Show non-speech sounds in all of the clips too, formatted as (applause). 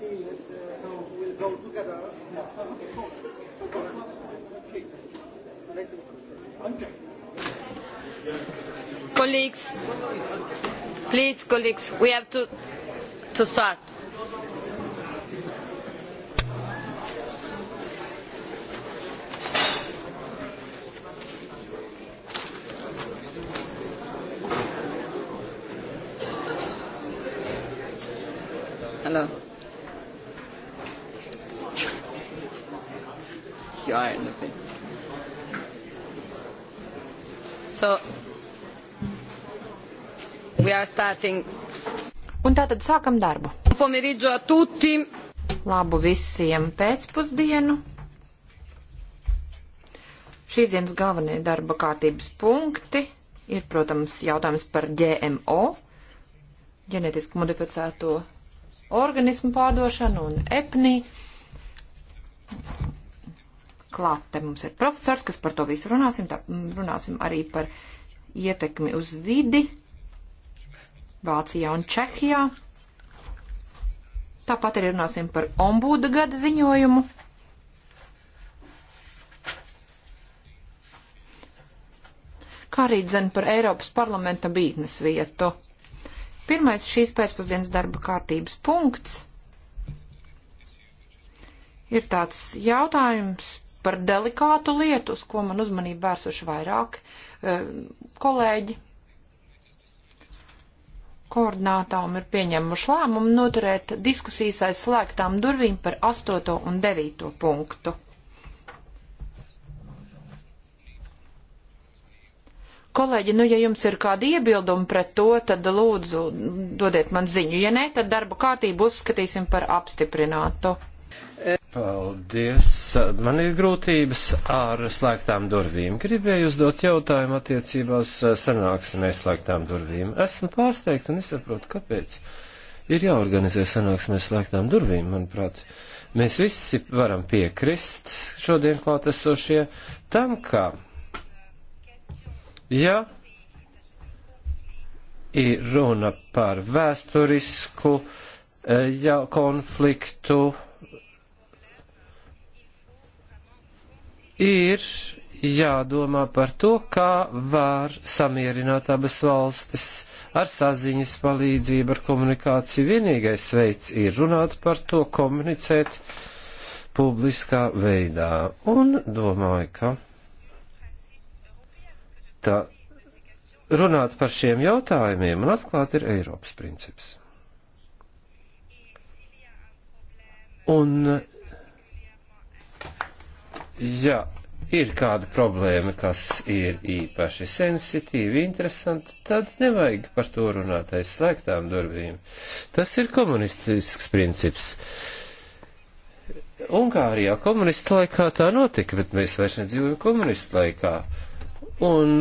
deal uh, now will go together. Yes. Please. Okay. Colleagues, please, colleagues, we have to to start. you are anything. So, we are starting. Un tātad sākam darbu. Pomeriggio a tutti. Labu visiem pēcpusdienu. Šīs dienas galvenie darba kārtības punkti ir, protams, jautājums par GMO, ģenetiski modificēto organismu pārdošanu un EPNI, klāt. Te mums ir profesors, kas par to visu runāsim, tā, mm, runāsim arī par ietekmi uz vidi Vācijā un Čehijā. Tāpat arī runāsim par ombuda gada ziņojumu. Kā arī dzen par Eiropas parlamenta bītnes vietu. Pirmais šīs pēcpusdienas darba kārtības punkts ir tāds jautājums, par delikātu lietu, uz ko man uzmanību vērsuši vairāk eh, kolēģi. Koordinātām ir pieņemuši lēmumu noturēt diskusijas aiz slēgtām durvīm par 8. un 9. punktu. Kolēģi, nu, ja jums ir kādi iebildumi pret to, tad lūdzu dodiet man ziņu. Ja nē, tad darba kārtību uzskatīsim par apstiprinātu. Paldies. Man ir grūtības ar slēgtām durvīm. Gribēju uzdot jautājumu attiecībās eh, sanāksmē slēgtām durvīm. Esmu pārsteigts un nesaprotu, kāpēc ir jāorganizē sanāksmē slēgtām durvīm, manuprāt. Mēs visi varam piekrist šodien klātesošie tam, ka, ja ir runa par vēsturisku eh, ja, konfliktu, ir jādomā par to, kā var samierināt abas valstis ar saziņas palīdzību, ar komunikāciju. Vienīgais veids ir runāt par to, komunicēt publiskā veidā. Un domāju, ka tā runāt par šiem jautājumiem un atklāt ir Eiropas princips. Un ja ir kāda problēma, kas ir īpaši sensitīva, interesanta, tad nevajag par to runāt aiz slēgtām durvīm. Tas ir komunistisks princips. Ungārijā komunistu laikā tā notika, bet mēs vairs nedzīvojam komunistu laikā. Un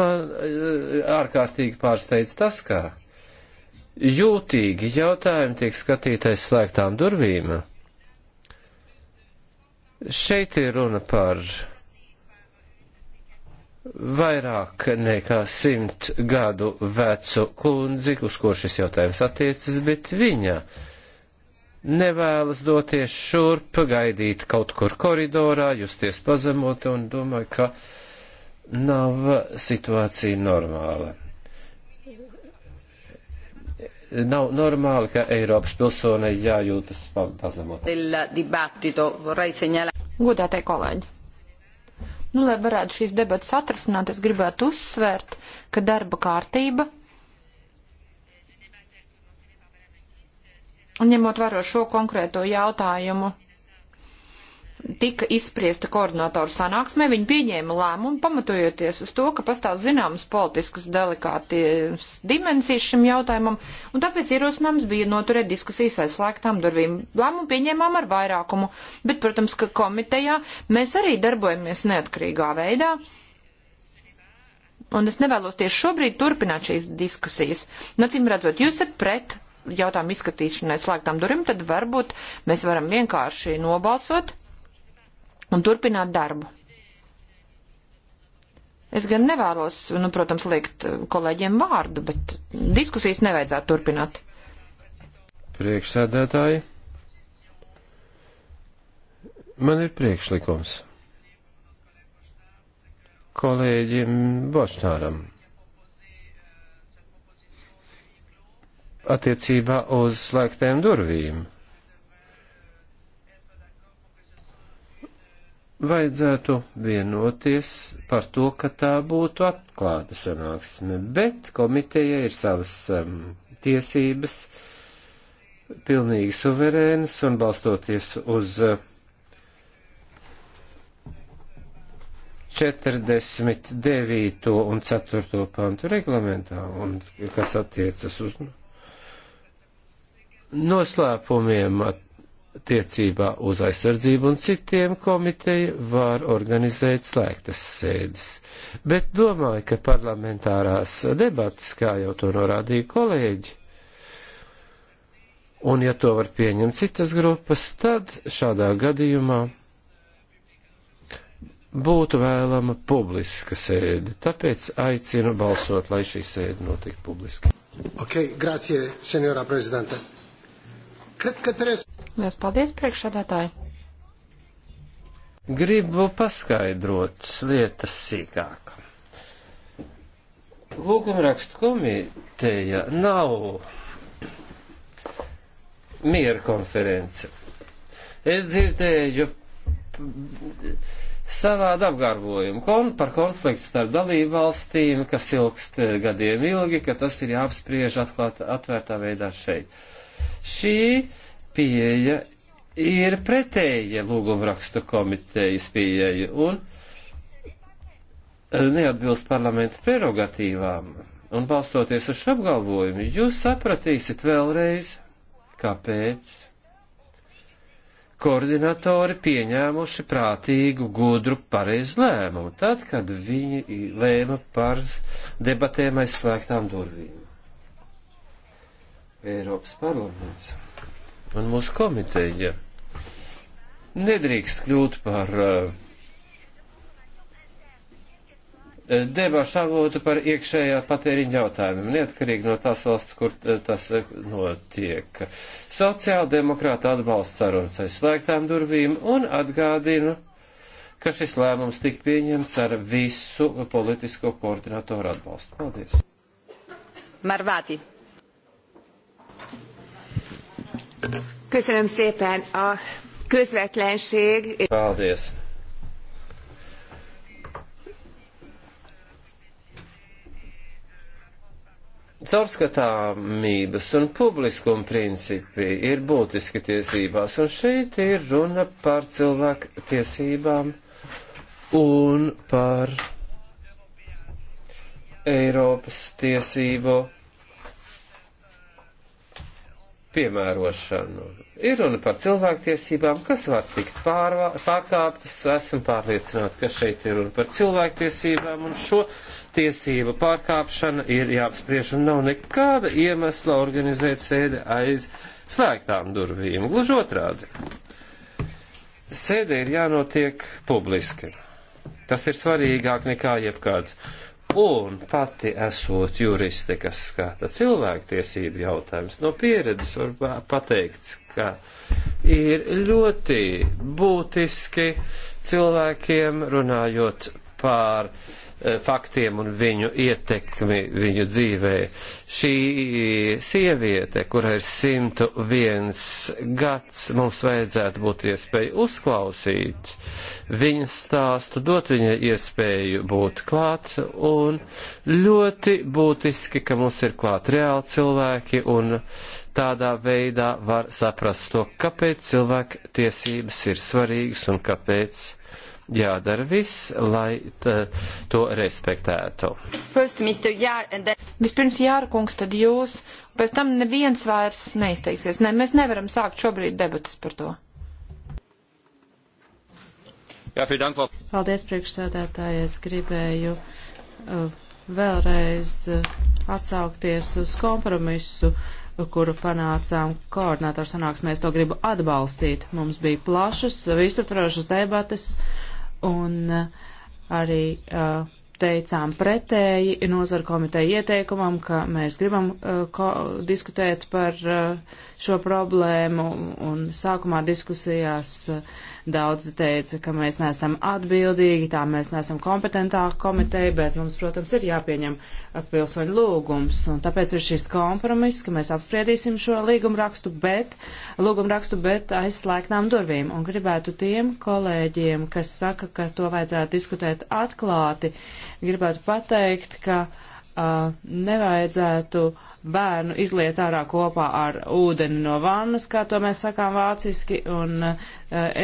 man eh, ārkārtīgi pārsteidz tas, ka jūtīgi jautājumi tiek skatītais slēgtām durvīm Šeit ir runa par vairāk nekā simt gadu vecu kundzi, uz kur šis jautājums attiecas, bet viņa nevēlas doties šurp, gaidīt kaut kur koridorā, justies pazemota un domāju, ka nav situācija normāla. Nav normāli, ka Eiropas pilsonai jājūtas pazemot. Godātie kolēģi! Nu, lai varētu šīs debatas atrasināt, es gribētu uzsvērt, ka darba kārtība Un ņemot vērā šo konkrēto jautājumu, tika izspriesta koordinatoru sanāksmē, viņi pieņēma lēmumu pamatojoties uz to, ka pastāv zināmas politiskas delikātas dimensijas šim jautājumam, un tāpēc ierosinājums bija noturēt diskusijas aizslēgtām durvīm. Lēmumu pieņēmām ar vairākumu, bet, protams, ka komitejā mēs arī darbojamies neatkarīgā veidā. Un es nevēlos tieši šobrīd turpināt šīs diskusijas. Nacīm nu, redzot, jūs esat pret jautājumu izskatīšanai slēgtām durvīm, tad varbūt mēs varam vienkārši nobalsot un turpināt darbu. Es gan nevēlos, nu, protams, liekt eh, kolēģiem vārdu, bet diskusijas nevajadzētu turpināt. Priekšsēdētāji, man ir priekšlikums kolēģim Bošņāram attiecībā uz slēgtēm durvīm. vajadzētu vienoties par to, ka tā būtu atklāta sanāksme, bet komiteja ir savas um, tiesības pilnīgi suverēnas un balstoties uz uh, 49. un 4. pantu reglamentā, un kas attiecas uz noslēpumiem at attiecībā uz aizsardzību un citiem komiteja var organizēt slēgtas sēdes. Bet domāju, ka parlamentārās debatas, kā jau to norādīja kolēģi, un ja to var pieņemt citas grupas, tad šādā gadījumā būtu vēlama publiska sēde. Tāpēc aicinu balsot, lai šī sēde notiktu publiski. Ok, grazie, senjora prezidente. Cred că trebuie să... Lielas paldies, priekšsēdētāji! Gribu paskaidrot lietas sīkāk. Lūgumrakstu komiteja nav miera konference. Es dzirdēju savādu apgarvojumu kon par konfliktu starp dalību valstīm, kas ilgst gadiem ilgi, ka tas ir jāapspriež atklāt, atvērtā veidā šeit. Šī pieeja ir pretēja lūgumrakstu komitejas pieeja un eh, neatbilst parlamenta prerogatīvām. Un balstoties uz šo apgalvojumu, jūs sapratīsiet vēlreiz, kāpēc koordinatori pieņēmuši prātīgu, gudru, pareizu lēmumu, tad, kad viņi lēma par debatēm aizslēgtām durvīm. Eiropas parlaments. Un mūsu komiteja nedrīkst kļūt par uh, debašu avotu par iekšējā patēriņa jautājumiem, neatkarīgi no tās valsts, kur eh, tas notiek. Sociāldemokrāta atbalsts sarunas aizslēgtām durvīm un atgādinu, ka šis lēmums tika pieņemts ar visu politisko koordinatoru atbalstu. Paldies! Marvati. Köszönöm szépen a közvetlenség. Paldies. caurskatāmības un publiskuma principi ir būtiski tiesībās, un šeit ir runa par cilvēku tiesībām un par Eiropas tiesību piemērošanu. Ir runa par cilvēktiesībām, kas var tikt pārvā, pārkāptas. Esmu pārliecināta, ka šeit ir runa par cilvēktiesībām, un šo tiesību pārkāpšana ir jāapspriež, un nav nekāda iemesla organizēt sēdi aiz slēgtām durvīm. Gluži otrādi. Sēde ir jānotiek publiski. Tas ir svarīgāk nekā jebkāds Un pati esot juriste, kas skata cilvēktiesību jautājumus, no pieredzes var pateikt, ka ir ļoti būtiski cilvēkiem runājot pār uh, Eh, faktiem un viņu ietekmi viņu dzīvē. Šī sieviete, kurai ir 101 gads, mums vajadzētu būt iespēju uzklausīt viņas stāstu, dot viņai iespēju būt klāt un ļoti būtiski, ka mums ir klāt reāli cilvēki un tādā veidā var saprast to, kāpēc cilvēku tiesības ir svarīgas un kāpēc jādara viss, lai tā, to respektētu. First, Jār, then... Vispirms Jārkungs, tad jūs, pēc tam neviens vairs neizteiksies. Ne, mēs nevaram sākt šobrīd debatas par to. Jā, dank, Paldies, priekšsēdētāji. Es gribēju uh, vēlreiz uh, atsaukties uz kompromisu. Uh, kuru panācām koordinātoru sanāksmēs, to gribu atbalstīt. Mums bija plašas, visaptvarošas debates, un uh, arī uh, teicām pretēji nozara komiteja ieteikumam, ka mēs gribam uh, ko, diskutēt par uh, šo problēmu, un sākumā diskusijās eh, daudz teica, ka mēs neesam atbildīgi, tā mēs neesam kompetentā komiteja, bet mums, protams, ir jāpieņem eh, pilsoņu lūgums, un tāpēc ir šis kompromiss, ka mēs apspriedīsim šo līgumrakstu, bet, līgumrakstu, bet aizslēgtām durvīm, un gribētu tiem kolēģiem, kas saka, ka to vajadzētu diskutēt atklāti, gribētu pateikt, ka uh, nevajadzētu bērnu izliet ārā kopā ar ūdeni no vannas, kā to mēs sakām vāciski, un uh,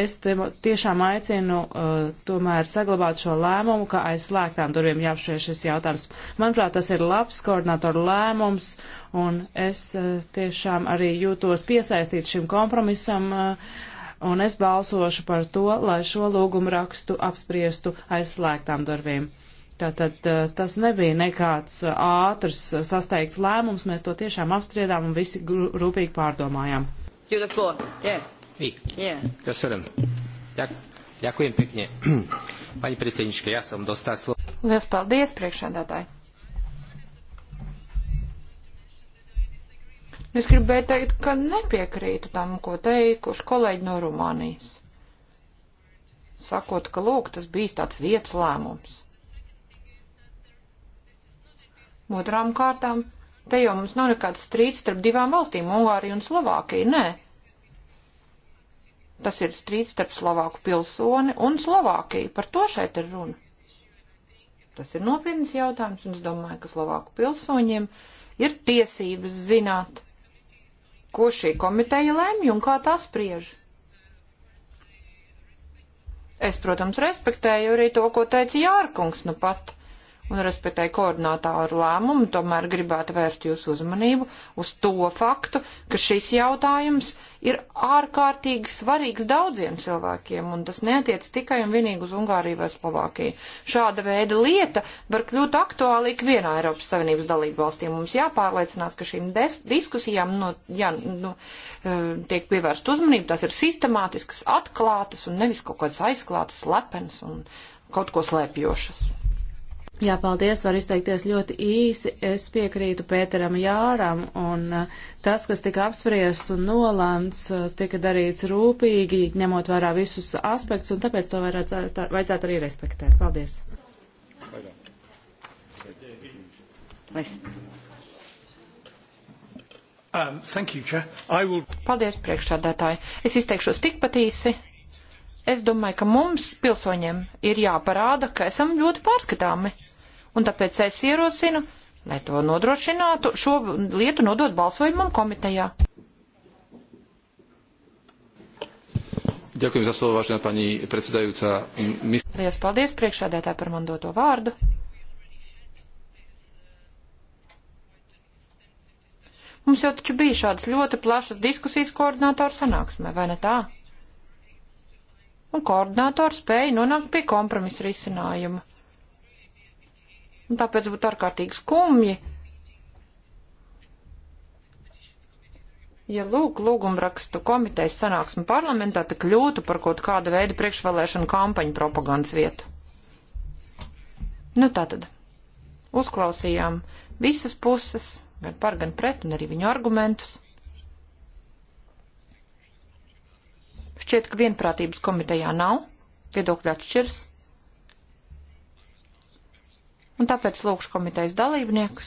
es tiešām aicinu uh, tomēr saglabāt šo lēmumu, ka aiz slēgtām durvīm jāapšie šis jautājums. Manuprāt, tas ir labs koordinatoru lēmums, un es uh, tiešām arī jūtos piesaistīt šim kompromisam. Uh, Un es balsošu par to, lai šo lūgumu rakstu apspriestu aizslēgtām durvīm. Tātad tas nebija nekāds ātrs sasteigts lēmums, mēs to tiešām apspriedām un visi rūpīgi pārdomājām. Ďakujem pekne. (clears throat) Pani predsednička, ja som dostal slovo. Lielas paldies, priekšādātāji. Es gribēju teikt, ka nepiekrītu tam, ko teikuši kolēģi no Rumānijas. Sakot, ka lūk, tas bijis tāds vietas lēmums. Otrām kārtām, te jau mums nav nekāds strīds starp divām valstīm, Ungāriju un Slovākiju, nē. Tas ir strīds starp Slovāku pilsoni un Slovākiju, par to šeit ir runa. Tas ir nopietnas jautājums, un es domāju, ka Slovāku pilsoņiem ir tiesības zināt, ko šī komiteja lemj un kā tā spriež. Es, protams, respektēju arī to, ko teica Jārkungs nu pat un respektēju koordinātāru lēmumu, tomēr gribētu vērst jūsu uzmanību uz to faktu, ka šis jautājums ir ārkārtīgi svarīgs daudziem cilvēkiem, un tas netiec tikai un vienīgi uz Ungāriju vai Slovākiju. Šāda veida lieta var kļūt aktuāla ikvienā Eiropas Savienības dalību valstī. Mums jāpārliecinās, ka šīm diskusijām no, jā, no, nu, eh, tiek pievērst uzmanību, tās ir sistemātiskas, atklātas un nevis kaut kādas aizklātas, slepenas un kaut ko slēpjošas. Jā, paldies, var izteikties ļoti īsi. Es piekrītu Pēteram Jāram, un eh, tas, kas tika apspriests un nolēmts, eh, tika darīts rūpīgi, ņemot vērā visus aspektus, un tāpēc to vajadzētu, vajadzētu arī respektēt. Paldies. Um, you, will... Paldies, priekšsādātāji. Es izteikšos tikpat īsi. Es domāju, ka mums, pilsoņiem, ir jāparāda, ka esam ļoti pārskatāmi un tāpēc es ierosinu, lai to nodrošinātu, šo lietu nodot balsojumam komitejā. Ďakujem za slovo, vážená pani predsedajúca. My... Lielas paldies priekšādētāji par man doto vārdu. Mums jau taču bija šādas ļoti plašas diskusijas koordinātoru sanāksmē, vai ne tā? Un koordinātors spēja nonākt pie kompromisa risinājuma un tāpēc būtu ārkārtīgi skumji, Ja lūk, lūgumrakstu komitejas sanāksme parlamentā, tad kļūtu par kaut kādu veidu priekšvēlēšanu kampaņu propagandas vietu. Nu tā tad. Uzklausījām visas puses, gan par, gan pret, un arī viņu argumentus. Šķiet, ka vienprātības komitejā nav, viedokļi atšķirs, un tāpēc lūkšu komitejas dalībniekus,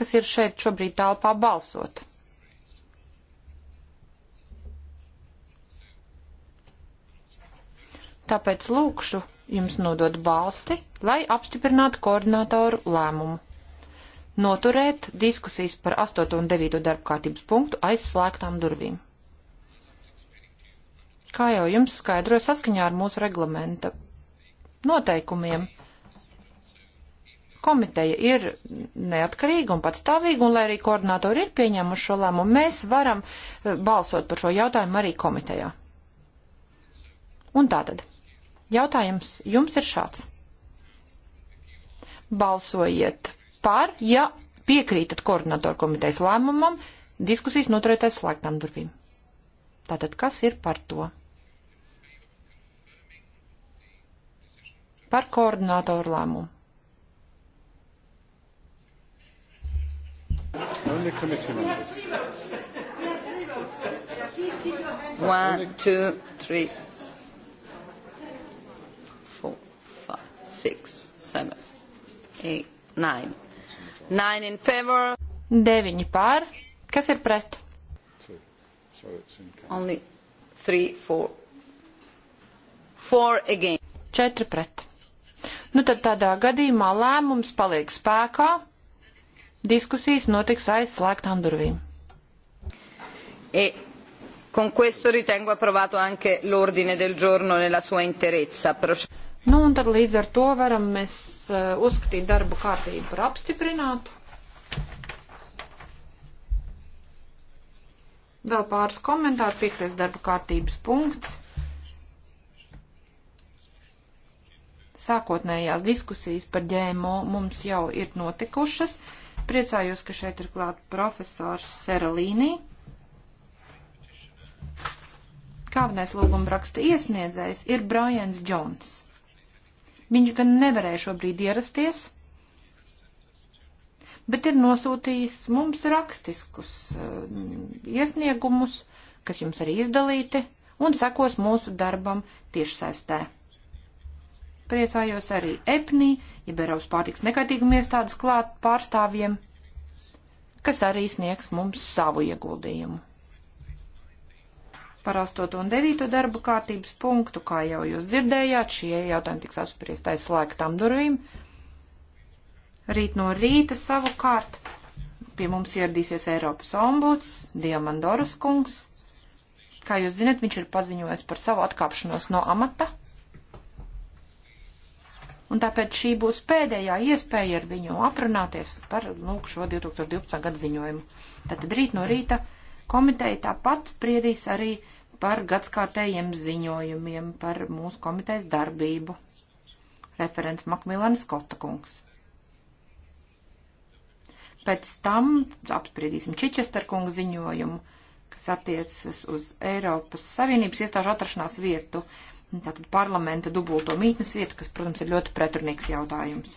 kas ir šeit šobrīd tālpā balsot. Tāpēc lūkšu jums nodot balsti, lai apstiprinātu koordinātoru lēmumu. Noturēt diskusijas par 8 un 9 darbkārtības punktu aizslēgtām durvīm. Kā jau jums skaidroju saskaņā ar mūsu reglamenta noteikumiem, komiteja ir neatkarīga un patstāvīga, un lai arī koordinātori ir pieņēmuši šo lēmumu, mēs varam eh, balsot par šo jautājumu arī komitejā. Un tātad, jautājums jums ir šāds. Balsojiet par, ja piekrītat koordinātoru komitejas lēmumam, diskusijas noturēt aiz slēgtām durvīm. Tātad, kas ir par to? Par koordinātoru lēmumu. Only committee members. One, two, three, four, five, six, seven, eight, nine. Nine in favor. Deviņi pār. Kas ir pret? Only three, four. Four again. Četri pret. Nu tad tādā gadījumā lēmums paliek spēkā Diskusijas notiks aizslēgtām durvīm. E. Con questo ritengo approvato anche l'ordine del giorno nella sua interezza. Nu, un tad līdz ar to varam mēs uh, uzskatīt darbu kārtību par apstiprinātu. Vēl pāris komentāru, piektais darba kārtības punkts. Sākotnējās diskusijas par ģēmo mums jau ir notikušas. Uh, Priecājos, ka šeit ir klāt profesors Seralīnī. Galvenais lūguma raksta iesniedzējs ir Brians Jones. Viņš gan nevarēja šobrīd ierasties, bet ir nosūtījis mums rakstiskus uh, iesniegumus, kas jums arī izdalīti, un sekos mūsu darbam tiešsaistē. Priecājos arī EPNI, jeb Eiropas pārtiks nekaitīguma iestādes klāt pārstāvjiem, kas arī sniegs mums savu ieguldījumu. Par 8. un 9. darba kārtības punktu, kā jau jūs dzirdējāt, šie jautājumi tiks apspriest aiz slēgtām durvīm. Rīt no rīta savukārt pie mums ieradīsies Eiropas ombuds Diamandoras kungs. Kā jūs zinat, viņš ir paziņojis par savu atkāpšanos no amata Un tāpēc šī būs pēdējā iespēja ar viņu aprunāties par lūk, šo 2012. gada ziņojumu. Tātad rīt no rīta komiteja tāpat spriedīs arī par gadskārtējiem ziņojumiem par mūsu komitejas darbību. Referents Makmilans Skota kungs. Pēc tam apspriedīsim Čičester kungu ziņojumu, kas attiecas uz Eiropas Savienības iestāžu atrašanās vietu tātad parlamenta dubulto mītnes vietu, kas, protams, ir ļoti pretrunīgs jautājums.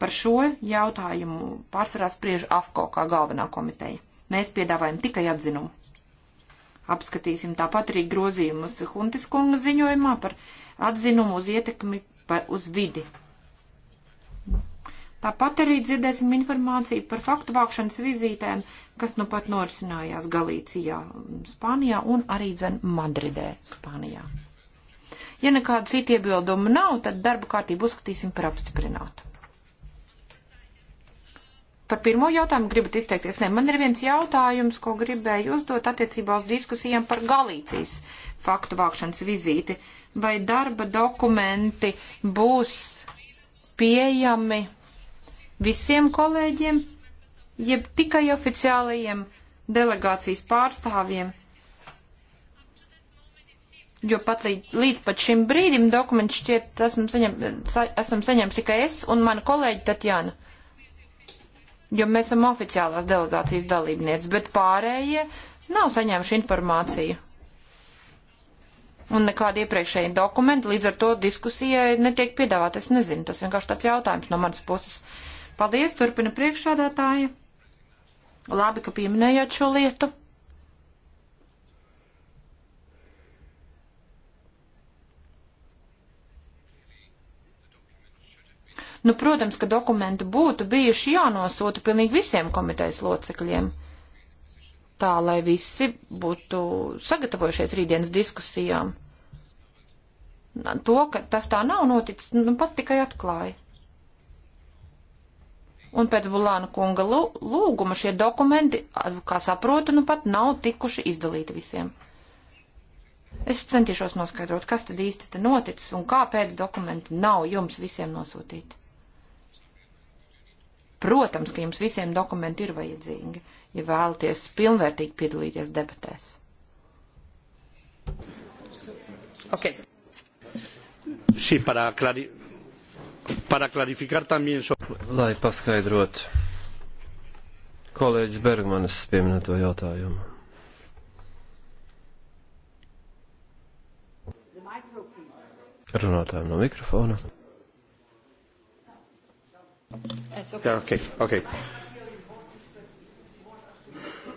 Par šo jautājumu pārsvarā spriež AFCO kā galvenā komiteja. Mēs piedāvājam tikai atzinumu. Apskatīsim tāpat arī grozījumus Huntis kunga ziņojumā par atzinumu uz ietekmi par, uz vidi. Tāpat arī dzirdēsim informāciju par faktu vākšanas vizītēm kas nu pat norisinājās Galīcijā, Spānijā un arī dzen Madridē, Spānijā. Ja nekādu citu iebildumu nav, tad darbu kārtību uzskatīsim par apstiprinātu. Par pirmo jautājumu gribat izteikties? Nē, man ir viens jautājums, ko gribēju uzdot attiecībā uz diskusijām par Galīcijas faktu vākšanas vizīti. Vai darba dokumenti būs pieejami visiem kolēģiem jeb tikai oficiālajiem delegācijas pārstāvjiem. Jo pat līdz, līdz pat šim brīdim dokumentu šķiet esam, saņem, sa, esam saņēmuši tikai es un mana kolēģa Tatjana. Jo mēs esam oficiālās delegācijas dalībniece, bet pārējie nav saņēmuši informāciju. Un nekādi iepriekšēji dokumenti, līdz ar to diskusijai netiek piedāvāt. Es nezinu, tas vienkārši tāds jautājums no manas puses. Paldies, turpina priekšādātāja. Labi, ka pieminējāt šo lietu. Nu, protams, ka dokumenti būtu bijuši jānosūta pilnīgi visiem komitejas locekļiem, tā lai visi būtu sagatavojušies rītdienas diskusijām. To, ka tas tā nav noticis, nu pat tikai atklāja. Un pēc Bulāna kunga lūguma šie dokumenti, kā saprotu, nu pat nav tikuši izdalīti visiem. Es centīšos noskaidrot, kas tad īsti te noticis un kāpēc dokumenti nav jums visiem nosūtīti. Protams, ka jums visiem dokumenti ir vajadzīgi, ja vēlaties pilnvērtīgi piedalīties debatēs. Okay. Sí, para clari para clarificar también sobre... Lai paskaidrot kolēģis Bergmanis pieminēto jautājumu. Runātājiem no mikrofona. Okay. Yeah, okay, okay.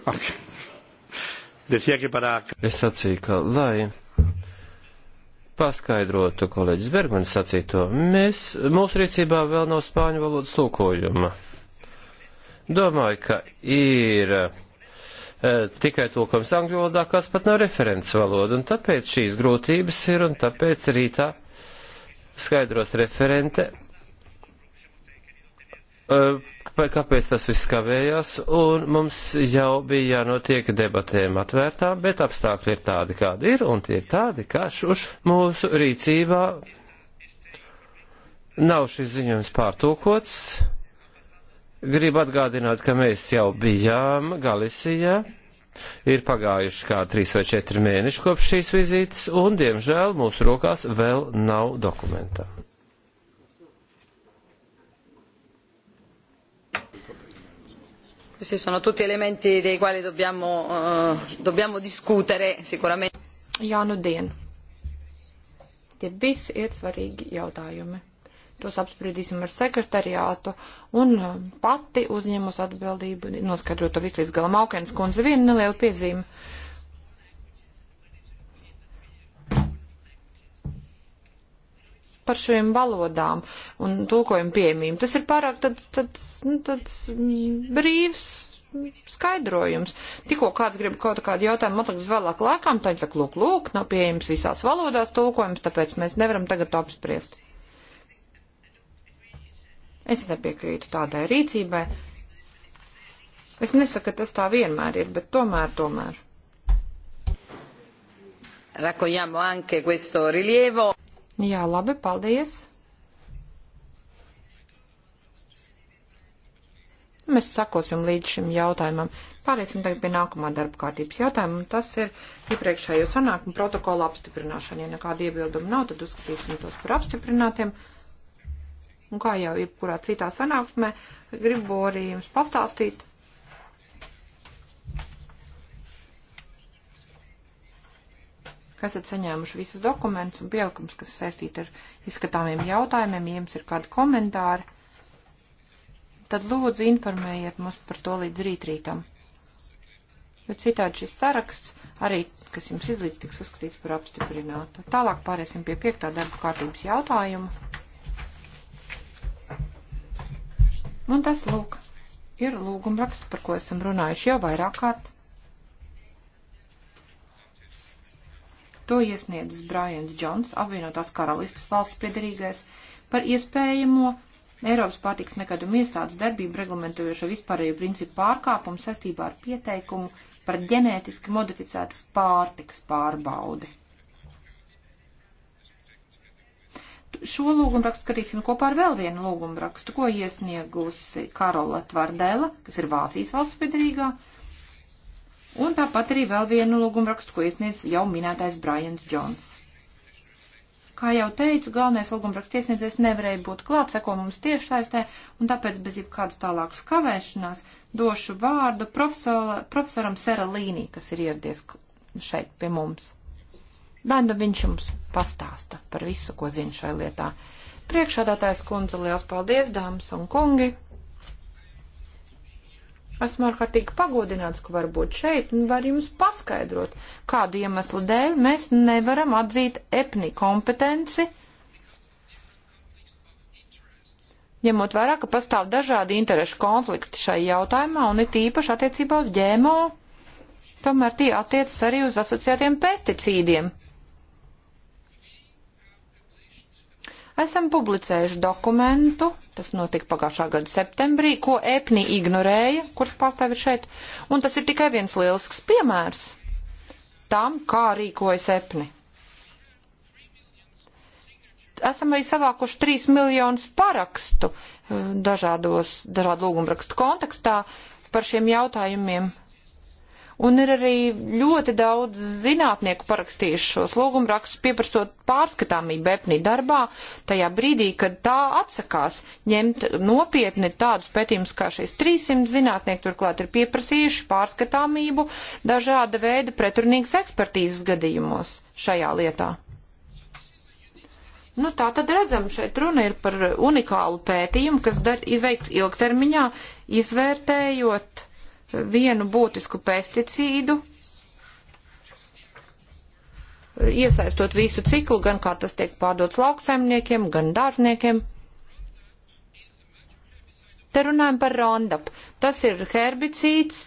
okay. Es sacīju, ka lai paskaidrotu kolēģis Bergmanis sacīto. Mēs, mūsu rīcībā vēl nav spāņu valodas tulkojuma. Domāju, ka ir e, tikai tulkojums angļu valodā, kas pat nav referents valoda, un tāpēc šīs grūtības ir, un tāpēc rītā skaidros referente kāpēc tas viss kavējās, un mums jau bija jānotiek debatēm atvērtām, bet apstākļi ir tādi, kādi ir, un tie ir tādi, kā šuš mūsu rīcībā nav šis ziņojums pārtūkots. Gribu atgādināt, ka mēs jau bijām Galisijā, Ir pagājuši kā trīs vai četri mēneši kopš šīs vizītes, un, diemžēl, mūsu rokās vēl nav dokumenta. Questi sono tutti elementi dei quali dobbiamo, uh, dobbiamo discutere sicuramente. Jā, nu dien. Tie visi ir svarīgi jautājumi. Tos apspriedīsim ar sekretariātu un eh, pati uzņemos atbildību, noskatot to visu līdz galam. Aukens kundze viena neliela piezīme. Uh, par šiem valodām un tulkojumu piemīm. Tas ir pārāk tāds, tāds, nu, tāds brīvs skaidrojums. Tikko kāds grib kaut kādu jautājumu atlikt uz vēlāku laikam, tad viņš saka, lūk, lūk, nav pieejams visās valodās tulkojums, tāpēc mēs nevaram tagad to apspriest. Es nepiekrītu tādai rīcībai. Es nesaku, ka tas tā vienmēr ir, bet tomēr, tomēr. Raccogliamo anche questo rilievo. Jā, labi, paldies. Mēs sakosim līdz šim jautājumam. Pāriesim tagad pie nākamā darba kārtības jautājuma, un tas ir iepriekšējo sanākumu protokola apstiprināšana. Ja nekāda iebilduma nav, tad uzskatīsim tos par apstiprinātiem. Un kā jau jebkurā citā sanāksmē, gribu arī jums pastāstīt, esat saņēmuši visus dokumentus un pielikums, kas saistīti ar izskatāmiem jautājumiem, ja jums ir kādi komentāri, tad lūdzu informējiet mūs par to līdz rītrītam. Jo citādi šis saraksts arī, kas jums izlīdz, tiks uzskatīts par apstiprinātu. Tālāk pāriesim pie piektā darba kārtības jautājuma. Un tas, lūk, ir lūgumraksts, par ko esam runājuši jau vairāk kārt. To iesniedz Brians Džons, apvienotās karalistas valsts piedarīgais, par iespējamo Eiropas pārtiks nekaduma iestādes darbību reglamentojošo vispārējo principu pārkāpumu saistībā ar pieteikumu par ģenētiski modificētas pārtiks pārbaudi. Šo lūgumu rakstu skatīsim kopā ar vēl vienu lūgumu rakstu, ko iesniegusi Karola Tvardela, kas ir Vācijas valsts piedarīgā, uh, Un tāpat arī vēl vienu lūgumu rakstu, ko iesniedz jau minētais Brians Džons. Kā jau teicu, galvenais lūgumraksts iesniedzējs nevarēja būt klāt, seko mums tieši saistē, un tāpēc bez jebkādas tālākas kavēšanās došu vārdu profesoram Seralīnī, kas ir ieradies šeit pie mums. Danda viņš jums pastāsta par visu, ko zina šai lietā. Priekšādātājs kundze, liels paldies, dāmas un kungi! Esmu ārkārtīgi pagodināts, ka var būt šeit un var jums paskaidrot, kādu iemeslu dēļ mēs nevaram atzīt EPNI kompetenci, ņemot vērā, ka pastāv dažādi interešu konflikti šai jautājumā un it īpaši attiecībā uz ģēmo. Tomēr tie attiecas arī uz asociētiem pesticīdiem. Esam publicējuši dokumentu Tas notika pagājušā gada septembrī, ko EPNI ignorēja, kurš pārstāv ir šeit. Un tas ir tikai viens lielisks piemērs tam, kā rīkojas EPNI. Esam arī savākuši 3 miljonus parakstu eh, dažādos, dažādu lūgumrakstu kontekstā par šiem jautājumiem Un ir arī ļoti daudz zinātnieku parakstījuši šos lūgumrakstus, pieprasot pārskatāmību EPNI darbā, tajā brīdī, kad tā atsakās ņemt nopietni tādus pētījumus, kā šis 300 zinātnieki turklāt ir pieprasījuši pārskatāmību dažāda veida pretrunīgas ekspertīzes gadījumos šajā lietā. Nu, tā tad redzam, šeit runa ir par unikālu pētījumu, kas dar, izveikts ilgtermiņā, izvērtējot vienu būtisku pesticīdu, iesaistot visu ciklu, gan kā tas tiek pārdots lauksaimniekiem, gan dārzniekiem. Te runājam par Roundup. Tas ir herbicīds,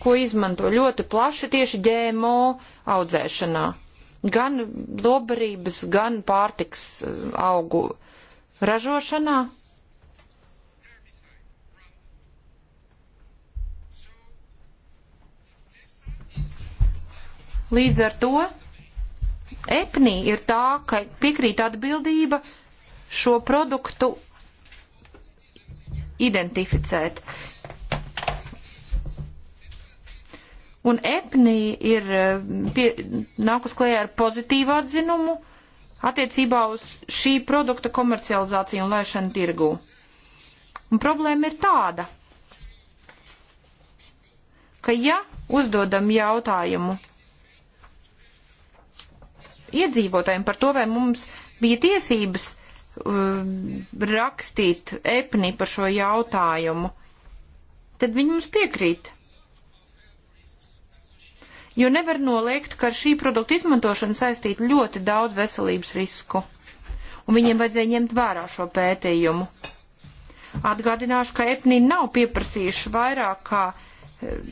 ko izmanto ļoti plaši tieši ģēmo audzēšanā. Gan lobarības, gan pārtiks uh, augu ražošanā. Līdz ar to EPNI ir tā, ka piekrīt atbildība šo produktu identificēt. Un EPNI ir eh, pie, nākus klējā ar pozitīvu atzinumu attiecībā uz šī produkta komercializāciju un laišanu tirgū. Un problēma ir tāda, ka ja uzdodam jautājumu iedzīvotājiem par to, vai mums bija tiesības uh, rakstīt epni par šo jautājumu, tad viņi mums piekrīt. Jo nevar noliegt, ka ar šī produkta izmantošanu saistīt ļoti daudz veselības risku. Un viņiem vajadzēja ņemt vērā šo pētījumu. Atgādināšu, ka epnī nav pieprasījuši vairāk kā eh,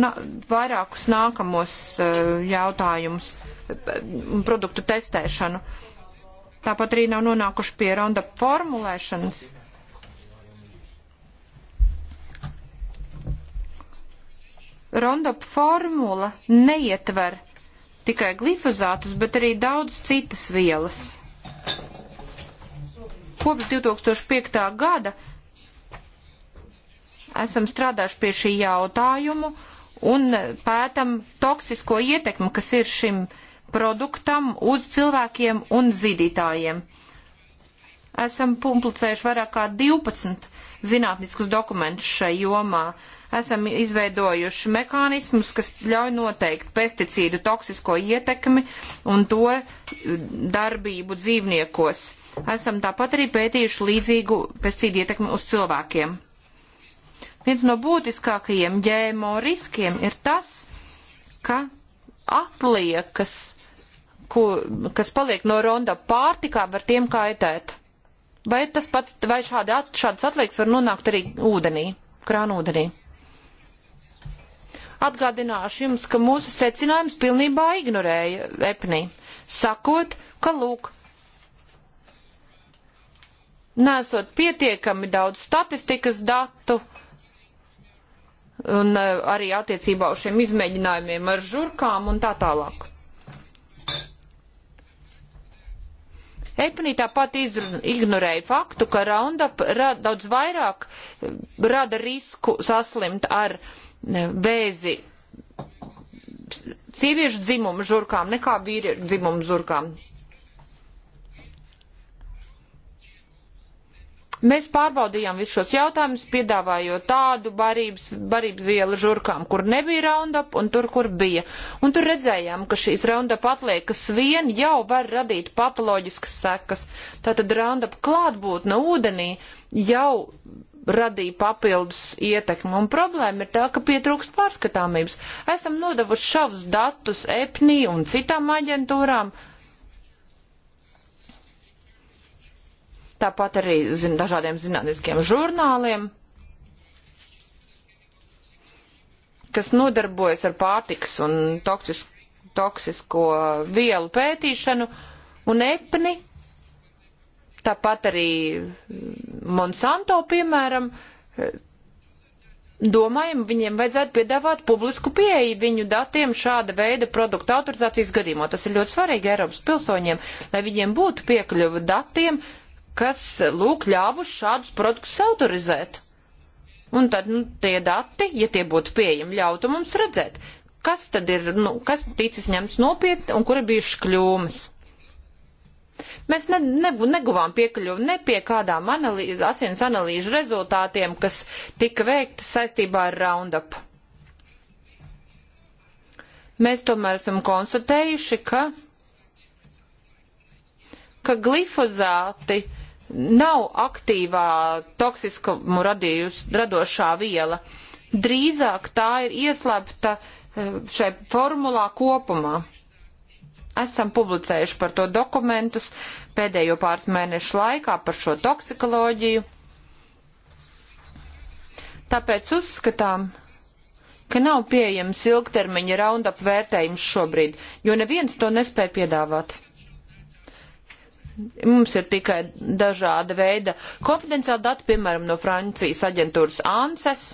na, vairākus nākamos uh, jautājumus. Eh, produktu testēšanu. Tāpat arī nav nonākuši pie ronda formulēšanas. Rondop formula neietver tikai glifozātus, bet arī daudz citas vielas. Kopš 2005. gada esam strādājuši pie šī jautājumu un pētam toksisko ietekmi, kas ir šim uh, produktam uz cilvēkiem un zīdītājiem. Esam publicējuši vairāk kā 12 zinātniskus dokumentus šai jomā. Esam izveidojuši mehānismus, kas ļauj noteikt pesticīdu toksisko ietekmi un to darbību dzīvniekos. Esam tāpat arī pētījuši līdzīgu pesticīdu ietekmi uz cilvēkiem. Viens no būtiskākajiem ģēmo riskiem ir tas, ka atliekas, ko, kas paliek no ronda pārtikā, var tiem kaitēt. Vai tas pats, vai šādi, at, šādas atliekas var nonākt arī ūdenī, krānūdenī? Atgādināšu jums, ka mūsu secinājums pilnībā ignorēja epnī, sakot, ka lūk, nesot pietiekami daudz statistikas datu, uh, un eh, arī attiecībā uz šiem izmēģinājumiem ar žurkām un tā tālāk. Epanī tāpat ignorēja faktu, ka Roundup rad, daudz vairāk eh, rada risku saslimt ar eh, vēzi sieviešu dzimumu žurkām nekā vīriešu dzimumu žurkām. Mēs pārbaudījām visus šos jautājumus, piedāvājot tādu barības, barības vielu žurkām, kur nebija raundap un tur, kur bija. Un tur redzējām, ka šīs raundap atliekas vien jau var radīt patoloģiskas sekas. Tātad raundap klātbūtne ūdenī jau radīja papildus ietekmi, un problēma ir tā, ka pietrūkst pārskatāmības. Esam nodavuši šavus datus EPNI un citām aģentūrām tāpat arī zin, dažādiem zinātniskiem žurnāliem, kas nodarbojas ar pārtikas un toksis, toksisko vielu pētīšanu un epni. Tāpat arī Monsanto, piemēram, domājam, viņiem vajadzētu piedāvāt publisku pieeju viņu datiem šāda veida produktu autorizācijas gadījumā. Tas ir ļoti svarīgi Eiropas pilsoņiem, lai viņiem būtu piekļuva datiem, kas, lūk, ļāvuši šādus produktus autorizēt. Un tad, nu, tie dati, ja tie būtu pieejami, ļautu mums redzēt, kas tad ir, nu, kas ticis ņemts nopietni un kura bijuši kļūmas. Mēs ne, ne, neguvām piekļuvi ne pie kādām analīz, asins analīžu rezultātiem, kas tika veikti saistībā ar Roundup. Mēs tomēr esam konstatējuši, ka, ka glifozāti uh, nav aktīvā toksiskumu radījus, radošā viela. Drīzāk tā ir ieslēpta eh, šai formulā kopumā. Esam publicējuši par to dokumentus pēdējo pāris mēnešu laikā par šo toksikoloģiju. Tāpēc uzskatām, ka nav pieejams ilgtermiņa raundup vērtējums šobrīd, jo neviens to nespēja piedāvāt. Mums ir tikai dažāda veida konfidenciāli dati, piemēram, no Francijas aģentūras ANSES.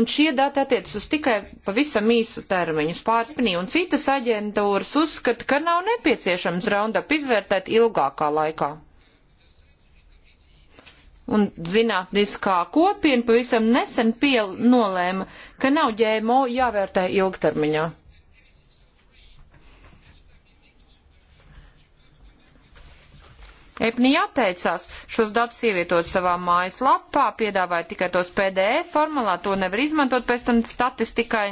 Un šie dati attiecas uz tikai pavisam īsu termiņu spārspinī, un citas aģentūras uzskata, ka nav nepieciešams raundap izvērtēt ilgākā laikā. Un zinātniskā kopiena pavisam nesen piel nolēma, ka nav ģēmo jāvērtē ilgtermiņā. Epnī atteicās šos datus ievietot savā mājas lapā, piedāvāja tikai tos PDF formulā, to nevar izmantot pēc tam statistikai.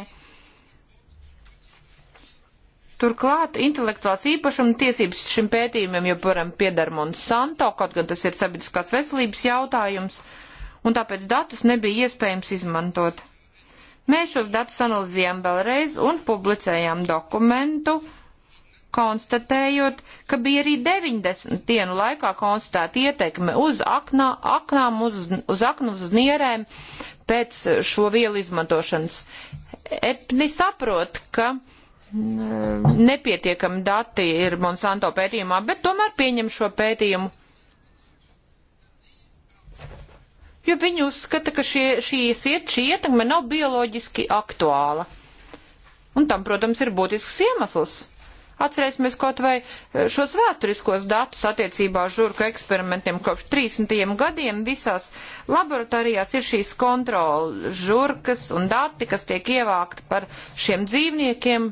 Turklāt intelektuālās īpašuma tiesības šim pētījumam joprojām piedar Monsanto, kaut gan tas ir sabiedriskās veselības jautājums, un tāpēc datus nebija iespējams izmantot. Mēs šos datus analizējām vēlreiz un publicējām dokumentu konstatējot, ka bija arī 90 dienu laikā konstatēta ietekme uz aknā, aknām, uz, uz aknu, uz nierēm pēc šo vielu izmantošanas. Epni saprot, ka mm, nepietiekami dati ir Monsanto pētījumā, bet tomēr pieņem šo pētījumu. Jo viņi uzskata, ka šie, šīs iet, šī ietekme nav bioloģiski aktuāla. Un tam, protams, ir būtisks iemesls. Atcerēsimies kaut vai eh, šos vēsturiskos datus attiecībā uz žurku eksperimentiem. Kopš 30. gadiem visās laboratorijās ir šīs kontrolas žurkas un dati, kas tiek ievākti par šiem dzīvniekiem,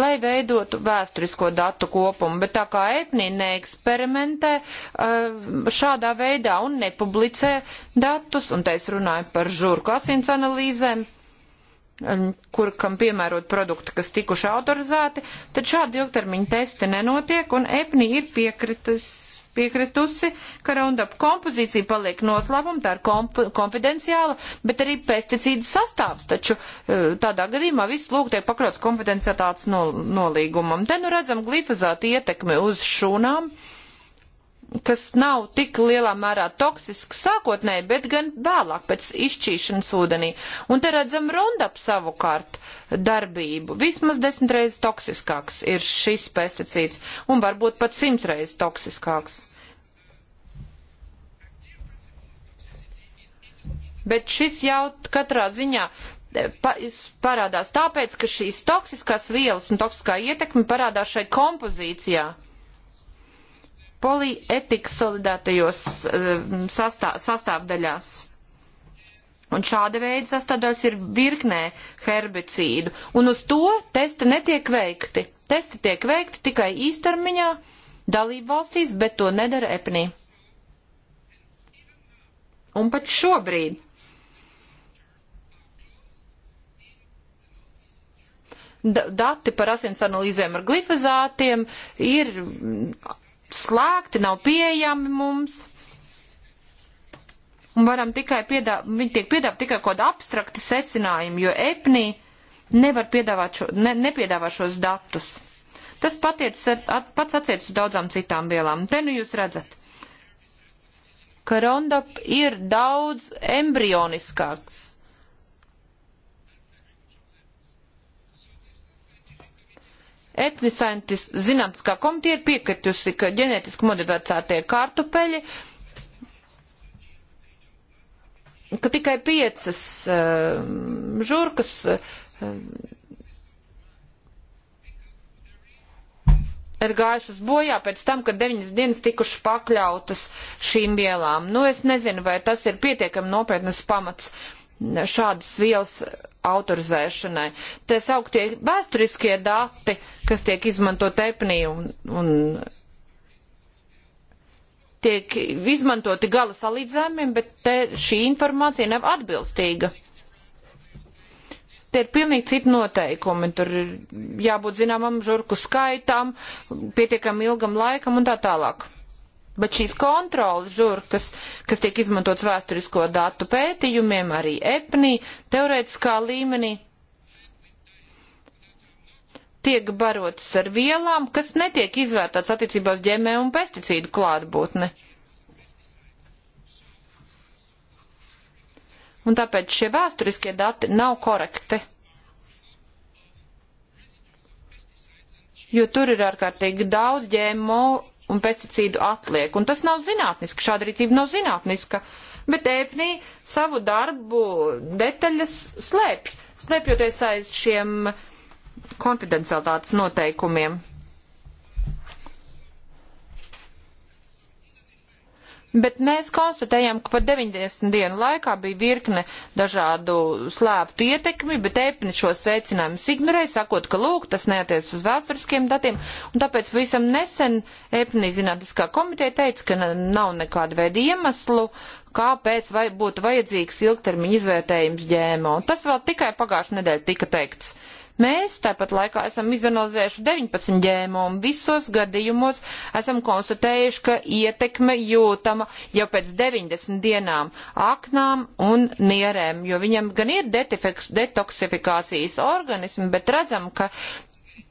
lai veidotu vēsturisko datu kopumu, bet tā kā etnī neeksperimentē eh, šādā veidā un nepublicē datus, un te es runāju par žurku asins analīzēm, Um, kur, kam piemērot produkti, kas tikuši autorizēti, tad šādi ilgtermiņa testi nenotiek, un EPNI ir piekritis, piekritusi, ka Roundup kompozīcija paliek noslēpuma, tā ir komp konfidenciāla, bet arī pesticīdu sastāvs, taču uh, tādā gadījumā viss lūk tiek pakļauts konfidenciatāts nol nolīgumam. Te nu redzam glifozātu ietekmi uz šūnām. Uh, kas nav tik lielā mērā toksisks sākotnēji, bet gan vēlāk pēc izšķīšanas ūdenī. Un te redzam rondap savukārt darbību. Vismaz desmit reizes toksiskāks ir šis pesticīds un varbūt pat simts reizes toksiskāks. Bet šis jau katrā ziņā eh, pa, parādās tāpēc, ka šīs toksiskās vielas un toksiskā ietekme parādās šai kompozīcijā polietikas solidātajos eh, sastā, sastāvdaļās. Un šāda veida sastāvdaļas ir virknē herbicīdu, un uz to testi netiek veikti. Testi tiek veikti tikai īstermiņā, dalību valstīs, bet to nedara EPNI. Un pat šobrīd dati par asins analīzēm ar glifozātiem ir slēgti, nav pieejami mums. Un varam tikai piedāvāt, viņi tiek piedāvāt tikai kaut kādi abstrakti secinājumi, jo EPNI nevar piedāvāt šo, ne, nepiedāvā šos datus. Tas patiec, at, pats attiecas uz daudzām citām vielām. Te nu jūs redzat, ka Roundup ir daudz embrioniskāks Etnisaientis zinātniskā komiteja ir piekritusi, ka ģenētiski modificētie kartupeļi ka tikai piecas uh, žurkas uh, ir gājušas bojā pēc tam, kad deviņas dienas tikuši pakļautas šīm vielām. Nu, es nezinu, vai tas ir pietiekami nopietnas pamats šādas vielas autorizēšanai. Te sauktie vēsturiskie dati, kas tiek izmantot EPNI un, un tiek izmantoti gala salīdzējumiem, bet te šī informācija nav atbilstīga. Tie ir pilnīgi citi noteikumi. Tur ir jābūt zināmam žurku skaitam, pietiekam ilgam laikam un tā tālāk. Bet šīs kontrolas žurkas, kas tiek izmantots vēsturisko datu pētījumiem, arī EPNI, teorētiskā līmenī, tiek barotas ar vielām, kas netiek izvērtāts attiecībā uz ģemē un pesticīdu klātbūtne. Un tāpēc šie vēsturiskie dati nav korekti. Jo tur ir ārkārtīgi daudz ģēmo un pesticīdu atliek. Un tas nav zinātniski, šāda rīcība nav zinātniska, bet ēpnī savu darbu detaļas slēpj, slēpjoties aiz šiem konfidencialitātes noteikumiem. Bet mēs konstatējam, ka pat 90 dienu laikā bija virkne dažādu slēptu ietekmi, bet Epni šos secinājumus ignorēja, sakot, ka lūk, tas neatiec uz vēsturiskiem datiem, un tāpēc visam nesen Epni zinātniskā komiteja teica, ka nav nekāda veida iemeslu, kāpēc vai būtu vajadzīgs ilgtermiņa izvērtējums ģēmo. Tas vēl tikai pagājušajā nedēļā tika teikts. Uh, Mēs tāpat laikā esam izanalizējuši 19 ģēmu un visos gadījumos esam konstatējuši, ka ietekme jūtama jau pēc 90 dienām aknām un nierēm, jo viņam gan ir detoksifikācijas organismi, bet redzam, ka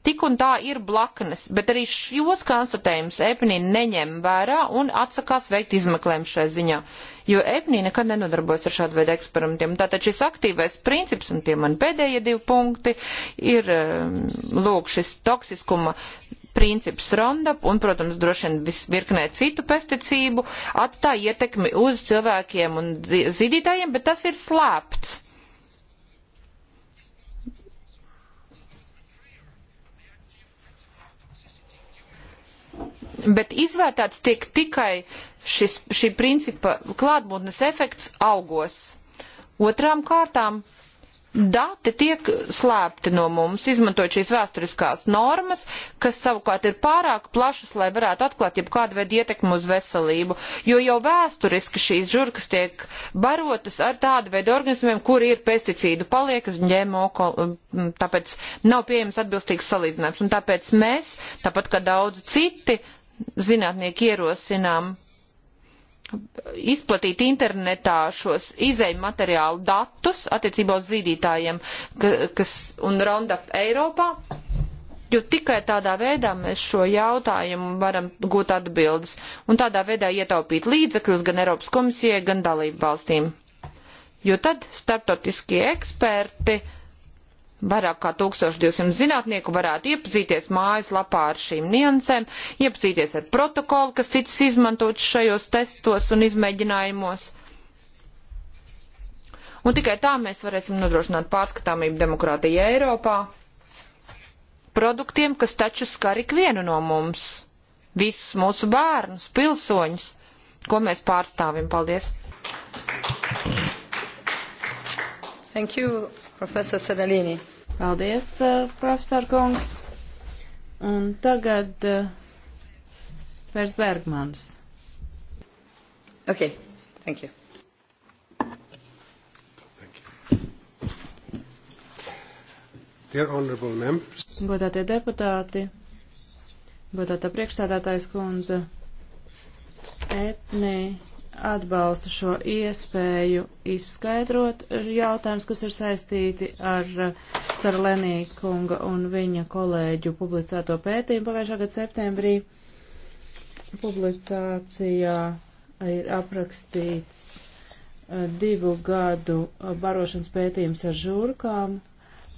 tik un tā ir blaknes, bet arī šos konstatējumus EPNI neņem vērā un atsakās veikt izmeklējumu šai ziņā, jo EPNI nekad nenodarbojas ar šādu veidu eksperimentiem. Tātad šis aktīvais princips, un tie man pēdējie divi punkti, ir, um, lūk, šis toksiskuma princips Roundup un, protams, droši vien visvirknē citu pesticību atstāja ietekmi uz cilvēkiem un zīdītājiem, bet tas ir slēpts bet izvērtāts tiek tikai šis, šī principa klātbūtnes efekts augos. Otrām kārtām dati tiek slēpti no mums, izmantojot šīs vēsturiskās normas, kas savukārt ir pārāk plašas, lai varētu atklāt jeb kādu veidu ietekmu uz veselību, jo jau vēsturiski šīs žurkas tiek barotas ar tādu veidu organismiem, kur ir pesticīdu paliekas un ģēmo, tāpēc nav pieejams atbilstīgs salīdzinājums. Un tāpēc mēs, tāpat kā daudzi citi, zinātnieki ierosinām izplatīt internetā šos izēju materiālu datus attiecībā uz zīdītājiem kas, un Roundup Eiropā, jo tikai tādā veidā mēs šo jautājumu varam gūt atbildes un tādā veidā ietaupīt līdzekļus gan Eiropas komisijai, gan dalību valstīm. Jo tad starptautiskie eksperti uh, Vairāk kā 1200 zinātnieku varētu iepazīties mājaslapā ar šīm niansēm, iepazīties ar protokolu, kas cits izmantots šajos testos un izmēģinājumos. Un tikai tā mēs varēsim nodrošināt pārskatāmību demokrātiju Eiropā produktiem, kas taču skar ikvienu no mums, visus mūsu bērnus, pilsoņus, ko mēs pārstāvim. Paldies! Thank you. Profesor Sedalīni. Paldies, eh, profesor Kungs. Un tagad eh, Pērs Bergmans. Ok, thank you. Godātie deputāti, godātā priekšsādātājs kundze, etnī atbalstu šo iespēju izskaidrot jautājumus, kas ir saistīti ar eh, Sarlenī kunga un viņa kolēģu publicēto pētījumu pagājušā gada septembrī. Publicācijā ir aprakstīts eh, divu gadu eh, barošanas pētījums ar žurkām,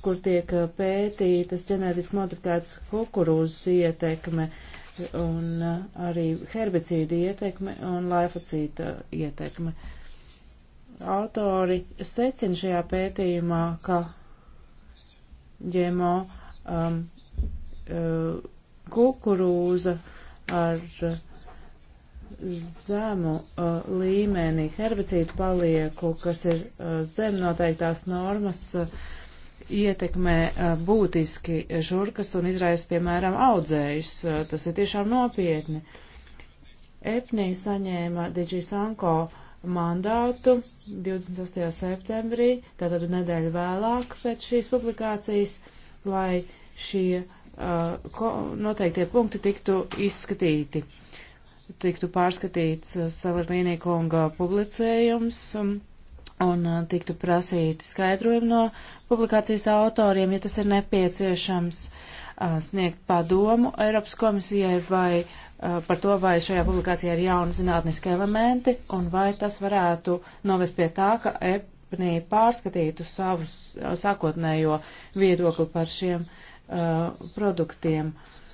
kur tiek pētītas ģenētiski modifikētas kukurūzas ietekme uh, un uh, arī herbicīdu ietekme un laifacīta ietekme. Autori secina šajā pētījumā, ka ģemo um, uh, kukurūza ar zemu uh, līmenī herbicīdu palieku, kas ir uh, zem noteiktās normas, uh, ietekmē būtiski žurkas un izraisa, piemēram, audzējus. Tas ir tiešām nopietni. Epnī saņēma Digi Sanko mandātu 28. septembrī, tātad nedēļu vēlāk pēc šīs publikācijas, lai šie uh, noteiktie punkti tiktu izskatīti. Tiktu pārskatīts uh, Salarīnī kunga publicējums. Um, un uh, tiktu prasīti skaidrojumi no publikācijas autoriem, ja tas ir nepieciešams uh, sniegt padomu Eiropas komisijai vai uh, par to, vai šajā publikācijā ir jauni zinātniski elementi un vai tas varētu novest pie tā, ka EPNI pārskatītu savu sākotnējo viedokli par šiem uh, produktiem. Uh,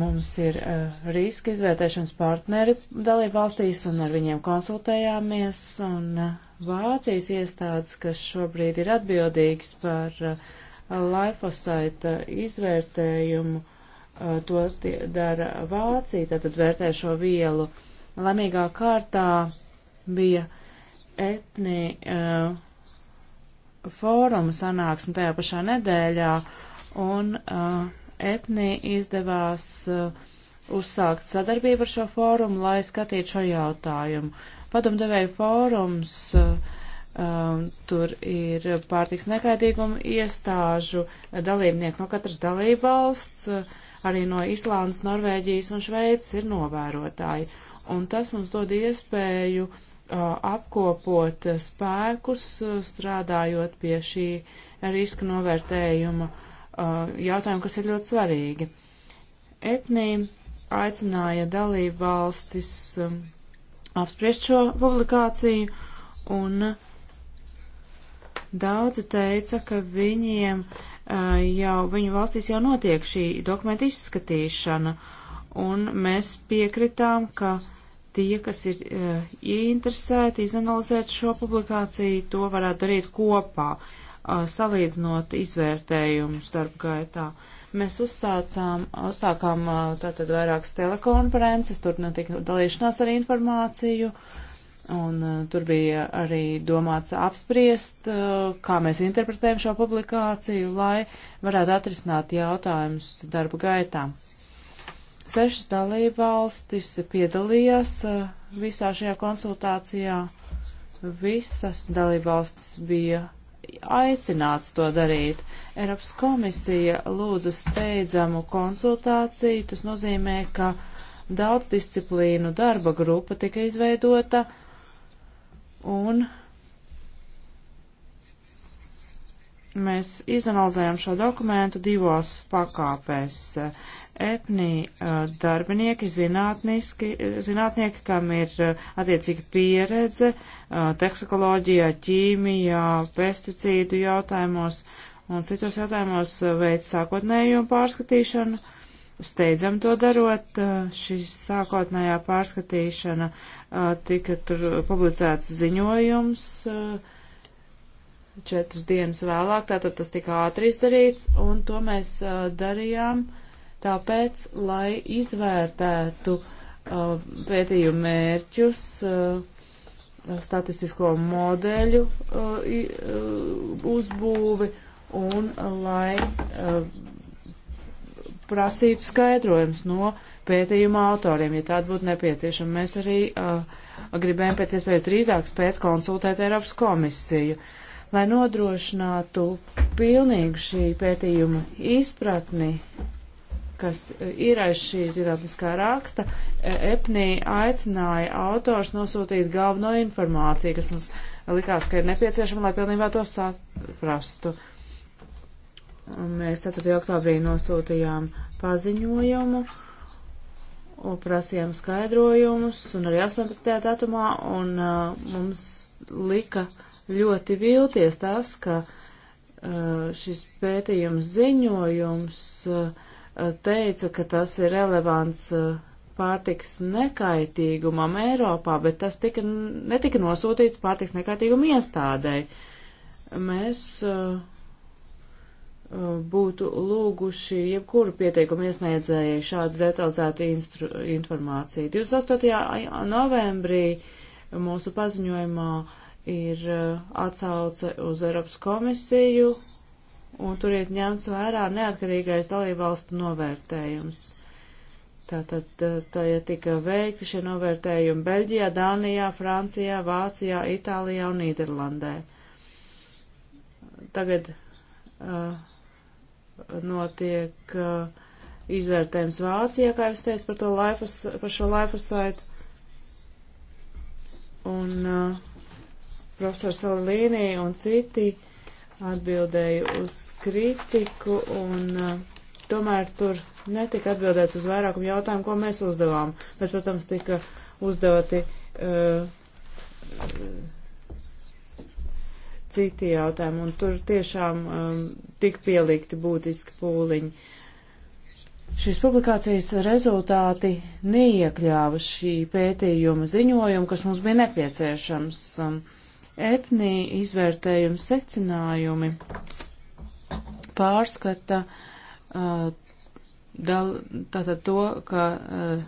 Mums ir uh, riska izvērtēšanas partneri dalībvalstīs, un ar viņiem konsultējāmies. Un, uh, Vācijas iestādes, kas šobrīd ir atbildīgs par uh, eh, laifosaita izvērtējumu, uh, to tie, dara Vācija, tātad vērtē šo vielu. Lemīgā kārtā bija etni uh, fóruma sanāksme tajā pašā nedēļā, un uh, EPNI izdevās uh, uzsākt sadarbību ar šo fórumu, lai skatītu šo jautājumu. Padomdevēja fórums, uh, um, tur ir pārtiks nekaitīguma iestāžu dalībnieki no katras dalībvalsts, uh, arī no Islandes, Norvēģijas un Šveices ir novērotāji. Un tas mums dod iespēju uh, apkopot spēkus, strādājot pie šī riska novērtējuma Uh, jautājumi, kas ir ļoti svarīgi. EPNI aicināja dalību valstis um, apspriest šo publikāciju, un daudzi teica, ka viņiem uh, jau, viņu valstīs jau notiek šī dokumenta izskatīšana, un mēs piekritām, ka tie, kas ir uh, ieinteresēti izanalizēt šo publikāciju, to varētu darīt kopā. Uh, salīdzinot izvērtējumu starp gaitā. Mēs uzsācām, uzsākām tātad vairākas telekonferences, tur notika nu, dalīšanās ar informāciju, un tur bija arī domāts apspriest, kā mēs interpretējam šo publikāciju, lai varētu atrisināt jautājumus darba gaitā. Sešas dalībvalstis piedalījās visā šajā konsultācijā. Visas dalībvalstis bija aicināts to darīt. Eiropas komisija lūdza steidzamu konsultāciju, tas nozīmē, ka daudz disciplīnu darba grupa tika izveidota un Mēs izanalizējam šo dokumentu divos pakāpēs. EPNI darbinieki, zinātnieki, kam ir attiecīga pieredze toksikoloģijā, ķīmijā, pesticīdu jautājumos un citos jautājumos veids sākotnējo pārskatīšanu. Steidzam to darot, šī sākotnējā pārskatīšana tika tur publicēts ziņojums. Uh, četras dienas vēlāk, tātad tas tika ātri izdarīts, un to mēs uh, darījām tāpēc, lai izvērtētu uh, pētījumu mērķus, uh, statistisko modeļu uzbūvi un lai prasītu skaidrojums no pētījuma autoriem, ja tāda būtu nepieciešama. Mēs arī gribējām pēc iespējas drīzāk spēt konsultēt Eiropas komisiju. Uh, Lai nodrošinātu pilnīgu šī pētījuma izpratni, kas ir aiz šī zinātniskā raksta, e, EPNI aicināja autors nosūtīt galveno informāciju, kas mums likās, ka ir nepieciešama, lai pilnībā to saprastu. Mēs 4. oktobrī nosūtījām paziņojumu un prasījām skaidrojumus, un arī 18. datumā, un uh, mums lika ļoti vilties tas, ka uh, šis pētījums ziņojums uh, teica, ka tas ir relevants uh, pārtiks nekaitīgumam Eiropā, bet tas tika, netika nosūtīts pārtiks nekaitīgumu iestādēji. Mēs būtu lūguši jebkuru pieteikumu iesniedzēju šādu detalizētu instru, informāciju. 28. novembrī uh, Mūsu paziņojumā ir eh, atsauce uz Eiropas komisiju, un tur ir ņemts vērā neatkarīgais dalībvalstu novērtējums. Tātad eh, tā ja tika veikti šie novērtējumi Beļģijā, Dānijā, Francijā, Vācijā, Itālijā un Nīderlandē. Tagad uh, notiek uh, izvērtējums Vācijā, kā jau es teicu, par, laifas, par šo laifasaitu un uh, profesors Salīnī un citi atbildēja uz kritiku, un uh, tomēr tur netika atbildēts uz vairākumu jautājumu, ko mēs uzdevām. Bet, protams, tika uzdoti uh, citi jautājumi, un tur tiešām um, tik pielikti būtiski pūliņi. Uh, Šīs publikācijas rezultāti neiekļāva šī pētījuma ziņojumu, kas mums bija nepieciešams. Um, EPNI izvērtējuma secinājumi pārskata uh, dal, tātad to, ka uh,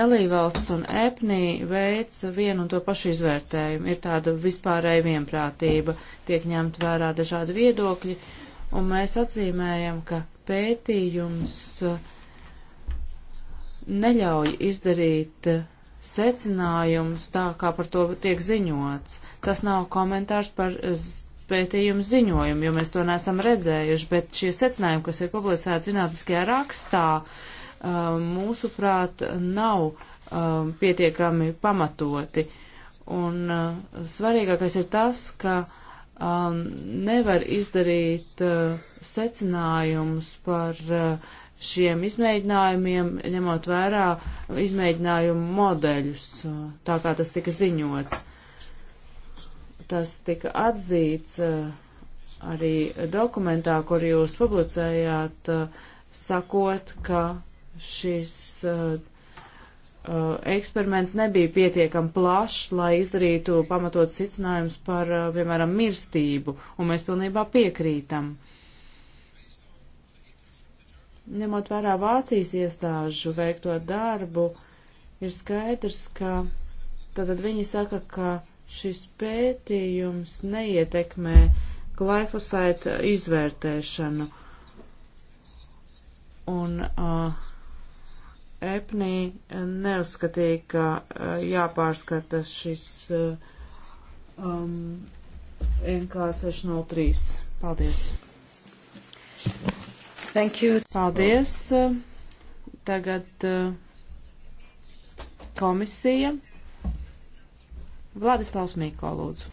dalībvalsts un EPNI veic vienu un to pašu izvērtējumu. Ir tāda vispārēja vienprātība, tiek ņemt vērā dažādi viedokļi, un mēs atzīmējam, ka pētījums uh, neļauj izdarīt eh, secinājumus tā, kā par to tiek ziņots. Tas nav komentārs par eh, pētījumu ziņojumu, jo mēs to neesam redzējuši, bet šie secinājumi, kas ir publicēti zinātniskajā rakstā, eh, mūsuprāt, nav pietiekami pamatoti. Un svarīgākais ir tas, ka nevar izdarīt secinājumus par uh, šiem izmēģinājumiem, ņemot vērā izmēģinājumu modeļus, tā kā tas tika ziņots. Tas tika atzīts eh, arī dokumentā, kur jūs publicējāt, eh, sakot, ka šis eh, eksperiments nebija pietiekami plašs, lai izdarītu pamatotus secinājumus par, piemēram, mirstību, un mēs pilnībā piekrītam. Ņemot vērā Vācijas iestāžu veikto darbu, ir skaidrs, ka tātad viņi saka, ka šis pētījums neietekmē glifosāta izvērtēšanu. Un uh, EPNI neuzskatīja, ka uh, jāpārskata šis uh, um, NK603. Paldies! Thank you. Paldies. Tagad uh, komisija. Vladislavs Mīko, lūdzu.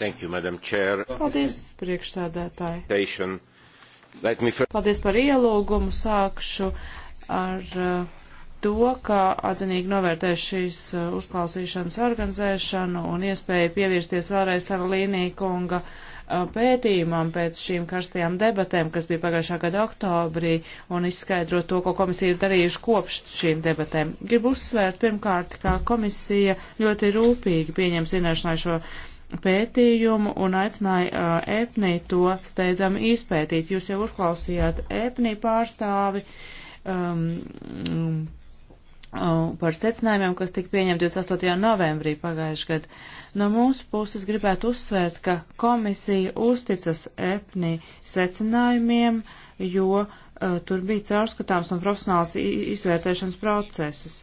Thank you, Madam Chair. Paldies, priekšsēdētāji. Paldies par ielūgumu. Sākšu ar uh, to, ka atzinīgi novērtēs šīs uh, uzklausīšanas organizēšanu un iespēju pievērsties vēlreiz ar Līnija kunga uh, Uh, pētījumam pēc šīm karstajām debatēm, kas bija pagājušā gada oktobrī, un izskaidrot to, ko komisija ir darījuši kopš šīm debatēm. Gribu uzsvērt pirmkārt, ka komisija ļoti rūpīgi pieņem zināšanai šo pētījumu un aicināja uh, EPNI to steidzami izpētīt. Jūs jau uzklausījāt EPNI pārstāvi um, um, uh, par secinājumiem, kas tika pieņemti 28. novembrī pagājušajā gadā. No mūsu puses gribētu uzsvērt, ka komisija uzticas EPNI secinājumiem, jo uh, tur bija caurskatāms un profesionāls izvērtēšanas process.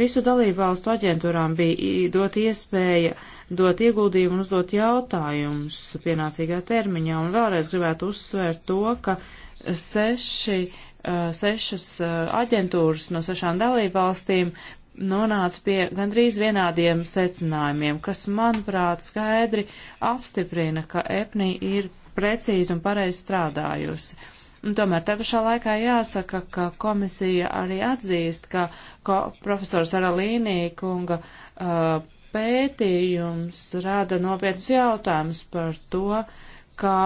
Visu dalībvalstu aģentūrām bija dot iespēja dot ieguldījumu un uzdot jautājumus pienācīgā termiņā. Un vēlreiz gribētu uzsvērt to, ka seši uh, sešas eh, aģentūras no sešām dalībvalstīm nonāca pie gandrīz vienādiem secinājumiem, kas, manuprāt, skaidri apstiprina, ka EPNI ir precīzi un pareizi strādājusi. Un tomēr te pašā laikā jāsaka, ka komisija arī atzīst, ka ko, profesors Aralīnī kunga uh, pētījums rada nopietnus jautājumus par to, kā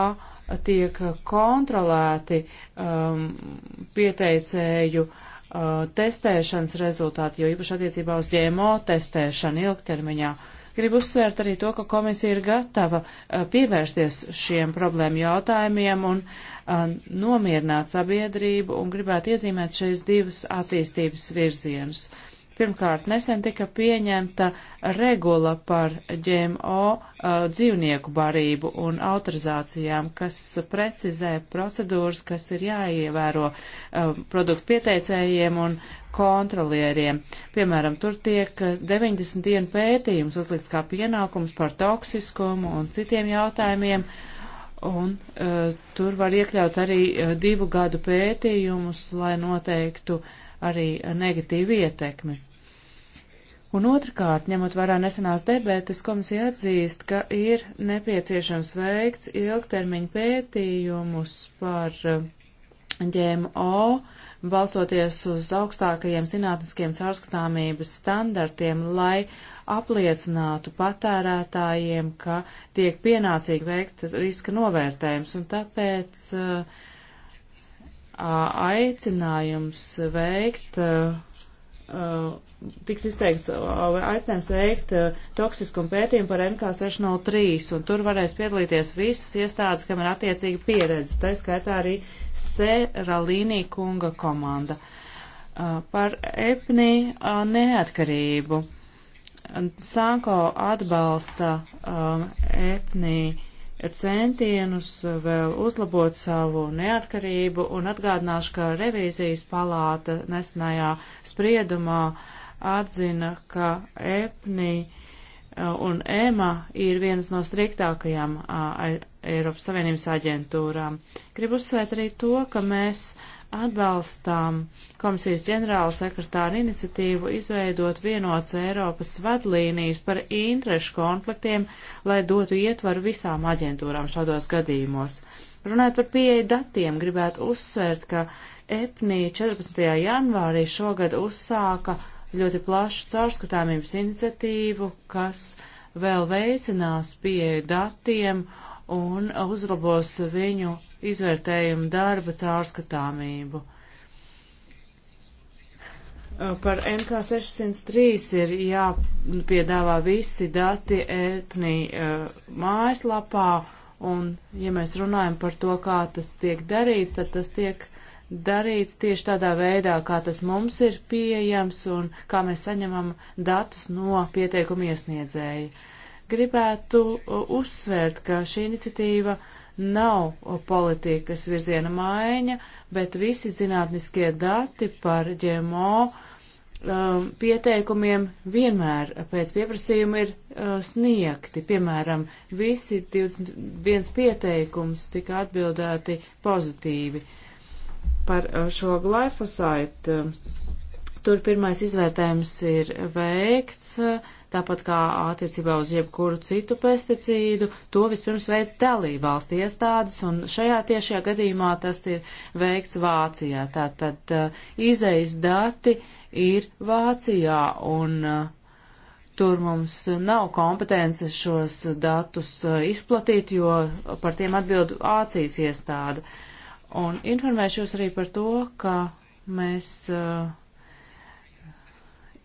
tiek kontrolēti um, pieteicēju uh, uh, testēšanas rezultāti, jo īpaši attiecībā uz ģēmo testēšanu ilgtermiņā. Gribu uzsvērt arī to, ka komisija ir gatava uh, pievērsties šiem problēmu jautājumiem un uh, nomierināt sabiedrību un gribētu iezīmēt šeit divas attīstības virzienus. Uh, Pirmkārt, nesen tika pieņemta regula par GMO uh, dzīvnieku barību un autorizācijām, kas precizē procedūras, kas ir jāievēro uh, produktu pieteicējiem un kontrolieriem. Piemēram, tur tiek 90 dienu pētījums uzlikts kā pienākums par toksiskumu un citiem jautājumiem. Un uh, tur var iekļaut arī uh, divu gadu pētījumus, lai noteiktu uh, arī negatīvu ietekmi. Un otrkārt, ņemot vērā nesenās debētas, komisija atzīst, ka ir nepieciešams veikts ilgtermiņu pētījumus par ģēmo, eh, balstoties uz augstākajiem zinātniskiem caurskatāmības standartiem, lai apliecinātu patērētājiem, ka tiek pienācīgi veikts riska novērtējums, un tāpēc uh, aicinājums veikt, tiks izteikts aicinājums veikt toksiskumu pētījumu par MK603, un tur varēs piedalīties visas iestādes, kam ir attiecīga pieredze, tā skaitā arī Seralīnī kunga komanda. Par EPNI neatkarību. Sanko atbalsta um, EPNI centienus vēl uzlabot savu neatkarību un atgādināšu, ka revīzijas palāta nesenajā spriedumā atzina, ka EPNI uh, un EMA ir vienas no striktākajām uh, Eiropas Savienības aģentūrām. Gribu uzsvērt arī to, ka mēs uh, atbalstām komisijas ģenerāla sekretāra iniciatīvu izveidot vienots Eiropas vadlīnijas par interešu konfliktiem, lai dotu ietvaru visām aģentūrām šādos gadījumos. Runājot par pieeju datiem, gribētu uzsvērt, ka EPNI 14. janvārī šogad uzsāka ļoti plašu caurskatāmības iniciatīvu, kas vēl veicinās pieeju datiem uh, un uzlabos viņu izvērtējumu darba caurskatāmību. Par MK603 ir jāpiedāvā visi dati ēpnī mājaslapā, un ja mēs runājam par to, kā tas tiek darīts, tad tas tiek darīts tieši tādā veidā, kā tas mums ir pieejams un kā mēs saņemam datus no pieteikuma iesniedzēja. Uh, Gribētu uh, uzsvērt, ka šī iniciatīva nav uh, politikas virziena maiņa, bet visi zinātniskie dati par ģēmo um, pieteikumiem vienmēr pēc pieprasījuma ir uh, sniegti. Piemēram, visi 21 pieteikums tika atbildēti pozitīvi par uh, šo glifosātu. Tur pirmais izvērtējums ir veikts, uh, tāpat kā attiecībā uz jebkuru citu pesticīdu, to vispirms veids dalībvalstu iestādes, un šajā tiešajā gadījumā tas ir veikts Vācijā. Tātad uh, izejas dati ir Vācijā, un uh, tur mums nav kompetence šos datus uh, izplatīt, jo par tiem atbild Vācijas iestāde. Un informēšu jūs arī par to, ka mēs uh,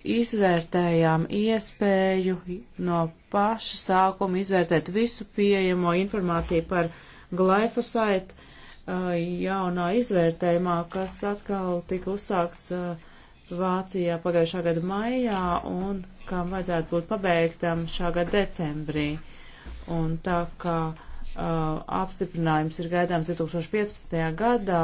izvērtējām iespēju no paša sākuma izvērtēt visu pieejamo informāciju par glifosātu uh, jaunā izvērtējumā, kas atkal tika uzsākts uh, Vācijā pagājušā gada maijā un kam vajadzētu būt pabeigtam šā gada decembrī. Un tā kā uh, Uh, apstiprinājums ir gaidāms 2015. gadā,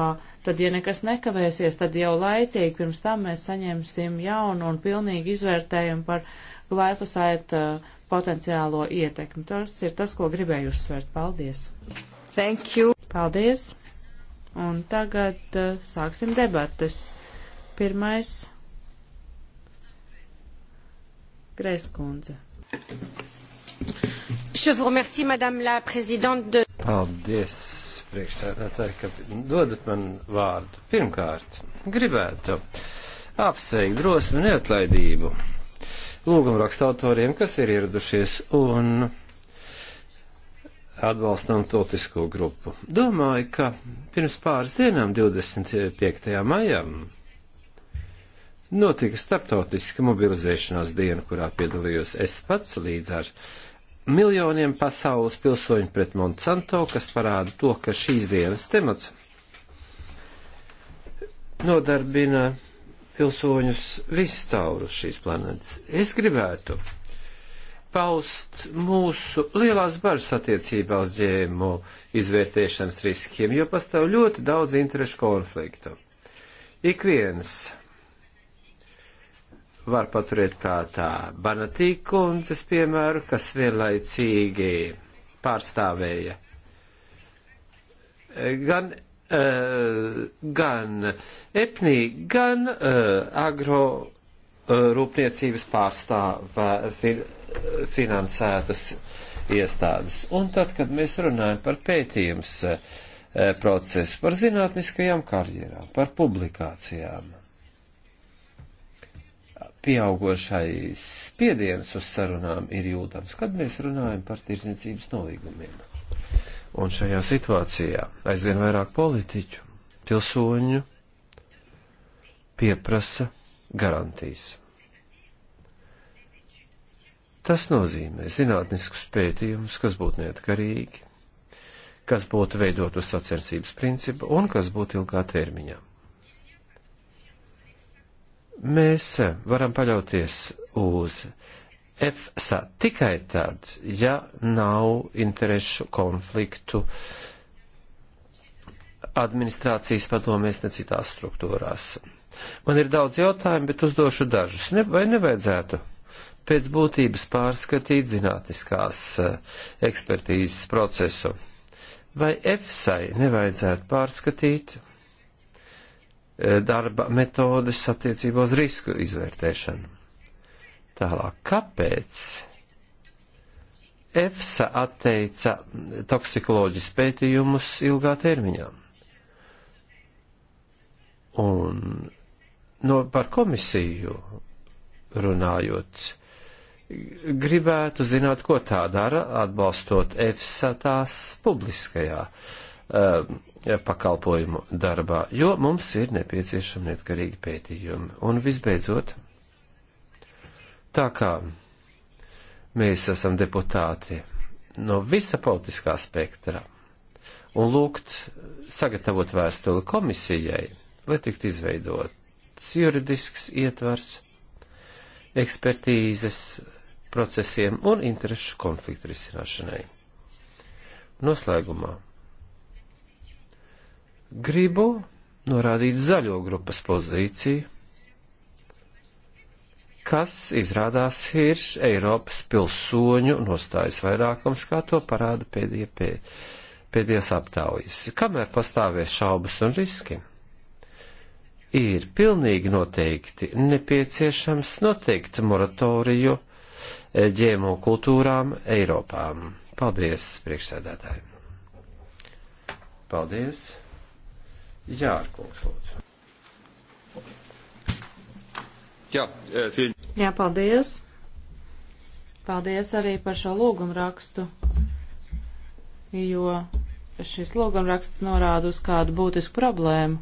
tad, ja nekas nekavēsies, tad jau laicīgi pirms tam mēs saņemsim jaunu un pilnīgi izvērtējumu par glifosāta uh, potenciālo ietekmi. Tas ir tas, ko gribēju uzsvērt. Paldies! Thank you! Paldies! Un tagad uh, sāksim debates. Pirmais - Greiskundze. Thank you. Paldies, priekšsēdētāji, ka dodat man vārdu. Pirmkārt, gribētu apsveikt drosmi un neatlaidību lūgumrakstu autoriem, kas ir ieradušies un atbalstām tautisko grupu. Domāju, ka pirms pāris dienām, 25. maijam, notika starptautiska mobilizēšanās diena, kurā piedalījos es pats līdz ar miljoniem pasaules pilsoņu pret Monsanto, kas parāda to, ka šīs dienas temats nodarbina pilsoņus viscaurus šīs planētas. Es gribētu paust mūsu lielās bažas attiecībā uz ģēmo izvērtēšanas riskiem, jo pastāv ļoti daudz interešu konfliktu. Ik viens var paturēt prātā Banatīkundzes piemēru, kas vienlaicīgi pārstāvēja gan, uh, gan epnī, gan uh, agro uh, rūpniecības pārstāvā fin, finansētas iestādes. Un tad, kad mēs runājam par pētījums uh, procesu, par zinātniskajām karjerām, par publikācijām, pieaugošais spiediens uz sarunām ir jūtams, kad mēs runājam par tirzniecības nolīgumiem. Un šajā situācijā aizvien vairāk politiķu, pilsoņu pieprasa garantijas. Tas nozīmē zinātniskus pētījumus, kas būtu neatkarīgi, kas būtu veidot uz sacensības principu un kas būtu ilgā termiņā. Mēs varam paļauties uz EFSA tikai tad, ja nav interešu konfliktu administrācijas padomēs ne citās struktūrās. Man ir daudz jautājumu, bet uzdošu dažus. Ne, vai nevajadzētu pēc būtības pārskatīt zinātniskās eh, ekspertīzes procesu? Vai EFSAI nevajadzētu pārskatīt E, darba metodes attiecībā uz risku izvērtēšanu. Tālāk, kāpēc EFSA atteica toksikoloģijas pētījumus ilgā termiņā? Un no, par komisiju runājot, gribētu zināt, ko tā dara, atbalstot EFSA tās publiskajā um, Eh, pakalpojumu darbā, jo mums ir nepieciešami neatkarīgi pētījumi. Un visbeidzot, tā kā mēs esam deputāti no visa politiskā spektra un lūgt sagatavot vēstuli komisijai, lai tiktu izveidots juridisks ietvars, ekspertīzes procesiem un interešu konfliktu risināšanai. Noslēgumā Gribu norādīt zaļo grupas pozīciju, kas izrādās ir Eiropas pilsoņu nostājas vairākums, kā to parāda pēdējie pē, pēdējās aptaujas. Kamēr pastāvēs šaubas un riski, ir pilnīgi noteikti nepieciešams noteikt moratoriju e, ģēmo kultūrām Eiropām. Paldies, priekšsēdētāji! Paldies! Jārkungs, lūdzu. Jā, e, Jā, paldies. Paldies arī par šo lūgumrakstu, jo šis lūgumraksts norāda uz kādu būtisku problēmu.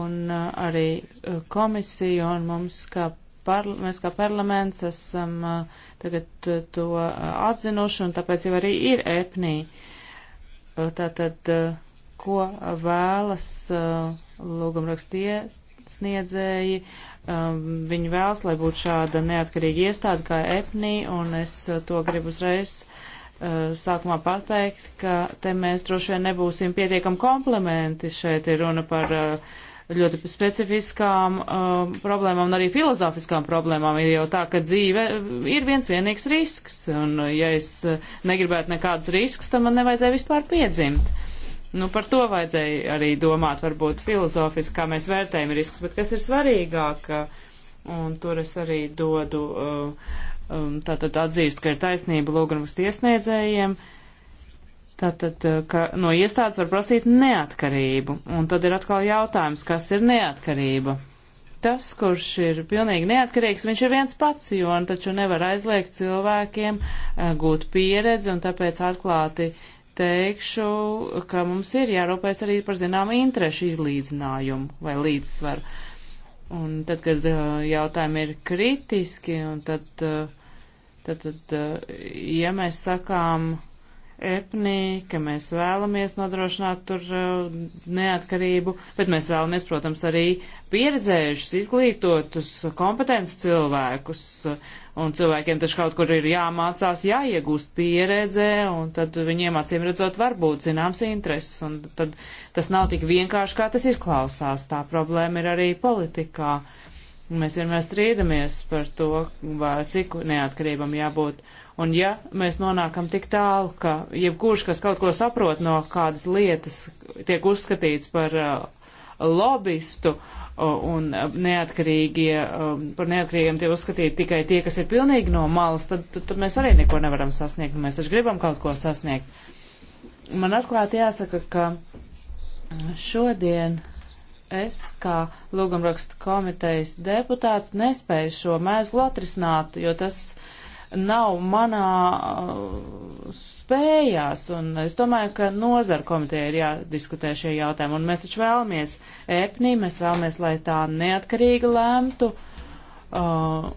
Un e, arī e, komisija un mums kā parla mēs kā parlaments esam tagad to atzinuši, un tāpēc jau arī ir ēpnī. Tātad. Uh, ko vēlas uh, lūgumrakstie sniedzēji. Um, viņi vēlas, lai būtu šāda neatkarīga iestāde kā EPNI, un es uh, to gribu uzreiz uh, sākumā pateikt, ka te mēs droši vien nebūsim pietiekam komplementi. Šeit ir runa par ļoti specifiskām um, problēmām un arī filozofiskām problēmām. Ir jau tā, ka dzīve ir viens vienīgs risks, un ja es negribētu nekādus riskus, tad man nevajadzēja vispār piedzimt. Nu, par to vajadzēja arī domāt, varbūt filozofiski, kā mēs vērtējam riskus, bet kas ir svarīgāk, un tur es arī dodu, uh, um, tātad atzīstu, ka ir taisnība lūgums tiesniedzējiem, tātad, uh, ka no iestādes var prasīt neatkarību, un tad ir atkal jautājums, kas ir neatkarība. Tas, kurš ir pilnīgi neatkarīgs, viņš ir viens pats, jo un taču nevar aizliegt cilvēkiem uh, gūt pieredzi, un tāpēc atklāti uh, teikšu, ka mums ir jārūpēs arī par zināmu interešu izlīdzinājumu vai līdzsvaru. Un tad, kad uh, jautājumi ir kritiski, un tad, uh, tad, tad uh, ja mēs sakām EPNI, ka mēs vēlamies nodrošināt tur neatkarību, bet mēs vēlamies, protams, arī pieredzējušus, izglītotus, kompetentus cilvēkus, Un cilvēkiem taču kaut kur ir jāmācās, jāiegūst pieredze, un tad viņiem acīm redzot var būt zināms intereses. Un tad tas nav tik vienkārši, kā tas izklausās. Tā problēma ir arī politikā. Mēs vienmēr strīdamies par to, vai cik neatkarībam jābūt. Un ja mēs nonākam tik tālu, ka jebkurš, kas kaut ko saprot no kādas lietas, tiek uzskatīts par uh, lobistu un neatkarīgie, par neatkarīgiem tie uzskatīt tikai tie, kas ir pilnīgi no malas, tad, tad, tad mēs arī neko nevaram sasniegt, nu, mēs taču gribam kaut ko sasniegt. Man atklāti jāsaka, ka šodien es, kā lūgumrakstu komitejas deputāts, nespēju šo mēslu atrisināt, jo tas nav manā uh, spējās, un es domāju, ka nozara komiteja ir jādiskutē šie jautājumi, un mēs taču vēlamies ēpnī, mēs vēlamies, lai tā neatkarīgi lēmtu, uh,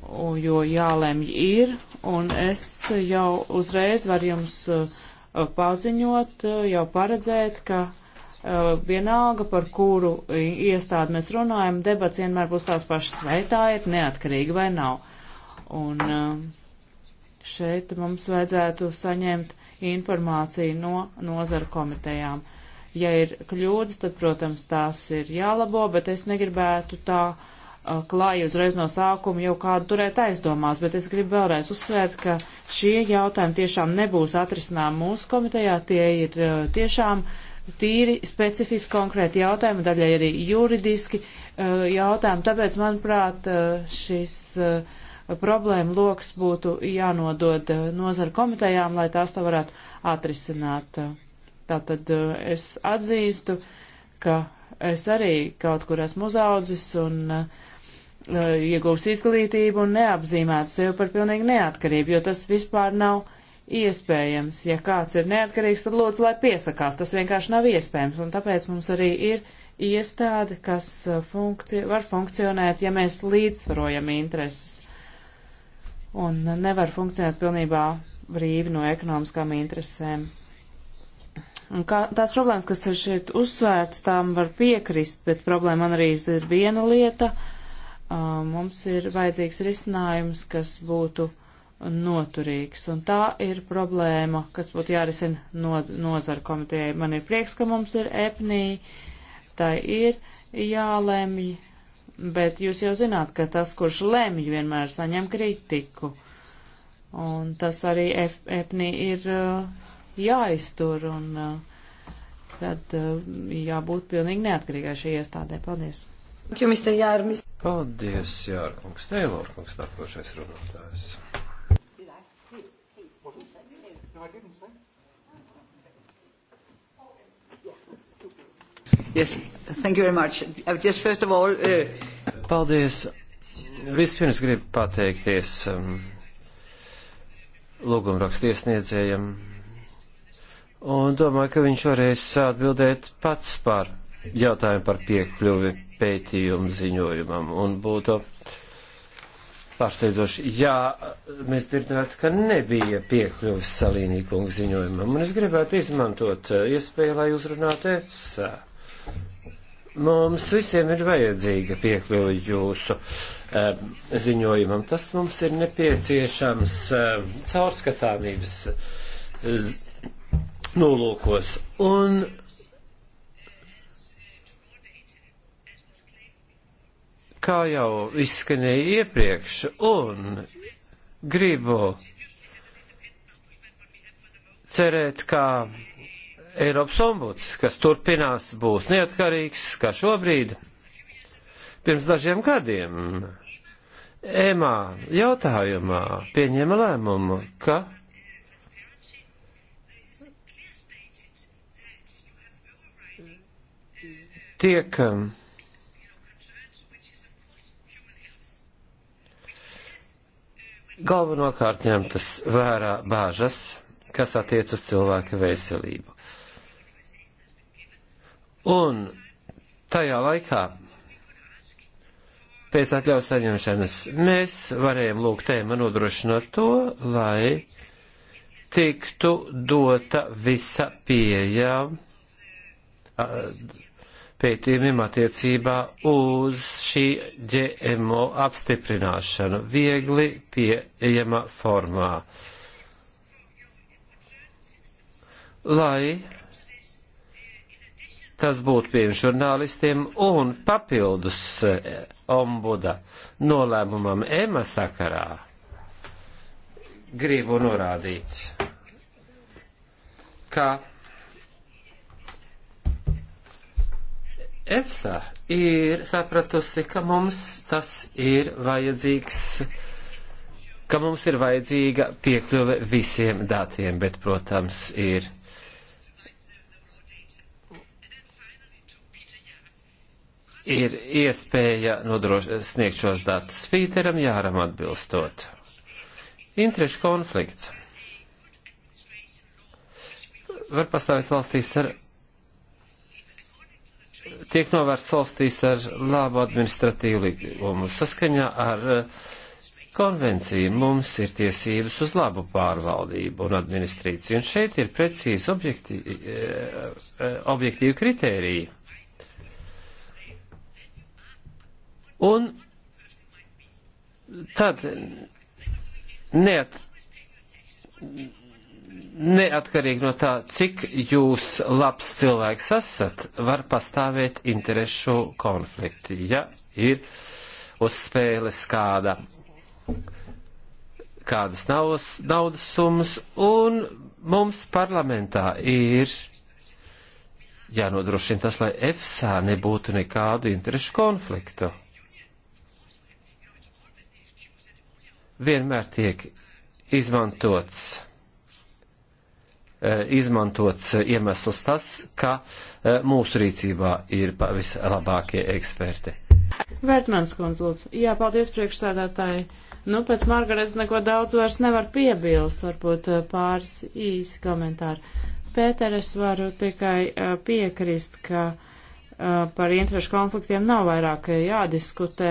jo jālemj ir, un es jau uzreiz varu jums uh, paziņot, jau paredzēt, ka vienalga, par kuru iestādi mēs runājam, debats vienmēr būs tās pašas, vai tā ir neatkarīga vai nav. Un, uh, Šeit mums vajadzētu saņemt informāciju no nozaru komitejām. Ja ir kļūdas, tad, protams, tās ir jālabo, bet es negribētu tā uh, klāju uzreiz no sākuma jau kādu turēt aizdomās, bet es gribu vēlreiz uzsvērt, ka šie jautājumi tiešām nebūs atrisinām mūsu komitejā, tie ir uh, tiešām tīri specifiski konkrēti jautājumi, daļai arī juridiski uh, jautājumi, tāpēc, manuprāt, šis problēma loks būtu jānodod eh, nozara komitejām, lai tās to varētu atrisināt. Tātad eh, es atzīstu, ka es arī kaut kur esmu uzaudzis un uh, iegūs izglītību un neapzīmētu sevi par pilnīgi neatkarību, jo tas vispār nav iespējams. Ja kāds ir neatkarīgs, tad lūdzu, lai piesakās. Tas vienkārši nav iespējams, un tāpēc mums arī ir iestāde, kas funkci var funkcionēt, ja mēs līdzsvarojam intereses un nevar funkcionēt pilnībā brīvi no ekonomiskām interesēm. Un kā, tās problēmas, kas ir šeit uzsvērts, tām var piekrist, bet problēma man arī ir viena lieta. Uh, mums ir vajadzīgs risinājums, kas būtu noturīgs. Un tā ir problēma, kas būtu jārisina no, nozara komitejai. Man ir prieks, ka mums ir EPNī, tai ir jālemj bet jūs jau zināt, ka tas, kurš lemj, vienmēr saņem kritiku. Un tas arī epnī ir uh, jāiztur, un uh, tad uh, jābūt pilnīgi neatkarīgai šī iestādē. Paldies! Jums te jārmis. Paldies, Jārkungs. Teilorkungs, nākošais runātājs. Yes, thank you very much. Uh, just first of all. Uh... Paldies. Vispirms gribu pateikties um, lūgumrakstu iesniedzējiem. Un domāju, ka viņš varēs atbildēt pats par jautājumu par piekļuvi pētījumu ziņojumam. Un būtu pārsteidzoši, ja mēs dzirdētu, ka nebija piekļuvis salīnīkungu ziņojumam. Un es gribētu izmantot uh, iespēju, lai uzrunātu EFSA Mums visiem ir vajadzīga piekļuva jūsu uh, ziņojumam. Tas mums ir nepieciešams uh, caurskatāmības uh, nolūkos. Un kā jau izskanēja iepriekš, un gribu cerēt, ka Eiropas ombuds, kas turpinās būs neatkarīgs, kā šobrīd. Pirms dažiem gadiem EMA jautājumā pieņēma lēmumu, ka tiek um, galvenokārt ņemtas vērā bāžas, kas attiec uz cilvēka veselību. Un tajā laikā pēc atļaus saņemšanas mēs varējām lūgt tēma nodrošināt to, lai tiktu dota visa pieeja pētījumiem attiecībā uz šī GMO apstiprināšanu viegli pieejama formā. Lai tas būtu pieejams žurnālistiem un papildus eh, ombuda nolēmumam EMA sakarā. Gribu norādīt, ka EFSA ir sapratusi, ka mums tas ir vajadzīgs ka mums ir vajadzīga piekļuve visiem datiem, bet, protams, ir ir iespēja sniegt šos datus Pīteram Jāram atbilstot. Interešu konflikts var pastāvēt valstīs ar tiek novērsts valstīs ar labu administratīvu likumu. Saskaņā ar eh, konvenciju mums ir tiesības uz labu pārvaldību un administrāciju, un šeit ir precīzi eh, eh, objektīvi, objektīvi kritēriji Un tad neat, neatkarīgi no tā, cik jūs labs cilvēks esat, var pastāvēt interešu konflikti. Ja ir uz spēles kāda, kādas naudas, naudas summas, un mums parlamentā ir jānodrošina tas, lai EFSA nebūtu nekādu interešu konfliktu. vienmēr tiek izmantots, eh, izmantots iemesls tas, ka eh, mūsu rīcībā ir vislabākie eksperti. Vērtmans kundze, lūdzu. Jā, paldies priekšsēdētāji. Nu, pēc Margaretas neko daudz vairs nevar piebilst, varbūt eh, pāris īsi komentāri. Pēter, es varu tikai piekrist, ka par interešu konfliktiem nav vairāk jādiskutē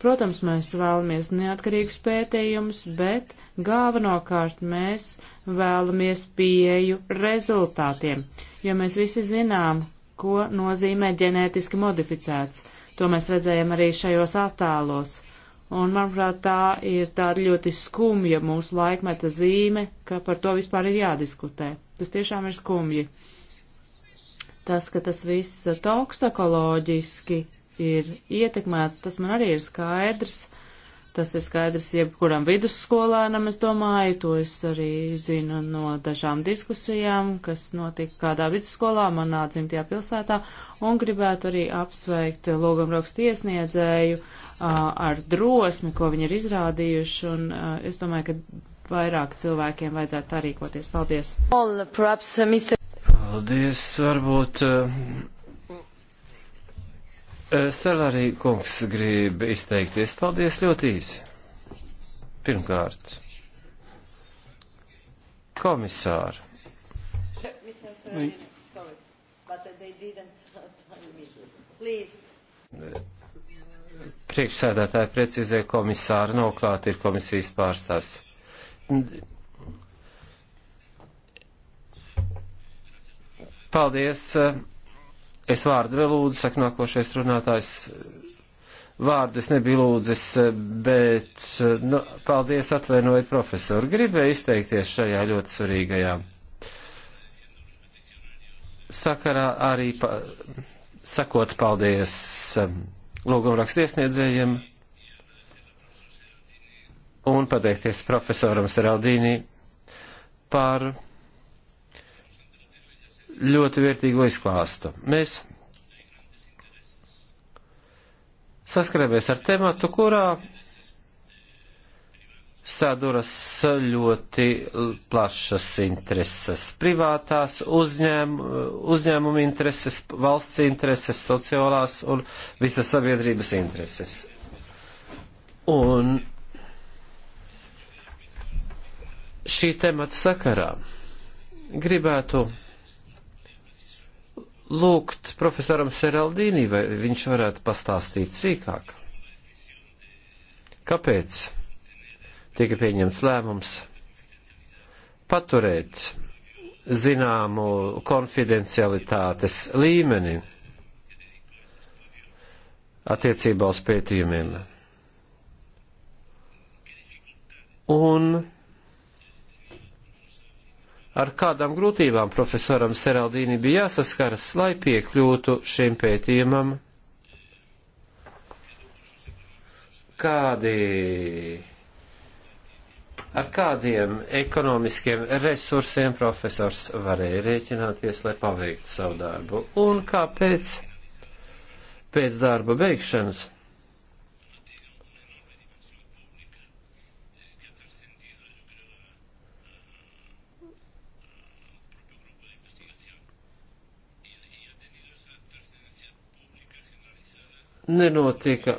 Protams, mēs vēlamies neatkarīgus pētījumus, bet galvenokārt mēs vēlamies pieeju rezultātiem, jo mēs visi zinām, ko nozīmē ģenētiski modificēts. To mēs redzējām arī šajos attēlos. Un, manuprāt, tā ir tāda ļoti skumja mūsu laikmeta zīme, ka par to vispār ir jādiskutē. Tas tiešām ir skumji. Tas, ka tas viss toksikoloģiski ir ietekmēts, tas man arī ir skaidrs. Tas ir skaidrs jebkuram vidusskolēnam, es domāju, to es arī zinu no dažām diskusijām, kas notika kādā vidusskolā manā dzimtajā pilsētā, un gribētu arī apsveikt logumrakstu iesniedzēju ar drosmi, ko viņi ir izrādījuši, un es domāju, ka vairāk cilvēkiem vajadzētu tā rīkoties. Paldies! All, perhaps, uh, Paldies, varbūt uh, Eh, Salārī kungs grib izteikties. Paldies ļoti īsi. Pirmkārt, komisāri. Priekšsēdētāji precizē komisāru noklāt ir komisijas pārstāvs. Paldies. Uh, Es vārdu nelūdzu, saka nākošais runātājs. Vārdu es nebiju lūdzis, bet nu, paldies atvainojiet profesoru. Gribēju izteikties šajā ļoti svarīgajā sakarā arī pa, sakot paldies um, lūgumrakstiesniedzējiem un pateikties profesoram Seraldīnī par ļoti vērtīgo izklāstu. Mēs saskaramies ar tematu, kurā saduras ļoti plašas intereses - privātās uzņēm, uzņēmuma intereses, valsts intereses, sociālās un visas sabiedrības intereses. Un šī temata sakarā gribētu lūgt profesoram Seraldīnī, vai viņš varētu pastāstīt sīkāk. Kāpēc tika pieņemts lēmums paturēt zināmu konfidencialitātes līmeni attiecībā uz pētījumiem? Un ar kādām grūtībām profesoram Seraldīni bija jāsaskaras, lai piekļūtu šim pētījumam? Kādi, ar kādiem ekonomiskiem resursiem profesors varēja rēķināties, lai paveiktu savu darbu? Un kāpēc pēc darba beigšanas? nenotika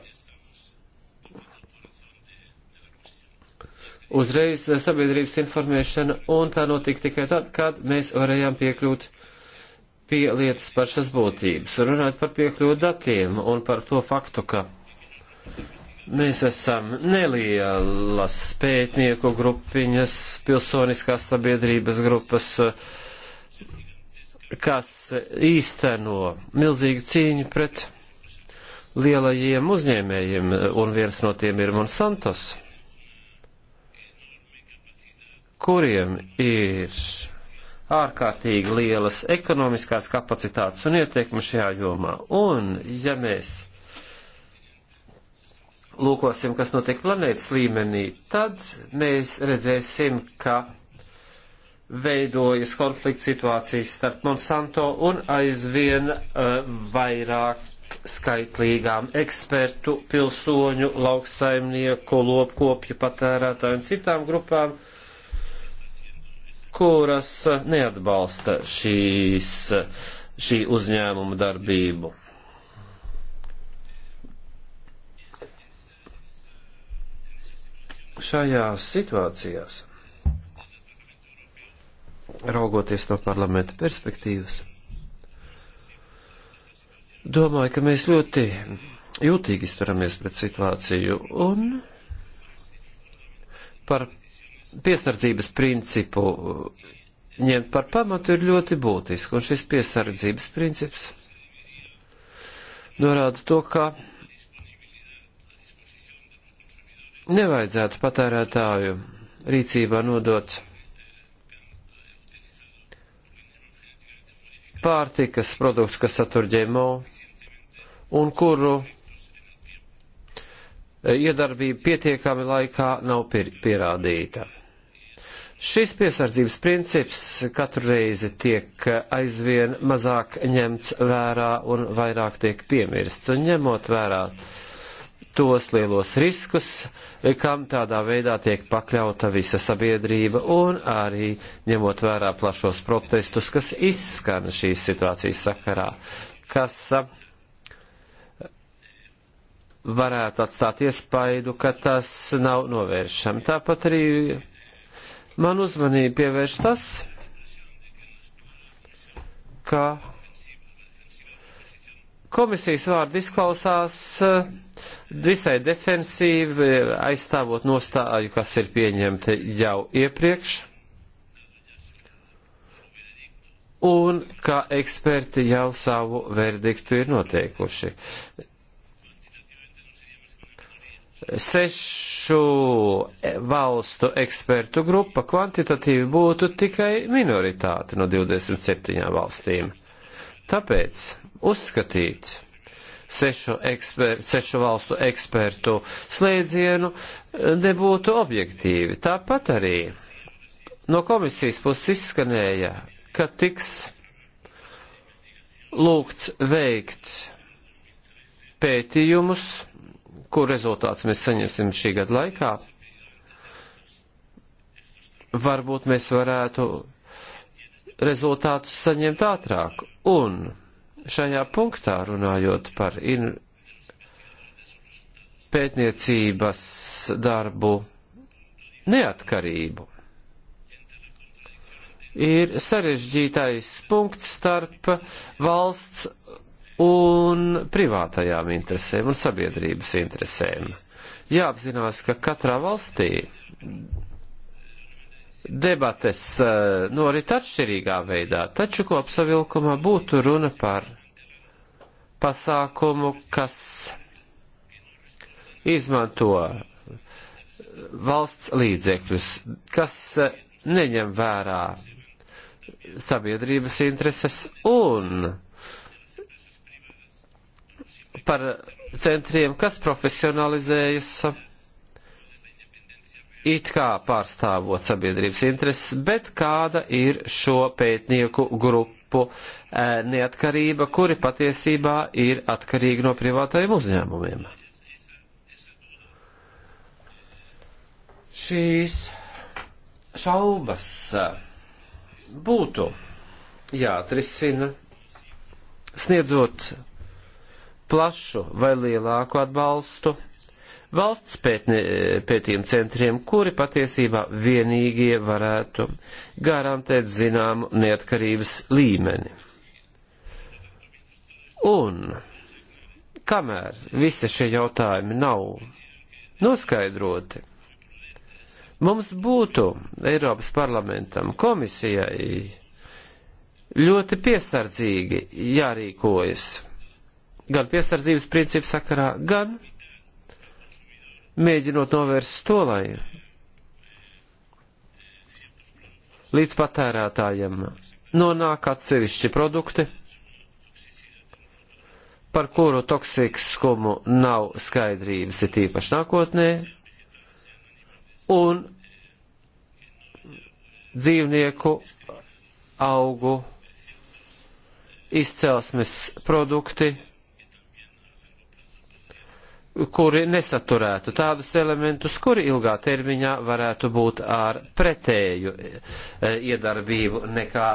uzreiz sabiedrības informēšana, un tā notika tikai tad, kad mēs varējām piekļūt pie lietas pašas būtības. Runājot par piekļuvu datiem un par to faktu, ka mēs esam nelielas pētnieku grupiņas, pilsoniskās sabiedrības grupas, kas īsteno milzīgu cīņu pret lielajiem uzņēmējiem, un viens no tiem ir Monsantos, kuriem ir ārkārtīgi lielas ekonomiskās kapacitātes un ietekme šajā jomā. Un, ja mēs lūkosim, kas notiek planētas līmenī, tad mēs redzēsim, ka veidojas konflikts situācijas starp Monsanto un aizvien uh, vairāk bezskaitlīgām ekspertu, pilsoņu, lauksaimnieku, lopkopju patērētāju un citām grupām, kuras neatbalsta šīs, šī uzņēmuma darbību. Šajās situācijās, raugoties no parlamenta perspektīvas, Domāju, ka mēs ļoti jūtīgi izturamies pret situāciju un par piesardzības principu ņemt par pamatu ir ļoti būtiski, un šis piesardzības princips norāda to, ka nevajadzētu patērētāju rīcībā nodot pārtikas produkts, kas satur ģemo un kuru e, iedarbība pietiekami laikā nav pierādīta. Šis piesardzības princips katru reizi tiek aizvien mazāk ņemts vērā un vairāk tiek piemirsts, un ņemot vērā uh, tos lielos riskus, kam tādā veidā tiek pakļauta visa sabiedrība un arī ņemot vērā plašos protestus, kas izskan šīs situācijas sakarā, kas varētu atstāt iespaidu, ka tas nav novēršam. Tāpat arī man uzmanību pievērš tas, ka komisijas vārdi izklausās uh, visai defensīvi, aizstāvot nostāju, kas ir pieņemta jau iepriekš, un kā eksperti jau savu verdiktu ir noteikuši. Sešu valstu ekspertu grupa kvantitatīvi būtu tikai minoritāte no 27 valstīm. Tāpēc uzskatīt, sešu, eksper, sešu valstu ekspertu slēdzienu, eh, nebūtu objektīvi. Tāpat arī no komisijas puses izskanēja, ka tiks lūgts veikt pētījumus, kur rezultāts mēs saņemsim šī gada laikā. Varbūt mēs varētu rezultātus saņemt ātrāk. Un šajā punktā runājot par in... pētniecības darbu neatkarību. Ir sarežģītais punkts starp valsts un privātajām interesēm un sabiedrības interesēm. Jāapzinās, ka katrā valstī debates eh, norit nu, atšķirīgā veidā, taču kopsavilkumā būtu runa par pasākumu, kas izmanto valsts līdzekļus, kas eh, neņem vērā sabiedrības intereses un par centriem, kas profesionalizējas it kā pārstāvot sabiedrības intereses, bet kāda ir šo pētnieku grupu eh, neatkarība, kuri patiesībā ir atkarīgi no privātajiem uzņēmumiem. Šīs šaubas eh, būtu jāatrisina sniedzot plašu vai lielāku atbalstu valsts pētne, pētījuma centriem, kuri patiesībā vienīgie varētu garantēt zināmu neatkarības līmeni. Un kamēr visi šie jautājumi nav noskaidroti, mums būtu Eiropas parlamentam, komisijai ļoti piesardzīgi jārīkojas gan piesardzības principu sakarā, gan mēģinot novērst to, lai līdz patērētājiem nonāk atsevišķi produkti, par kuru toksiskumu nav skaidrības, ir tīpaši nākotnē, un dzīvnieku augu izcelsmes produkti kuri nesaturētu tādus elementus, kuri ilgā termiņā varētu būt ar pretēju e, e, iedarbību nekā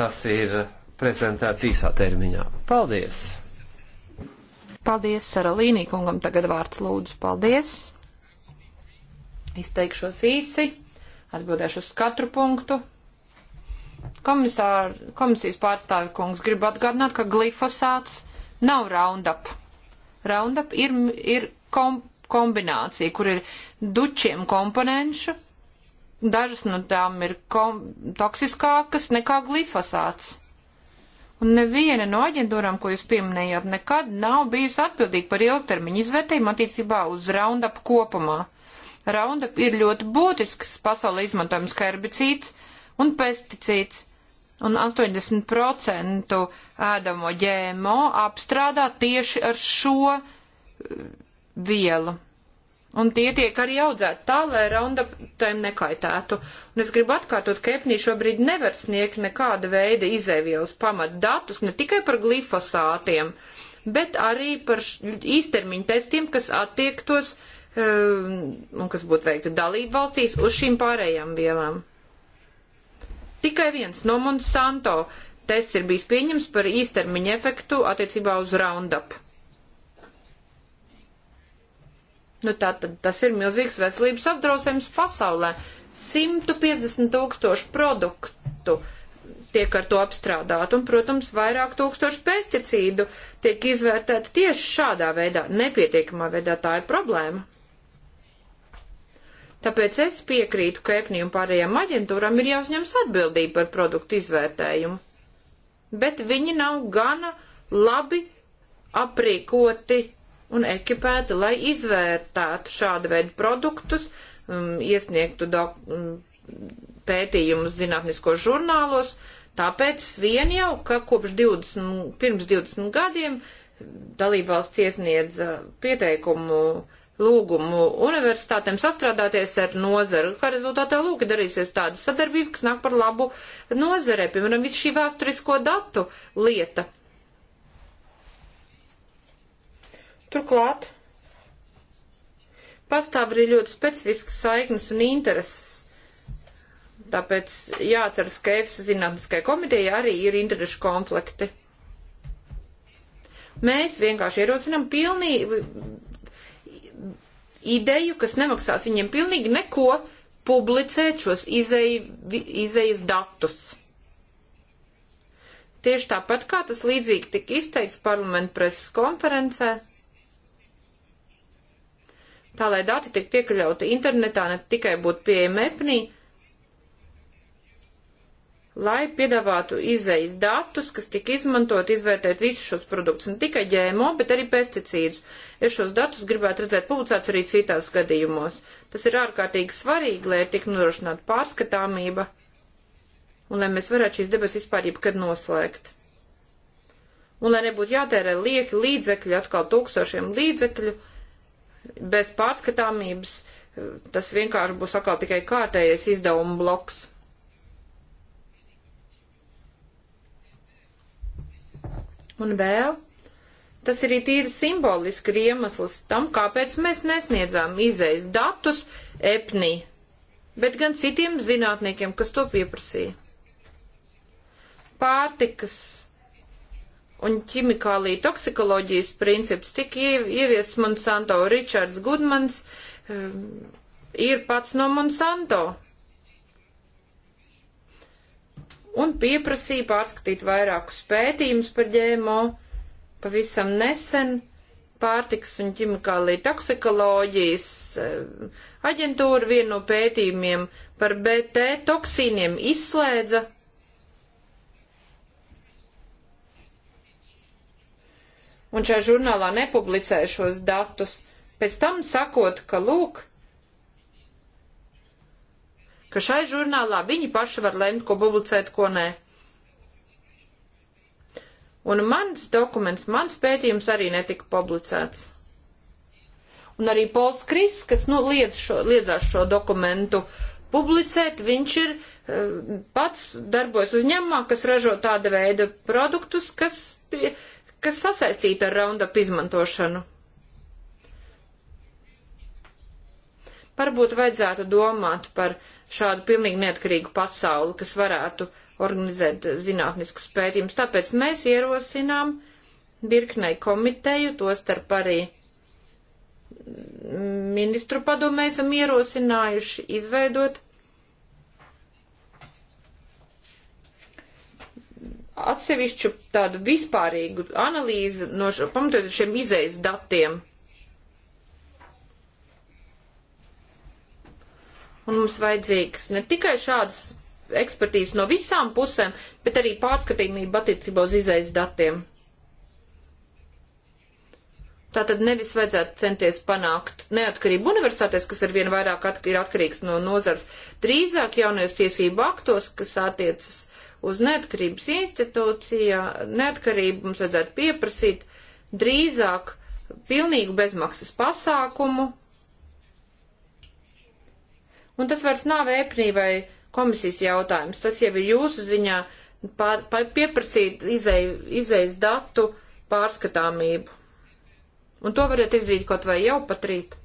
tas ir prezentēts īsā termiņā. Paldies! Paldies, Sara Līnī kungam tagad vārds lūdzu. Paldies! Izteikšos īsi, atbildēšu uz katru punktu. Komisār, komisijas pārstāvi kungs grib atgādināt, ka glifosāts nav Roundup Roundup ir, ir kom, kombinācija, kur ir dučiem komponenšu, dažas no tām ir kom, toksiskākas nekā glifosāts. Un neviena no aģentūrām, ko jūs pieminējāt, nekad nav bijusi atbildīga par ilgtermiņu izvērtējumu attiecībā uz Roundup kopumā. Roundup ir ļoti būtisks pasaulē izmantojams herbicīds un pesticīds, un 80% ēdamo ģēmo apstrādā tieši ar šo uh, vielu. Un tie tiek arī audzēti tā, lai raundaptēm nekaitētu. Un es gribu atkārtot, ka EPNI šobrīd nevar sniegt nekāda veida izēvielas pamat datus ne tikai par glifosātiem, bet arī par īstermiņu testiem, kas attiektos um, un kas būtu veikti dalību valstīs uz šīm pārējām vielām. Tikai viens no Monsanto tests ir bijis pieņems par īstermiņa efektu attiecībā uz Roundup. Nu, tā, tad, tas ir milzīgs veselības apdrausējums pasaulē. 150 tūkstoši produktu tiek ar to apstrādāt, un, protams, vairāk tūkstoši pesticīdu tiek izvērtēti tieši šādā veidā, nepietiekamā veidā. Tā ir problēma. Tāpēc es piekrītu Kēpnī un pārējām aģentūram ir jāuzņems atbildība par produktu izvērtējumu. Bet viņi nav gana labi aprīkoti un ekipēti, lai izvērtētu šādu veidu produktus, um, iesniegtu do, um, pētījumus zinātniskos žurnālos. Tāpēc vien jau, ka kopš 20, pirms 20 gadiem dalībvalsts iesniedz pieteikumu uh, lūgumu universitātēm sastrādāties ar nozaru, kā rezultātā lūk darīsies tāda sadarbība, kas nāk par labu nozarē, piemēram, visu šī vēsturisko datu lieta. Turklāt pastāv arī ļoti specifiskas saiknes un intereses. Tāpēc jāatceras, ka EFSA zinātniskajai komitejai arī ir interešu konflikti. Mēs vienkārši ierosinām pilnīgi ideju, kas nemaksās viņiem pilnīgi neko, publicēt šos izeju, izejas datus. Tieši tāpat kā tas līdzīgi tika izteikts parlamentu preses konferencē, tā lai dati tiktu iekļauti internetā, ne tikai būtu pieejami EPNI, lai piedāvātu izējas datus, kas tika izmantot, izvērtēt visus šos produktus, ne tikai ģēmo, bet arī pesticīdus. Es šos datus gribētu redzēt publicēts arī citās gadījumos. Tas ir ārkārtīgi svarīgi, lai tik nodrošinātu pārskatāmība un lai mēs varētu šīs debesis vispār jebkad noslēgt. Un lai nebūtu jātērē lieki līdzekļi, atkal tūkstošiem līdzekļu, bez pārskatāmības, tas vienkārši būs atkal tikai kārtējais izdevumu bloks. Un vēl tas ir tīri simboliski iemesls tam, kāpēc mēs nesniedzām izējas datus EPNI, bet gan citiem zinātniekiem, kas to pieprasīja. Pārtikas un ķimikālija toksikoloģijas princips tika ieviests Monsanto Ričards Gudmans, ehm, ir pats no Monsanto. un pieprasīja pārskatīt vairākus pētījumus par ģēmo. Pavisam nesen pārtikas un ķimikālija toksikoloģijas eh, aģentūra vienu no pētījumiem par BT toksīniem izslēdza. Un šajā žurnālā nepublicēja šos datus. Pēc tam sakot, ka lūk, ka šai žurnālā viņi paši var lemt, ko publicēt, ko nē. Un mans dokuments, mans pētījums arī netika publicēts. Un arī Pols Kris, kas nu, liedz šo, liedzās šo dokumentu publicēt, viņš ir uh, pats darbojas uzņēmumā, kas ražo tāda veida produktus, kas, pie, kas sasaistīta ar Roundup izmantošanu. Varbūt vajadzētu domāt par uh, šādu pilnīgi neatkarīgu pasauli, kas varētu organizēt zinātniskus pētījumus. Tāpēc mēs ierosinām virknei komiteju, to starp arī ministru padomē esam ierosinājuši izveidot atsevišķu tādu vispārīgu analīzi no pamatotiem šiem izējas datiem un mums vajadzīgs ne tikai šāds ekspertīzes no visām pusēm, bet arī pārskatīmība attiecībā uz izējas datiem. Tātad nevis vajadzētu centies panākt neatkarību universitātēs, kas ar vien vairāk at ir atkarīgs no nozars, drīzāk jaunajos tiesību aktos, kas attiecas uz neatkarības institūcijā, neatkarību mums vajadzētu pieprasīt drīzāk pilnīgu bezmaksas pasākumu, Un tas vairs nav EPRI vai komisijas jautājums. Tas jau ir jūsu ziņā pār, pār, pieprasīt izējas datu pārskatāmību. Un to varat izdarīt kaut vai jau pat rīt.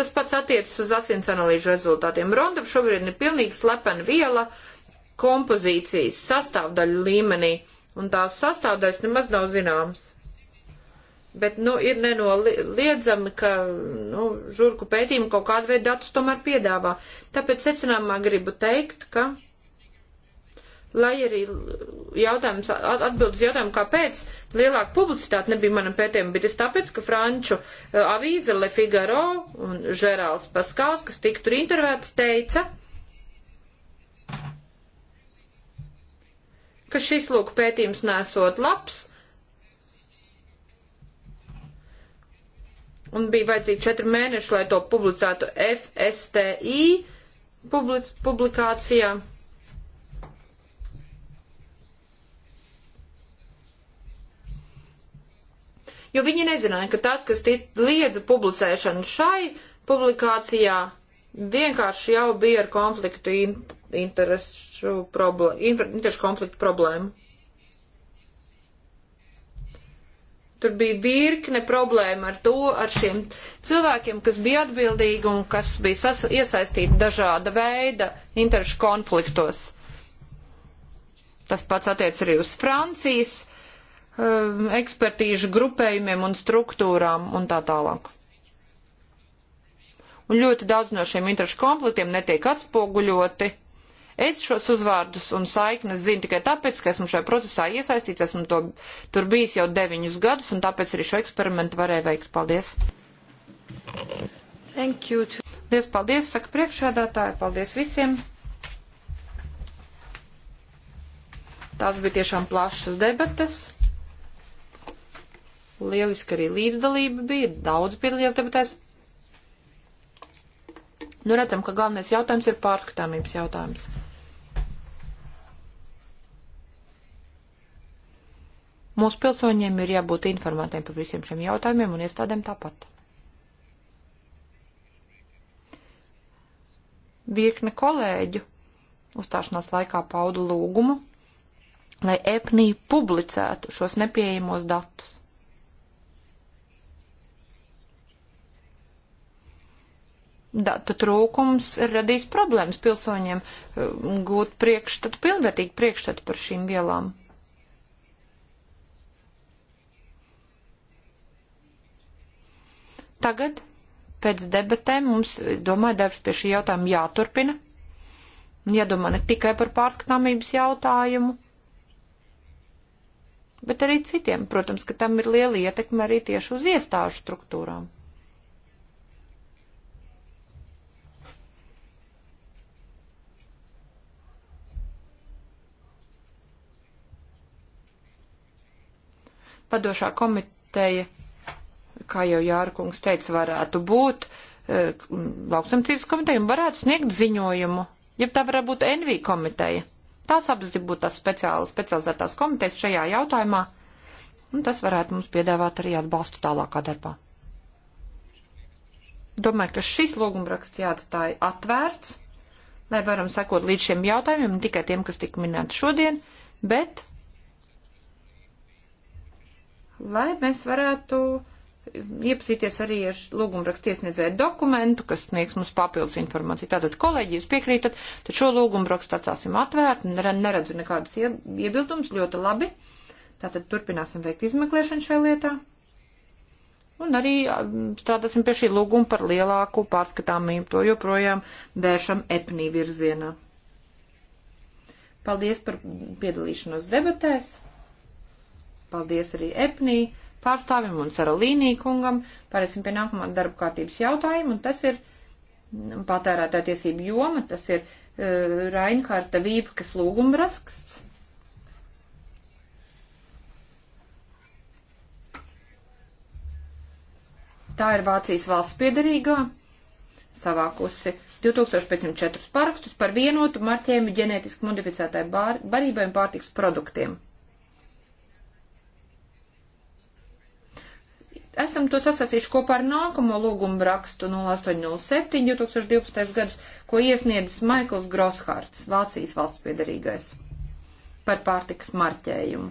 Tas pats attiecas uz asins analīžu rezultātiem. Rondam šobrīd ir pilnīgi slepena viela kompozīcijas sastāvdaļu līmenī, un tās sastāvdaļas nemaz nav zināmas. Bet, nu, ir nenoliedzami, ka, nu, žurku pētījumi kaut kādu veidu datus tomēr piedāvā. Tāpēc secinājumā gribu teikt, ka, lai arī jautājums, atbild uz jautājumu, kāpēc lielāka publicitāte nebija manam pētījumam, bet es tāpēc, ka franču eh, avīze Le Figaro un Žerāls Paskals, kas tika tur intervētas, teica, ka šis lūk pētījums nesot labs, un bija vajadzīgi četri mēneši, lai to publicētu FSTI public, publikācijā. Jo viņi nezināja, ka tas, kas liedza publicēšanu šai publikācijā, vienkārši jau bija ar konfliktu in, interešu, problēmu, interešu konfliktu problēmu. Tur bija virkne problēma ar to, ar šiem cilvēkiem, kas bija atbildīgi un kas bija iesaistīti dažāda veida interešu konfliktos. Tas pats attiec arī uz Francijas um, ekspertīžu grupējumiem un struktūrām un tā tālāk. Un ļoti daudz no šiem interešu konfliktiem netiek atspoguļoti Es šos uzvārdus un saiknes zinu tikai tāpēc, ka esmu šajā procesā iesaistīts, esmu to, tur bijis jau deviņus gadus, un tāpēc arī šo eksperimentu varēju veikt. Paldies! Thank you! Lies paldies, saka priekšādātāji, paldies visiem! Tās bija tiešām plašas debatas. Lieliski arī līdzdalība bija, daudz piedalījās debatēs. Nu, redzam, ka galvenais jautājums ir pārskatāmības jautājums. Mūsu pilsoņiem ir jābūt informētiem par visiem šiem jautājumiem un iestādēm tāpat. Virkne kolēģu uzstāšanās laikā pauda lūgumu, lai EPNI publicētu šos nepieejamos datus. Datu trūkums ir radījis problēmas pilsoņiem gūt priekšstatu, pilnvērtīgu priekšstatu par šīm vielām. Tagad pēc debatēm mums, domāju, darbs pie šī jautājuma jāturpina. Jādomā ne tikai par pārskatāmības jautājumu, bet arī citiem. Protams, ka tam ir liela ietekme arī tieši uz iestāžu struktūrām. Padošā komiteja kā jau Jārkungs teica, varētu būt e, lauksamcības komiteja un varētu sniegt ziņojumu, ja tā varētu būt NV komiteja. Tās abas būtu tās speciāli, specializētās komitejas šajā jautājumā, un tas varētu mums piedāvāt arī atbalstu tālākā darbā. Domāju, ka šis lūgumraksts jāatstāja atvērts, lai varam sekot līdz šiem jautājumiem, ne tikai tiem, kas tika minēti šodien, bet lai mēs varētu iepazīties arī ar lūgumrakstu iesniedzēju dokumentu, kas sniegs mums papildus informāciju. Tātad, kolēģi, jūs piekrītat, tad šo lūgumrakstu atstāsim atvērtu, neredzu nekādus iebildumus, ļoti labi. Tātad turpināsim veikt izmeklēšanu šajā lietā. Un arī um, strādāsim pie šī lūguma par lielāku pārskatāmību, to joprojām vēršam epnī virzienā. Paldies par piedalīšanos debatēs. Paldies arī epnī pārstāvim un Sarolīnī kungam. Pārēsim pie nākamā darba kārtības jautājuma, un tas ir patērētā tiesība joma, tas ir uh, e, Rainhārta Vīpkas lūgumraksts. Tā ir Vācijas valsts piedarīgā savākusi 2504 parakstus par vienotu marķējumu ģenētiski modificētai bar barībai un pārtiks produktiem. esam to sasacījuši kopā ar nākamo lūgumu rakstu 0807 2012. gadus, ko iesniedzis Maikls Groshārds, Vācijas valsts piedarīgais, par pārtikas marķējumu.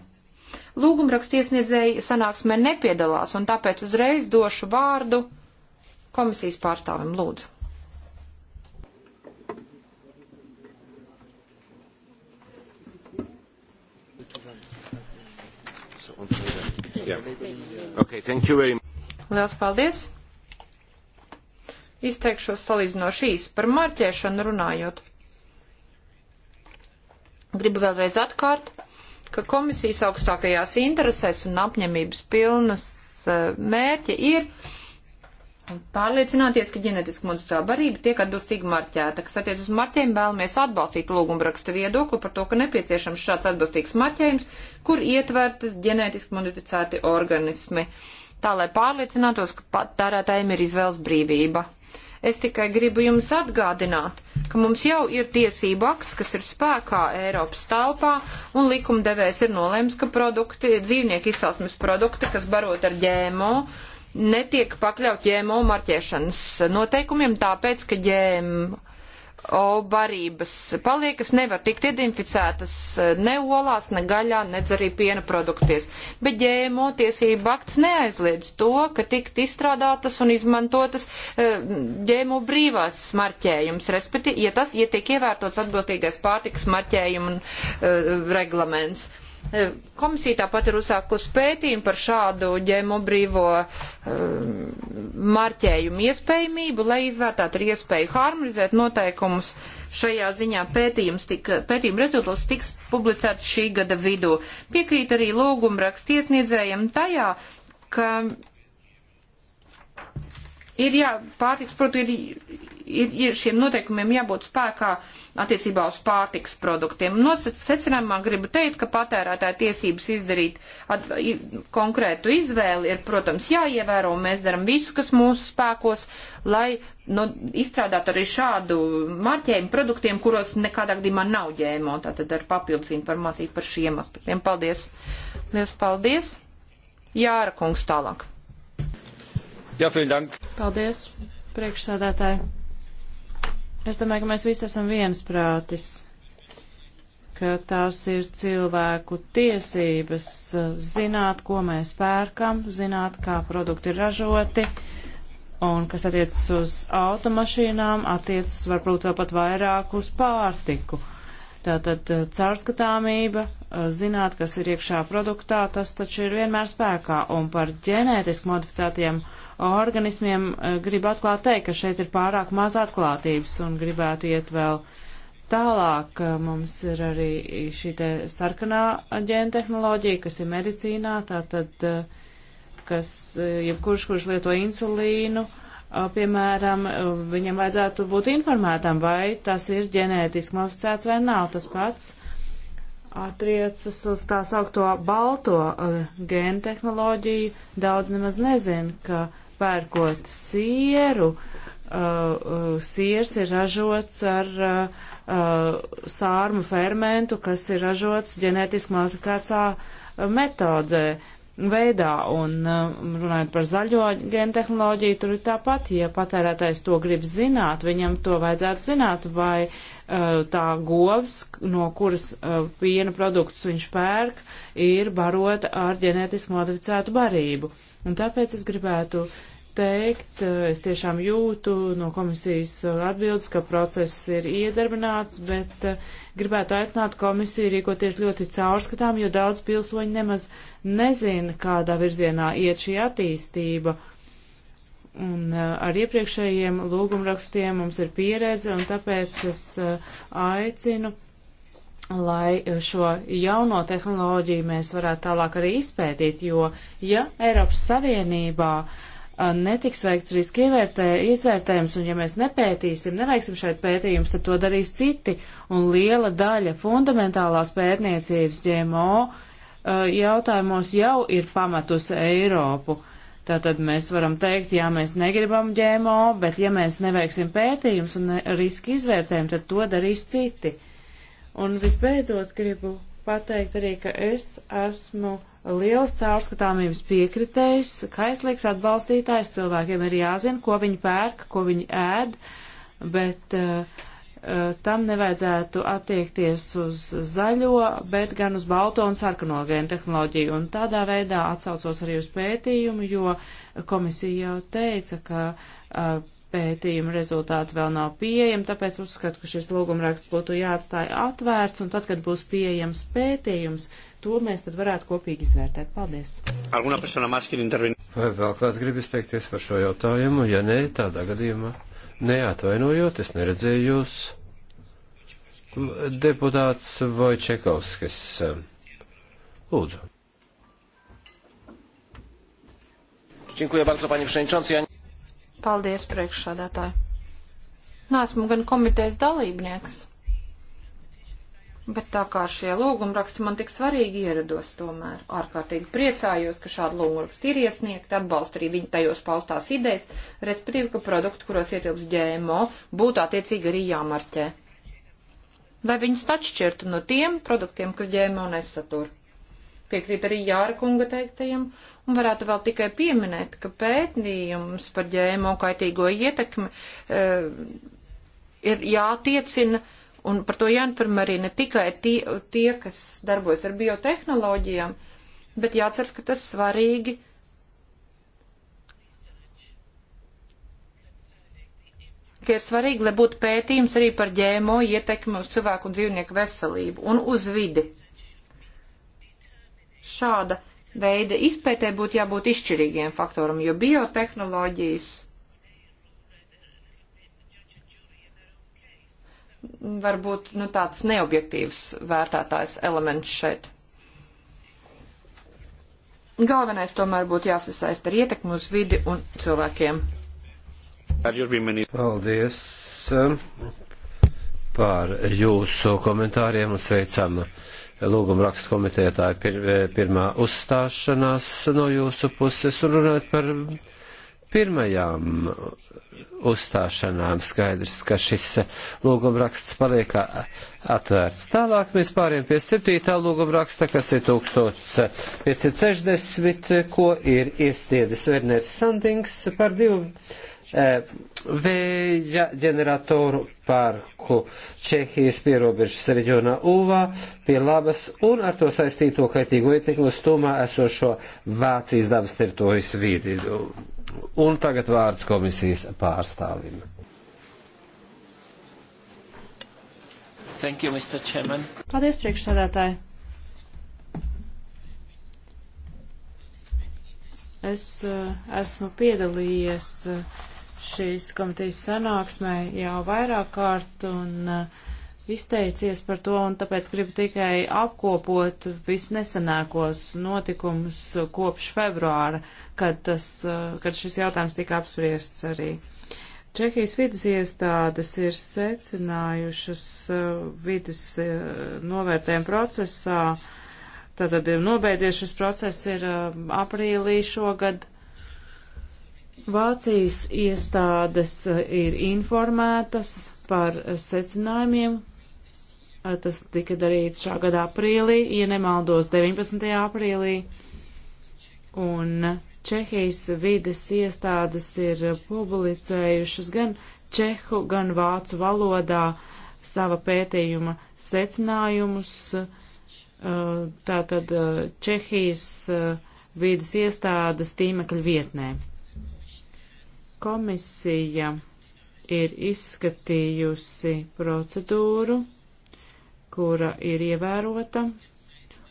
Lūgumrakstu iesniedzēji sanāksmē nepiedalās, un tāpēc uzreiz došu vārdu komisijas pārstāvim lūdzu. Yeah. Okay, thank you very much. Liels paldies! Izteikšos salīdzinoši īsi par marķēšanu runājot. Gribu vēlreiz atkārt, ka komisijas augstākajās interesēs un apņemības pilnas eh, mērķi ir Pārliecināties, ka ģenetiski modificēta barība tiek atbilstīgi marķēta. Kas attiec uz marķējumu, vēlamies atbalstīt lūgumraksta viedokli par to, ka nepieciešams šāds atbilstīgs marķējums, kur ietvertas ģenētiski modificēti organismi, tā lai pārliecinātos, ka tērētājiem ir izvēles brīvība. Es tikai gribu jums atgādināt, ka mums jau ir tiesību akts, kas ir spēkā Eiropas telpā, un likumdevējs ir nolēms, ka produkti, dzīvnieku izcelsmes produkti, kas barot ar ģēmo, netiek pakļaut ģēmo marķēšanas noteikumiem, tāpēc, ka ģēmo barības paliekas nevar tikt identificētas eh, ne olās, ne gaļā, ne arī piena produkties. Bet ģēmo tiesība akts neaizliedz to, ka tikt izstrādātas un izmantotas eh, ģēmo brīvās marķējums, respektīvi, ja tas, ja tiek ievērtots atbildīgais pārtikas marķējuma uh, reglaments. Eh, komisija tāpat ir uzsākusi pētījumu par šādu ģēmo brīvo eh, marķējumu iespējamību, lai izvērtātu ar iespēju harmonizēt noteikumus. Šajā ziņā pētījums tika, pētījuma rezultāts tiks publicēts šī gada vidū. Piekrīt arī lūguma rakstiesniedzējiem tajā, ka ir jā, pārtiks, protams, ir ir, ir šiem noteikumiem jābūt spēkā attiecībā uz pārtiks produktiem. Nosacinājumā gribu teikt, ka patērētāja tiesības izdarīt at, i, konkrētu izvēli ir, protams, jāievēro, un mēs daram visu, kas mūsu spēkos, lai nu, izstrādātu arī šādu marķējumu produktiem, kuros nekādā gadījumā nav ģēmo. Tātad ar papildus informāciju par šiem aspektiem. Paldies! Liels paldies! Jāra kungs tālāk. Jā, ja, Paldies, priekšsādātāji. Es domāju, ka mēs visi esam viensprātis, ka tās ir cilvēku tiesības zināt, ko mēs pērkam, zināt, kā produkti ir ražoti, un kas attiecas uz automašīnām, attiecas varbūt vēl pat vairāk uz pārtiku. Tātad eh, caurskatāmība, eh, zināt, kas ir iekšā produktā, tas taču ir vienmēr spēkā, un par ģenētiski modificētiem organismiem, e, gribu atklāt teikt, ka šeit ir pārāk maz atklātības un gribētu iet vēl tālāk. E, mums ir arī šī te sarkanā ģēna tehnoloģija, kas ir medicīnā, tātad, e, kas jebkurš, kurš lieto insulīnu, piemēram, viņam vajadzētu būt informētam, vai tas ir ģenētiski modificēts vai nav. Tas pats attiecas uz tā saukto balto uh, gēnu tehnoloģiju. Daudz nemaz nezin, ka pērkot sieru, uh, uh, siers ir ražots ar uh, uh, sārmu fermentu, kas ir ražots ģenētiski modifikācā uh, metodē veidā, un runājot par zaļo gentehnoloģiju, tur ir tāpat, ja patērētājs to grib zināt, viņam to vajadzētu zināt, vai tā govs, no kuras piena produktus viņš pērk, ir barota ar ģenētiski modificētu barību. Un tāpēc es gribētu teikt, eh, es tiešām jūtu no komisijas atbildes, ka process ir iedarbināts, bet eh, gribētu aicināt komisiju rīkoties ļoti caurskatām, jo daudz pilsoņi nemaz nezina, kādā virzienā iet šī attīstība. Un eh, ar iepriekšējiem lūgumrakstiem mums ir pieredze, un tāpēc es aicinu, lai šo jauno tehnoloģiju mēs varētu tālāk arī izpētīt, jo ja Eiropas Savienībā uh, netiks veikts riska ievērtē, izvērtējums, un ja mēs nepētīsim, neveiksim šeit pētījums, tad to darīs citi, un liela daļa fundamentālās pētniecības GMO jautājumos jau ir pamatus Eiropu. Tātad mēs varam teikt, jā, mēs negribam GMO, bet ja mēs neveiksim pētījums un riska izvērtējumu, tad to darīs citi. Un visbeidzot gribu pateikt arī, ka es esmu liels caurskatāmības piekritējs, kaislīgs atbalstītājs. Cilvēkiem ir jāzina, ko viņi pērk, ko viņi ēd, bet uh, tam nevajadzētu attiekties uz zaļo, bet gan uz balto un sarkano gēnu tehnoloģiju. Un tādā veidā atsaucos arī uz pētījumu, jo komisija jau teica, ka uh, pētījuma rezultāti vēl nav pieejami, tāpēc uzskatu, ka šis lūgumraksts būtu jāatstāja atvērts, un tad, kad būs pieejams pētījums, uh, to mēs tad varētu kopīgi izvērtēt. Paldies! Vai vēl kāds grib izteikties par šo jautājumu? Ja nē, tādā gadījumā neatvainojot, es neredzēju jūs. Deputāts Vojčekovskis. Eh, lūdzu. Paldies, priekšsādātāji. Nē, esmu gan komitejas dalībnieks. Bet tā kā šie lūgumraksti man tik svarīgi ierados tomēr, ārkārtīgi priecājos, ka šādi lūgumraksti ir iesniegti, atbalsta arī viņu tajos paustās idejas, respektīvi, ka produkti, kuros ietilps ģēmo, būtu attiecīgi arī jāmarķē. Vai viņus atšķirtu no tiem produktiem, kas ģēmo nesatur? Piekrīt arī Jāra kunga teiktajam, un varētu vēl tikai pieminēt, ka pētījums par ģēmo kaitīgo ietekmi e, ir jātiecina Un par to jāinformē arī ne tikai tie, tie kas darbojas ar biotehnoloģijām, bet jāceras, ka tas svarīgi. ka ir svarīgi, lai būtu pētījums arī par ģēmo ietekmi uz cilvēku un dzīvnieku veselību un uz vidi. Šāda veida izpētē būtu jābūt izšķirīgiem faktoram, jo biotehnoloģijas varbūt nu, tāds neobjektīvs vērtētājs elements šeit. Galvenais tomēr būtu jāsasaist ar ietekmu uz vidi un cilvēkiem. Paldies eh, par jūsu komentāriem un sveicam lūguma rakstu komitētāju pir, eh, pirmā uzstāšanās no jūsu puses un runāt par pirmajām uzstāšanām skaidrs, ka šis lūgumraksts paliek atvērts. Tālāk mēs pāriem pie septītā lūgumraksta, kas ir 1560, ko ir iestiedzis Verners Sandings par divu e, vēja ģeneratoru parku Čehijas pierobežas reģionā Uvā pie labas un ar to saistīto kaitīgo ietekmi uz stumā esošo Vācijas dabas teritorijas vidi. Un tagad vārds komisijas pārstāvim. Thank you, Mr. Chairman. Paldies, priekšsēdētāji. Es uh, esmu piedalījies uh, šīs komitejas sanāksmē jau vairāk kārt un uh, izteicies par to, un tāpēc gribu tikai apkopot visnesenākos notikumus kopš februāra, kad, tas, eh, kad šis jautājums tika apspriests arī. Čehijas vidas iestādes ir secinājušas eh, vidas eh, novērtējuma procesā, tātad ir nobeidzies šis process ir aprīlī šogad. Vācijas iestādes ir informētas par secinājumiem. Tas tika darīts šā gada aprīlī, ja nemaldos 19. aprīlī. Un Čehijas vides iestādes ir publicējušas gan čehu, gan vācu valodā sava pētījuma secinājumus. Uh, tātad uh, Čehijas uh, vides iestādes tīmekļa vietnē. Komisija ir izskatījusi procedūru, kura ir ievērota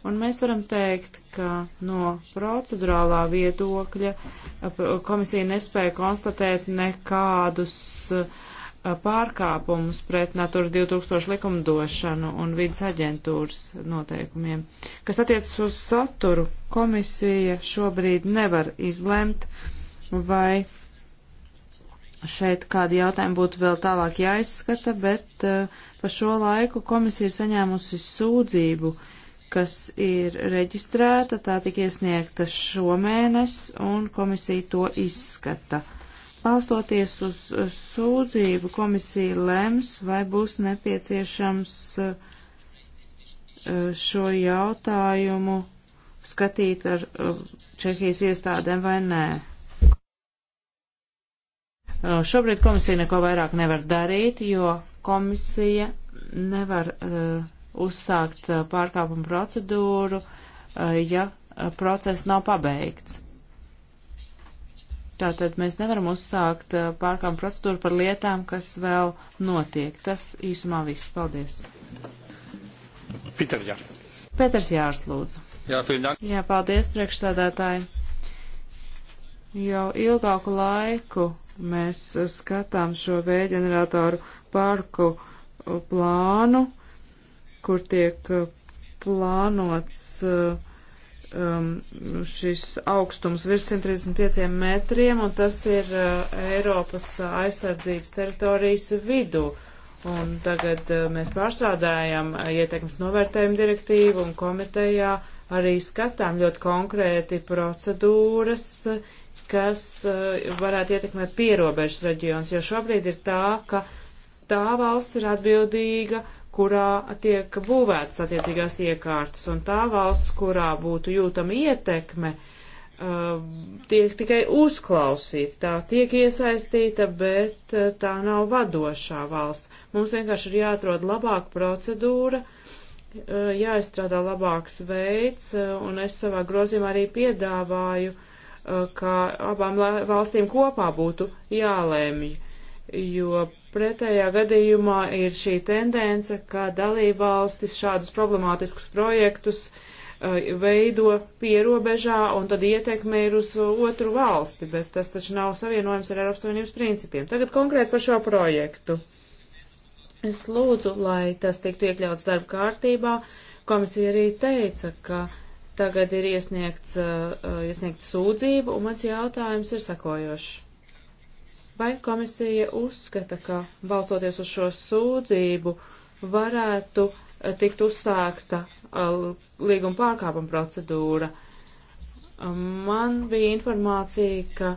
Un mēs varam teikt, ka no procedurālā viedokļa komisija nespēja konstatēt nekādus pārkāpumus pret Natura 2000 likumdošanu un vidas aģentūras noteikumiem. Kas attiecas uz saturu, komisija šobrīd nevar izlemt, vai šeit kādi jautājumi būtu vēl tālāk jāizskata, bet pa šo laiku komisija ir saņēmusi sūdzību uh, kas ir reģistrēta, tā tika iesniegta šomēnes un komisija to izskata. Balstoties uz sūdzību, komisija lems, vai būs nepieciešams eh, šo jautājumu skatīt ar eh, Čehijas iestādēm vai nē. Eh, šobrīd komisija neko vairāk nevar darīt, jo komisija nevar uh, uzsākt pārkāpumu procedūru, ja process nav pabeigts. Tātad mēs nevaram uzsākt pārkāpumu procedūru par lietām, kas vēl notiek. Tas īsumā viss. Paldies. Pīter, jā. Pēters Jārs, lūdzu. Jā, jā paldies, priekšsādātāji. Jau ilgāku laiku mēs skatām šo vējģeneratoru parku plānu kur tiek uh, plānots uh, um, šis augstums virs 135 metriem, un tas ir uh, Eiropas aizsardzības teritorijas vidu. Un tagad uh, mēs pārstrādājam uh, ietekmes novērtējumu direktīvu un komitejā arī skatām ļoti konkrēti procedūras, kas uh, varētu ietekmēt pierobežas reģions, jo šobrīd ir tā, ka tā valsts ir atbildīga uh, kurā tiek būvētas attiecīgās iekārtas, un tā valsts, kurā būtu jūtama ietekme, uh, tiek tikai uzklausīta, tā tiek iesaistīta, bet uh, tā nav vadošā valsts. Mums vienkārši ir jāatrod labāka procedūra, uh, jāizstrādā labāks veids, un es savā grozījumā arī piedāvāju, ka abām valstīm kopā būtu jālēmj, jo Pretējā gadījumā ir šī tendence, ka dalībvalstis šādus problemātiskus projektus uh, veido pierobežā un tad ietekme ir uz otru valsti, bet tas taču nav savienojums ar Eiropas Savienības principiem. Tagad konkrēti par šo projektu. Es lūdzu, lai tas tiktu iekļauts darba kārtībā. Komisija arī teica, ka tagad ir iesniegts, uh, uh, iesniegts sūdzību, un mans jautājums ir sakojošs Vai komisija uzskata, ka balstoties uz šo sūdzību varētu eh, tikt uzsākta eh, līguma pārkāpuma procedūra? Eh, man bija informācija, ka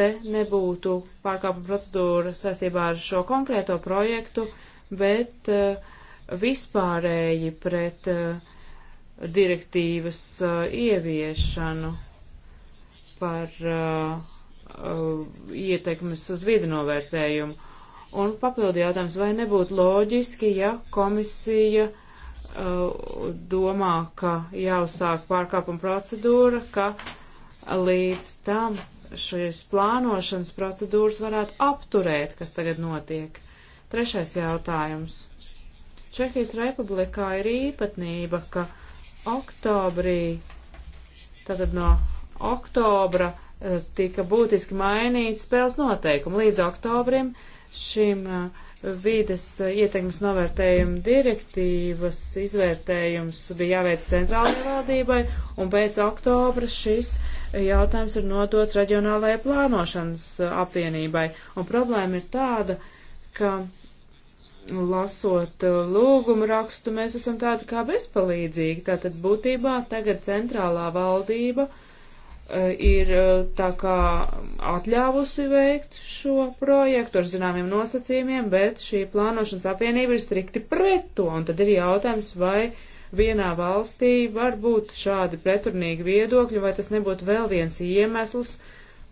te nebūtu pārkāpuma procedūra saistībā ar šo konkrēto projektu, bet vispārēji pret direktīvas ieviešanu par uh, Uh, ietekmes uz vidu novērtējumu. Un papildu jautājums, vai nebūtu loģiski, ja komisija uh, domā, ka jāuzsāk pārkāpuma procedūra, ka līdz tam šīs plānošanas procedūras varētu apturēt, kas tagad notiek. Trešais jautājums. Čehijas republikā ir īpatnība, ka oktobrī, tātad no oktobra Eh, tika būtiski mainīti spēles noteikumi. Līdz oktobrim šim eh, vides eh, ietekmes novērtējuma direktīvas izvērtējums bija jāveic centrālajai valdībai, un pēc oktobra šis jautājums ir nodots reģionālajai plānošanas apvienībai. Un problēma ir tāda, ka lasot lūgumu rakstu, mēs esam tādi kā bezpalīdzīgi. Tātad būtībā tagad centrālā valdība uh, Eh, ir eh, tā kā atļāvusi veikt šo projektu ar zināmiem nosacījumiem, bet šī plānošanas apvienība ir strikti pret to, un tad ir jautājums, vai vienā valstī var būt šādi pretrunīgi viedokļi, vai tas nebūtu vēl viens iemesls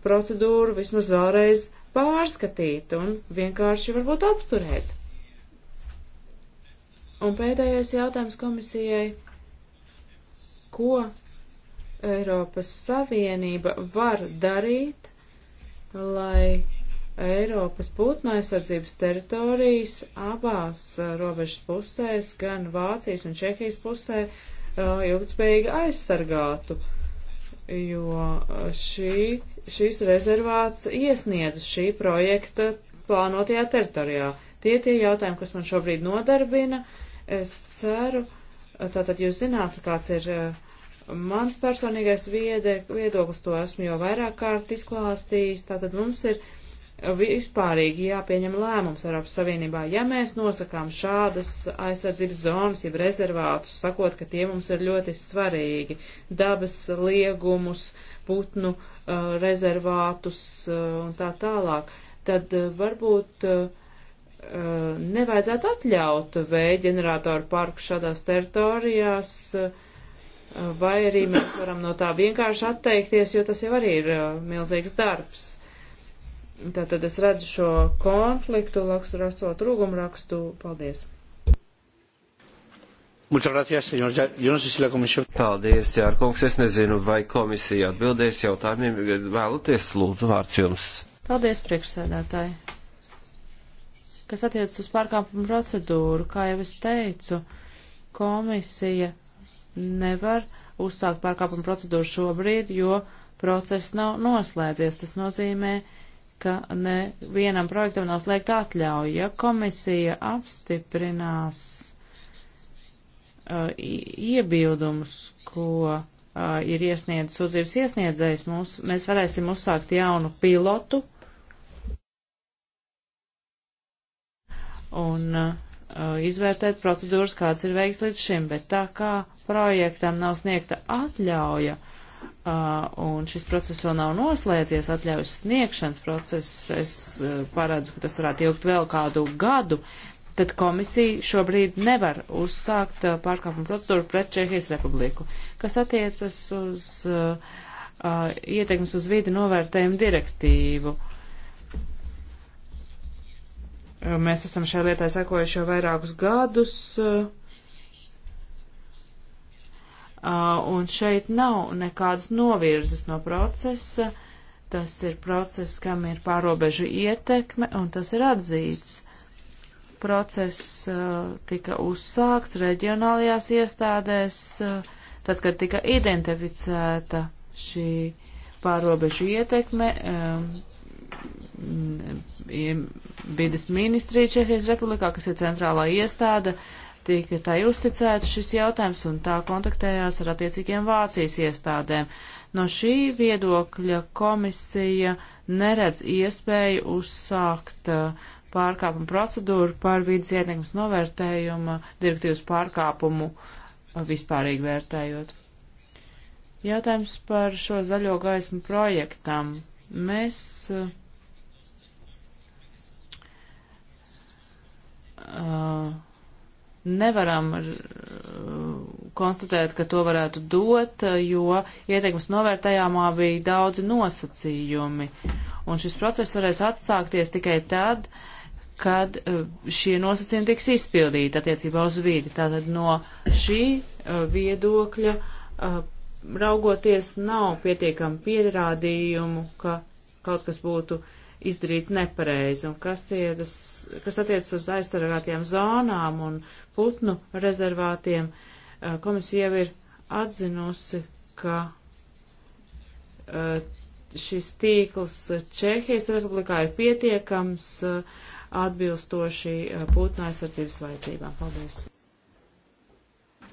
procedūru vismaz vēlreiz pārskatīt un vienkārši varbūt apturēt. Un pēdējais jautājums komisijai. Ko Eiropas Savienība var darīt, lai Eiropas putnu aizsardzības teritorijas abās uh, robežas pusēs, gan Vācijas un Čehijas pusē, uh, ilgtspējīgi aizsargātu, jo uh, šī, šīs rezervāts iesniedz šī projekta plānotajā teritorijā. Tie tie jautājumi, kas man šobrīd nodarbina. Es ceru, tātad jūs zināt, kāds ir uh, Mans personīgais viedoklis to esmu jau vairāk kārt izklāstījis. Tātad mums ir vispārīgi jāpieņem lēmums Eiropas Savienībā. Ja mēs nosakām šādas aizsardzības zonas, jeb rezervātus, sakot, ka tie mums ir ļoti svarīgi - dabas liegumus, putnu uh, rezervātus uh, un tā tālāk, tad uh, varbūt uh, uh, nevajadzētu atļaut vēja ģeneratoru parku šādās teritorijās. Uh, vai arī mēs varam no tā vienkārši atteikties, jo tas jau arī ir uh, milzīgs darbs. Tātad es redzu šo konfliktu, lakstu rasot rūgumu rakstu. Paldies! Paldies, Jārkungs. Es nezinu, vai komisija atbildēs jautājumiem. Vēlaties, lūdzu, vārds jums. Paldies, priekšsēdētāji. Kas attiecas uz pārkāpumu procedūru, kā jau es teicu, komisija nevar uzsākt pārkāpuma procedūru šobrīd, jo process nav noslēdzies. Tas nozīmē, ka nevienam projektam nav slēgta atļauja. Ja komisija apstiprinās uh, iebildumus, ko uh, ir iesniedzis sūdzības iesniedzējs, mums, mēs varēsim uzsākt jaunu pilotu. Un uh, izvērtēt procedūras, kādas ir veikts līdz šim, bet tā kā uh, projektam nav sniegta atļauja, un šis process vēl nav noslēdzies, atļaujas sniegšanas process, es paredzu, ka tas varētu ilgt vēl kādu gadu, tad komisija šobrīd nevar uzsākt pārkāpumu procedūru pret Čehijas republiku, kas attiecas uz ietekmes uz vidi novērtējumu direktīvu. Mēs esam šajā lietā sekojuši jau vairākus gadus. Uh, un šeit nav nekādas novirzes no procesa. Tas ir process, kam ir pārobežu ietekme, un tas ir atzīts. Process uh, tika uzsākts reģionālajās iestādēs, uh, tad, kad tika identificēta šī pārobežu ietekme. Um, Bides ministrija Čehijas republikā, kas ir centrālā iestāde, uh, tika tai uzticēts šis jautājums, un tā kontaktējās ar attiecīgiem Vācijas iestādēm. No šī viedokļa komisija neredz iespēju uzsākt uh, pārkāpumu procedūru par vidas ietekmes novērtējuma direktīvas pārkāpumu uh, vispārīgi vērtējot. Jautājums par šo zaļo gaismu projektam. Mēs uh, uh nevaram uh, konstatēt, ka to varētu dot, uh, jo ieteikums novērtējumā bija daudzi nosacījumi. Un šis process varēs atsākties tikai tad, kad uh, šie nosacījumi tiks izpildīti attiecībā uz vīdi. Tātad no šī viedokļa raugoties nav pietiekami pierādījumu, ka kaut kas būtu uh, izdarīts nepareizi un kas, iedas, kas attiec uz aizstargātiem zonām un putnu rezervātiem. Komisija jau ir atzinusi, ka šis tīkls Čehijas republikā ir pietiekams atbilstoši putnu aizsardzības vajadzībām. Paldies.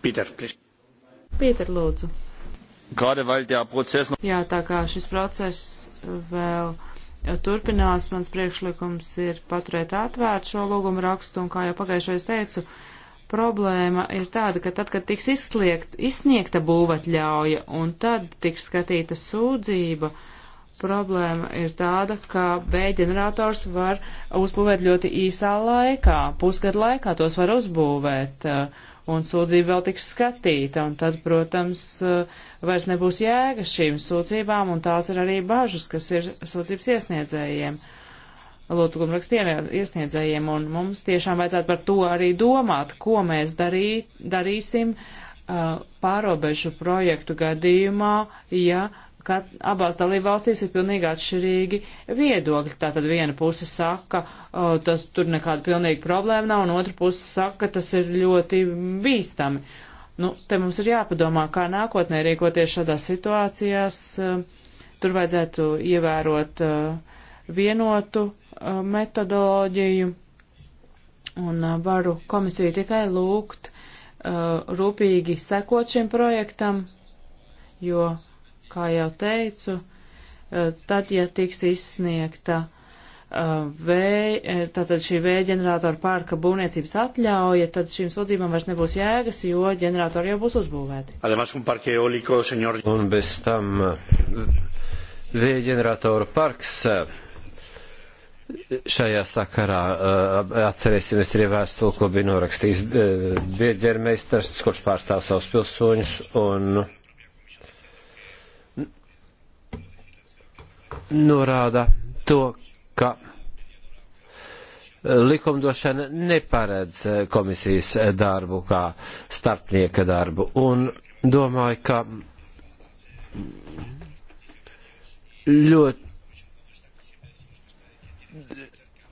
Pīter, Pīter lūdzu. Kāda vēl tajā procesa? Jā, tā kā šis process vēl turpinās. Mans priekšlikums ir paturēt atvērt šo lūgumu rakstu, un kā jau pagājušais teicu, problēma ir tāda, ka tad, kad tiks izsliegt, izsniegta būvatļauja, un tad tiks skatīta sūdzība, problēma ir tāda, ka B ģenerators var uzbūvēt ļoti īsā laikā, pusgadu laikā tos var uzbūvēt. Uh, un sūdzība vēl tiks skatīta, un tad, protams, uh, vairs nebūs jēga šīm sūdzībām, un tās ir arī bažas, kas ir sūdzības iesniedzējiem, lūtuguma rakstiem iesniedzējiem, un mums tiešām vajadzētu par to arī domāt, ko mēs darī, darīsim uh, pārobežu projektu gadījumā, ja ka abās dalībvalstīs ir pilnīgi atšķirīgi viedokļi. Tātad viena puse saka, uh, tas tur nekāda pilnīga problēma nav, un otra puse saka, ka tas ir ļoti bīstami. Nu, te mums ir jāpadomā, kā nākotnē rīkoties šādās situācijās. Uh, tur vajadzētu ievērot uh, vienotu uh, metodoloģiju, un uh, varu komisiju tikai lūgt uh, rūpīgi sekot šim projektam, jo kā jau teicu, eh, tad, ja tiks izsniegta eh, vēja, eh, tātad šī vēja ģenerātora pārka būvniecības atļauja, tad šīm sodzībām vairs nebūs jēgas, jo ģeneratori jau būs uzbūvēti. Un bez tam vēja ģenerātora parks šajā sakarā atcerēsimies arī vēstuli, ko bija norakstījis biedģermeistars, kurš pārstāv savus pilsoņus un norāda to, ka eh, likumdošana neparedz eh, komisijas eh, darbu kā starpnieka darbu. Un domāju, ka ļoti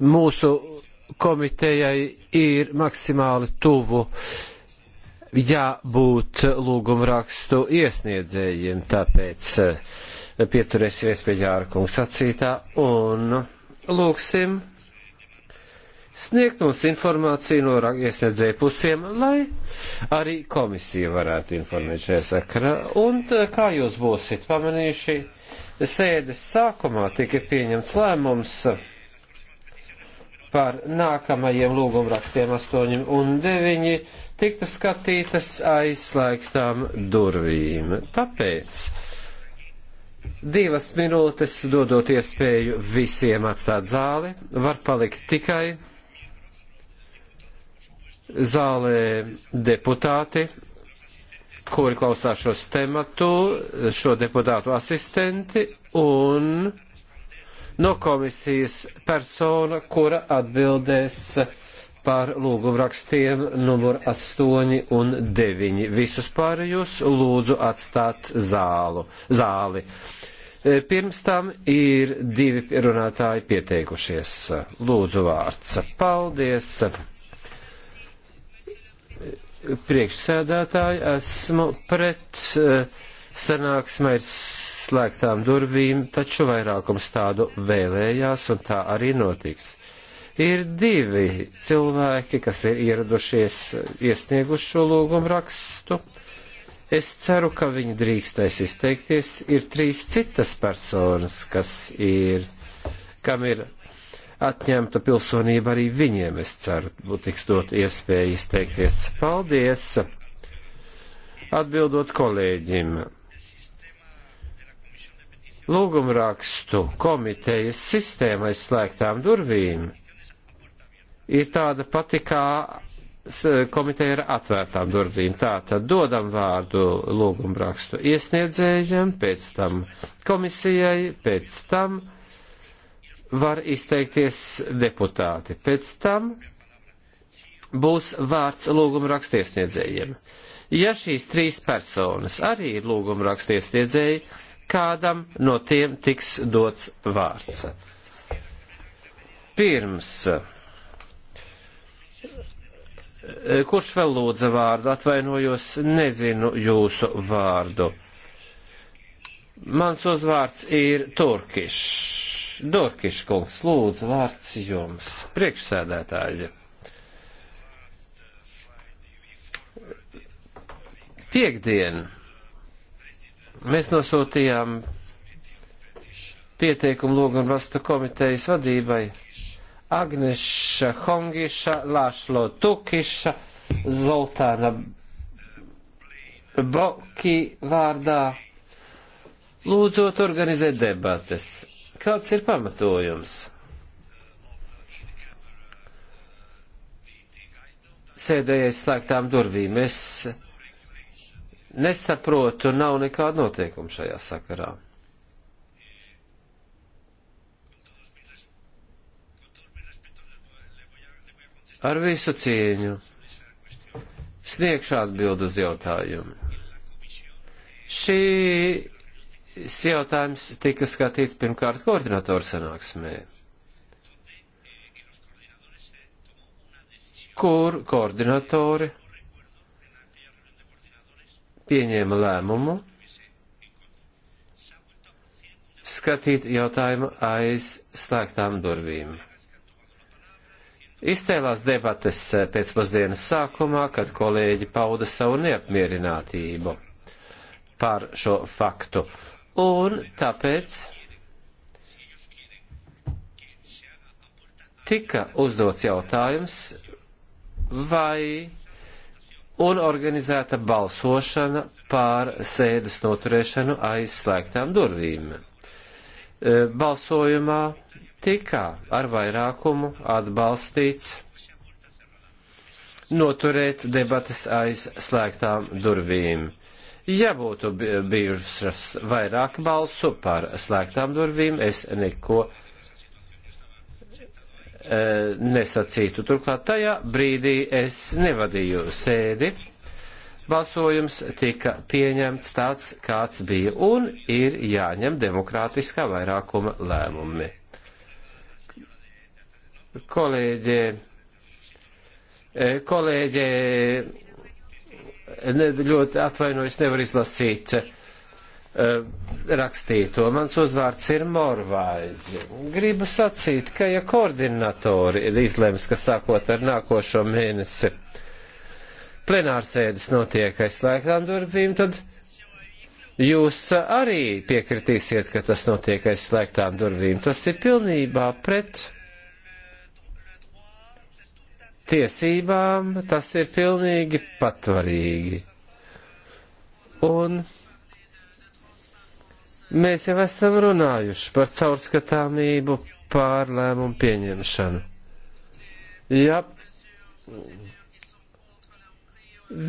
mūsu komitejai ir maksimāli tuvu jābūt lūgumrakstu iesniedzējiem, tāpēc uh, pieturēsimies pie Jāra kungs sacītā un lūksim sniegt mums informāciju no iesniedzēju pusēm, lai arī komisija varētu informēt šajā sakarā. Un kā jūs būsiet pamanījuši, sēdes sākumā tika pieņemts lēmums par nākamajiem lūgumrakstiem 8 un 9 tiktu skatītas aizslēgtām durvīm. Tāpēc divas minūtes, dodot iespēju visiem atstāt zāli, var palikt tikai zālē deputāti, kuri klausās šo tematu, šo deputātu asistenti un no komisijas persona, kura atbildēs par lūgumrakstiem numur 8 un 9. Visus pārējos lūdzu atstāt zālu, zāli. E, pirms tam ir divi runātāji pieteikušies. Lūdzu vārds. Paldies. Priekšsēdētāji, esmu pret e, sanāksmē ir slēgtām durvīm, taču vairākums tādu vēlējās un tā arī notiks. Ir divi cilvēki, kas ir ieradušies, iesnieguši šo lūgumu rakstu. Es ceru, ka viņi drīkstēs izteikties. Ir trīs citas personas, kas ir, kam ir atņemta pilsonība arī viņiem, es ceru, tiks dot iespēja izteikties. Paldies! Atbildot kolēģim. Lūgumrakstu komitejas sistēmai slēgtām durvīm ir tāda pati kā komiteja ar atvērtām durvīm. Tā tad dodam vārdu lūgumrakstu iesniedzējiem, pēc tam komisijai, pēc tam var izteikties deputāti. Pēc tam būs vārds lūgumrakstu iesniedzējiem. Ja šīs trīs personas arī ir lūgumrakstu iesniedzēji, kādam no tiem tiks dots vārds. Pirms Kurš vēl lūdza vārdu? Atvainojos, nezinu jūsu vārdu. Mans uzvārds ir Turkišs. Dorkišs kungs, lūdzu, vārds jums, priekšsēdētāji. Piektdien mēs nosūtījām pieteikumu lūgumu rastu komitejas vadībai Agneša Hongiša, Lašlo Tukiša, Zoltāna Boki vārdā, lūdzot organizēt debates. Kāds ir pamatojums? Sēdējai slēgtām durvīm es nesaprotu, nav nekāda noteikuma šajā sakarā. Ar visu cieņu sniegšu atbildu uz jautājumu. Šīs jautājums tika skatīts pirmkārt koordinatoru sanāksmē, kur koordinatori pieņēma lēmumu skatīt jautājumu aiz slēgtām durvīm. Izcēlās debates eh, pēcpusdienas sākumā, kad kolēģi pauda savu neapmierinātību par šo faktu. Un tāpēc tika uzdots jautājums, vai un organizēta balsošana pār sēdes noturēšanu aizslēgtām durvīm. Eh, balsojumā tika ar vairākumu atbalstīts noturēt debatas aiz slēgtām durvīm. Ja būtu bijušas vairāk balsu par slēgtām durvīm, es neko e, nesacītu. Turklāt tajā brīdī es nevadīju sēdi. Balsojums tika pieņemts tāds, kāds bija, un ir jāņem demokrātiskā vairākuma lēmumi kolēģe, kolēģe ne, ļoti atvainojas, nevar izlasīt e, rakstīto. Mans uzvārds ir Morvāģi. Gribu sacīt, ka ja koordinatori ir izlems, ka sākot ar nākošo mēnesi plenārsēdes notiek aiz slēgtām durvīm, tad jūs arī piekritīsiet, ka tas notiek aiz slēgtām durvīm. Tas ir pilnībā pret tiesībām, tas ir pilnīgi patvarīgi. Un mēs jau esam runājuši par caurskatāmību, par lēmumu pieņemšanu. Ja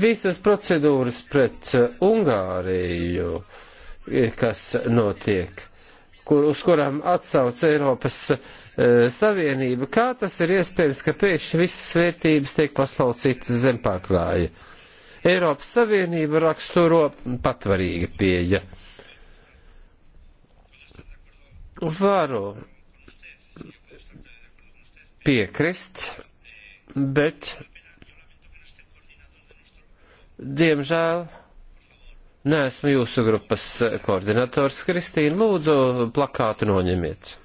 visas procedūras pret Ungāriju, kas notiek, kur, uz kurām atsauc Eiropas uh, E, savienība, kā tas ir iespējams, ka pēkšņi visas vērtības tiek paslaucītas zem paklāja? Eiropas Savienība raksturo patvarīga pieeja. Varu piekrist, bet diemžēl neesmu jūsu grupas koordinators. Kristīna, lūdzu, plakātu noņemiet.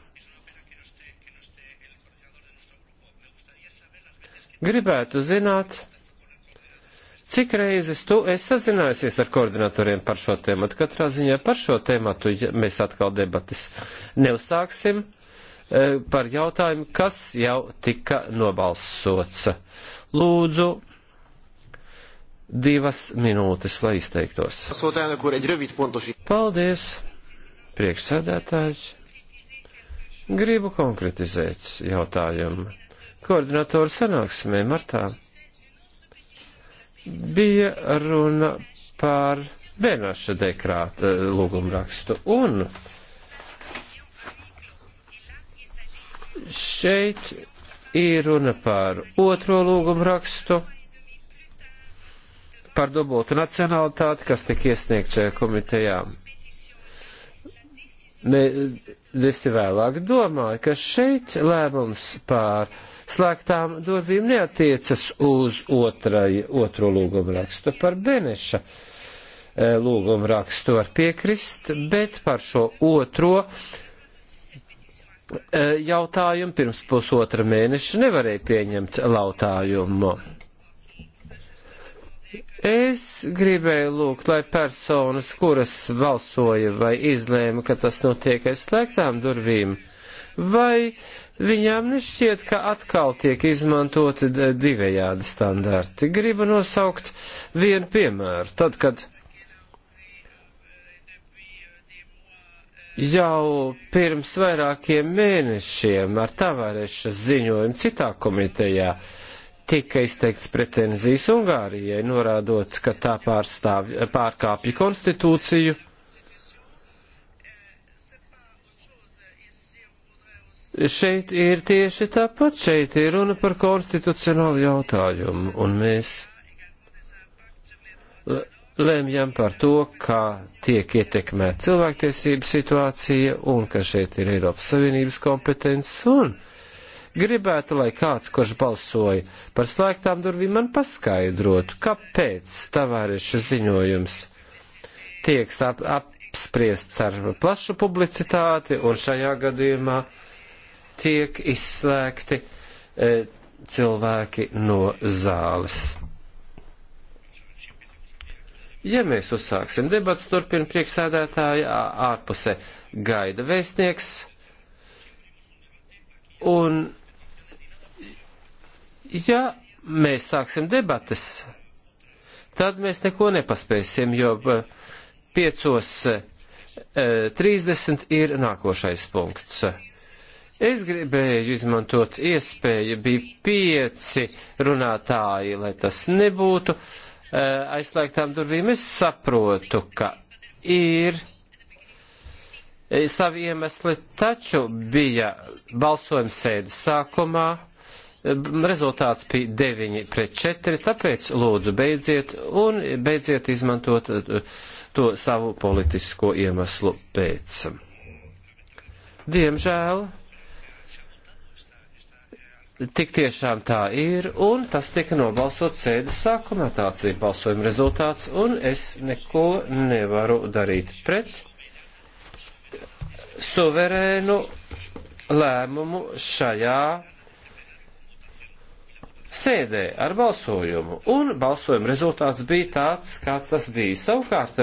Gribētu zināt, cik reizes tu esi sazinājusies ar koordinatoriem par šo tēmatu. Katrā ziņā par šo tēmatu ja mēs atkal debatas neuzsāksim e, par jautājumu, kas jau tika nobalsots. Lūdzu, divas minūtes, lai izteiktos. Paldies, priekšsēdētājs. Gribu konkretizēt jautājumu koordinatoru sanāksmē martā bija runa par Bēnaša dekrāta eh, lūgumrakstu. Un šeit ir runa par otro lūgumrakstu, par dubultu nacionalitāti, kas tika iesniegt šajā komitejā. Ne, visi vēlāk domāju, ka šeit lēmums pār slēgtām durvīm neatiecas uz otrai, otro lūgumu rakstu par Beneša e, lūgumu rakstu var piekrist, bet par šo otro e, jautājumu pirms pusotra mēneša nevarēja pieņemt lautājumu. Es gribēju lūgt, lai personas, kuras balsoja vai izlēma, ka tas notiek aiz slēgtām durvīm, uh, vai viņām nešķiet, ka atkal tiek izmantoti divējādi standarti. Gribu nosaukt vienu piemēru. Tad, kad jau pirms vairākiem mēnešiem ar tavareša ziņojumu citā komitejā tika izteikts pretenzijas Ungārijai, norādot, ka tā pārstāv, pārkāpja konstitūciju Šeit ir tieši tāpat, šeit ir runa par konstitucionālu jautājumu, un mēs lēmjam par to, kā tiek ietekmēta cilvēktiesība situācija, un ka šeit ir Eiropas Savienības kompetences, un gribētu, lai kāds, kurš balsoja par slēgtām durvīm, man paskaidrotu, kāpēc tavāriša ziņojums tiek ap, apspriests ar plašu publicitāti, un šajā gadījumā tiek izslēgti e, cilvēki no zāles. Ja mēs uzsāksim debats, turpina priekšsēdētāja ārpusē gaida vēstnieks. Un, ja mēs sāksim debatas, tad mēs neko nepaspēsim, jo e, piecos 30 e, ir nākošais punkts. Es gribēju izmantot iespēju, bija pieci runātāji, lai tas nebūtu eh, aizslēgtām durvīm. Es saprotu, ka ir eh, savi iemesli, taču bija balsojums sēdes sākumā, eh, rezultāts bija 9 pret 4, tāpēc lūdzu beidziet un beidziet izmantot to savu politisko iemeslu pēc. Diemžēl Tik tiešām tā ir, un tas tika nobalsots sēdes sākumā, tāds ir balsojuma rezultāts, un es neko nevaru darīt pret suverēnu lēmumu šajā sēdē ar balsojumu, un balsojuma rezultāts bija tāds, kāds tas bija. Savukārt,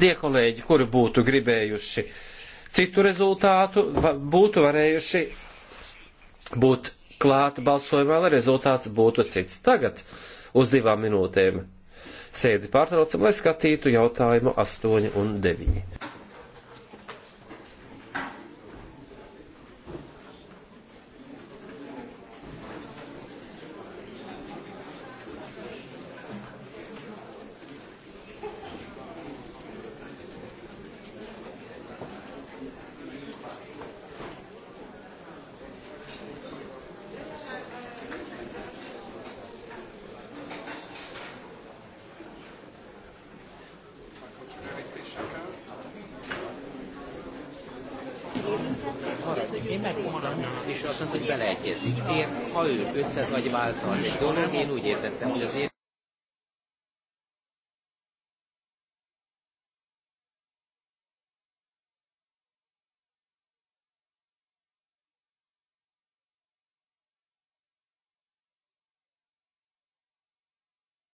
tie kolēģi, kuri būtu gribējuši citu rezultātu, būtu varējuši būt klāt balsojumā, lai rezultāts būtu cits. Tagad uz divām minūtēm sēdi pārtraucam, lai skatītu jautājumu 8 un 9. dolog. Én úgy értettem, hogy az én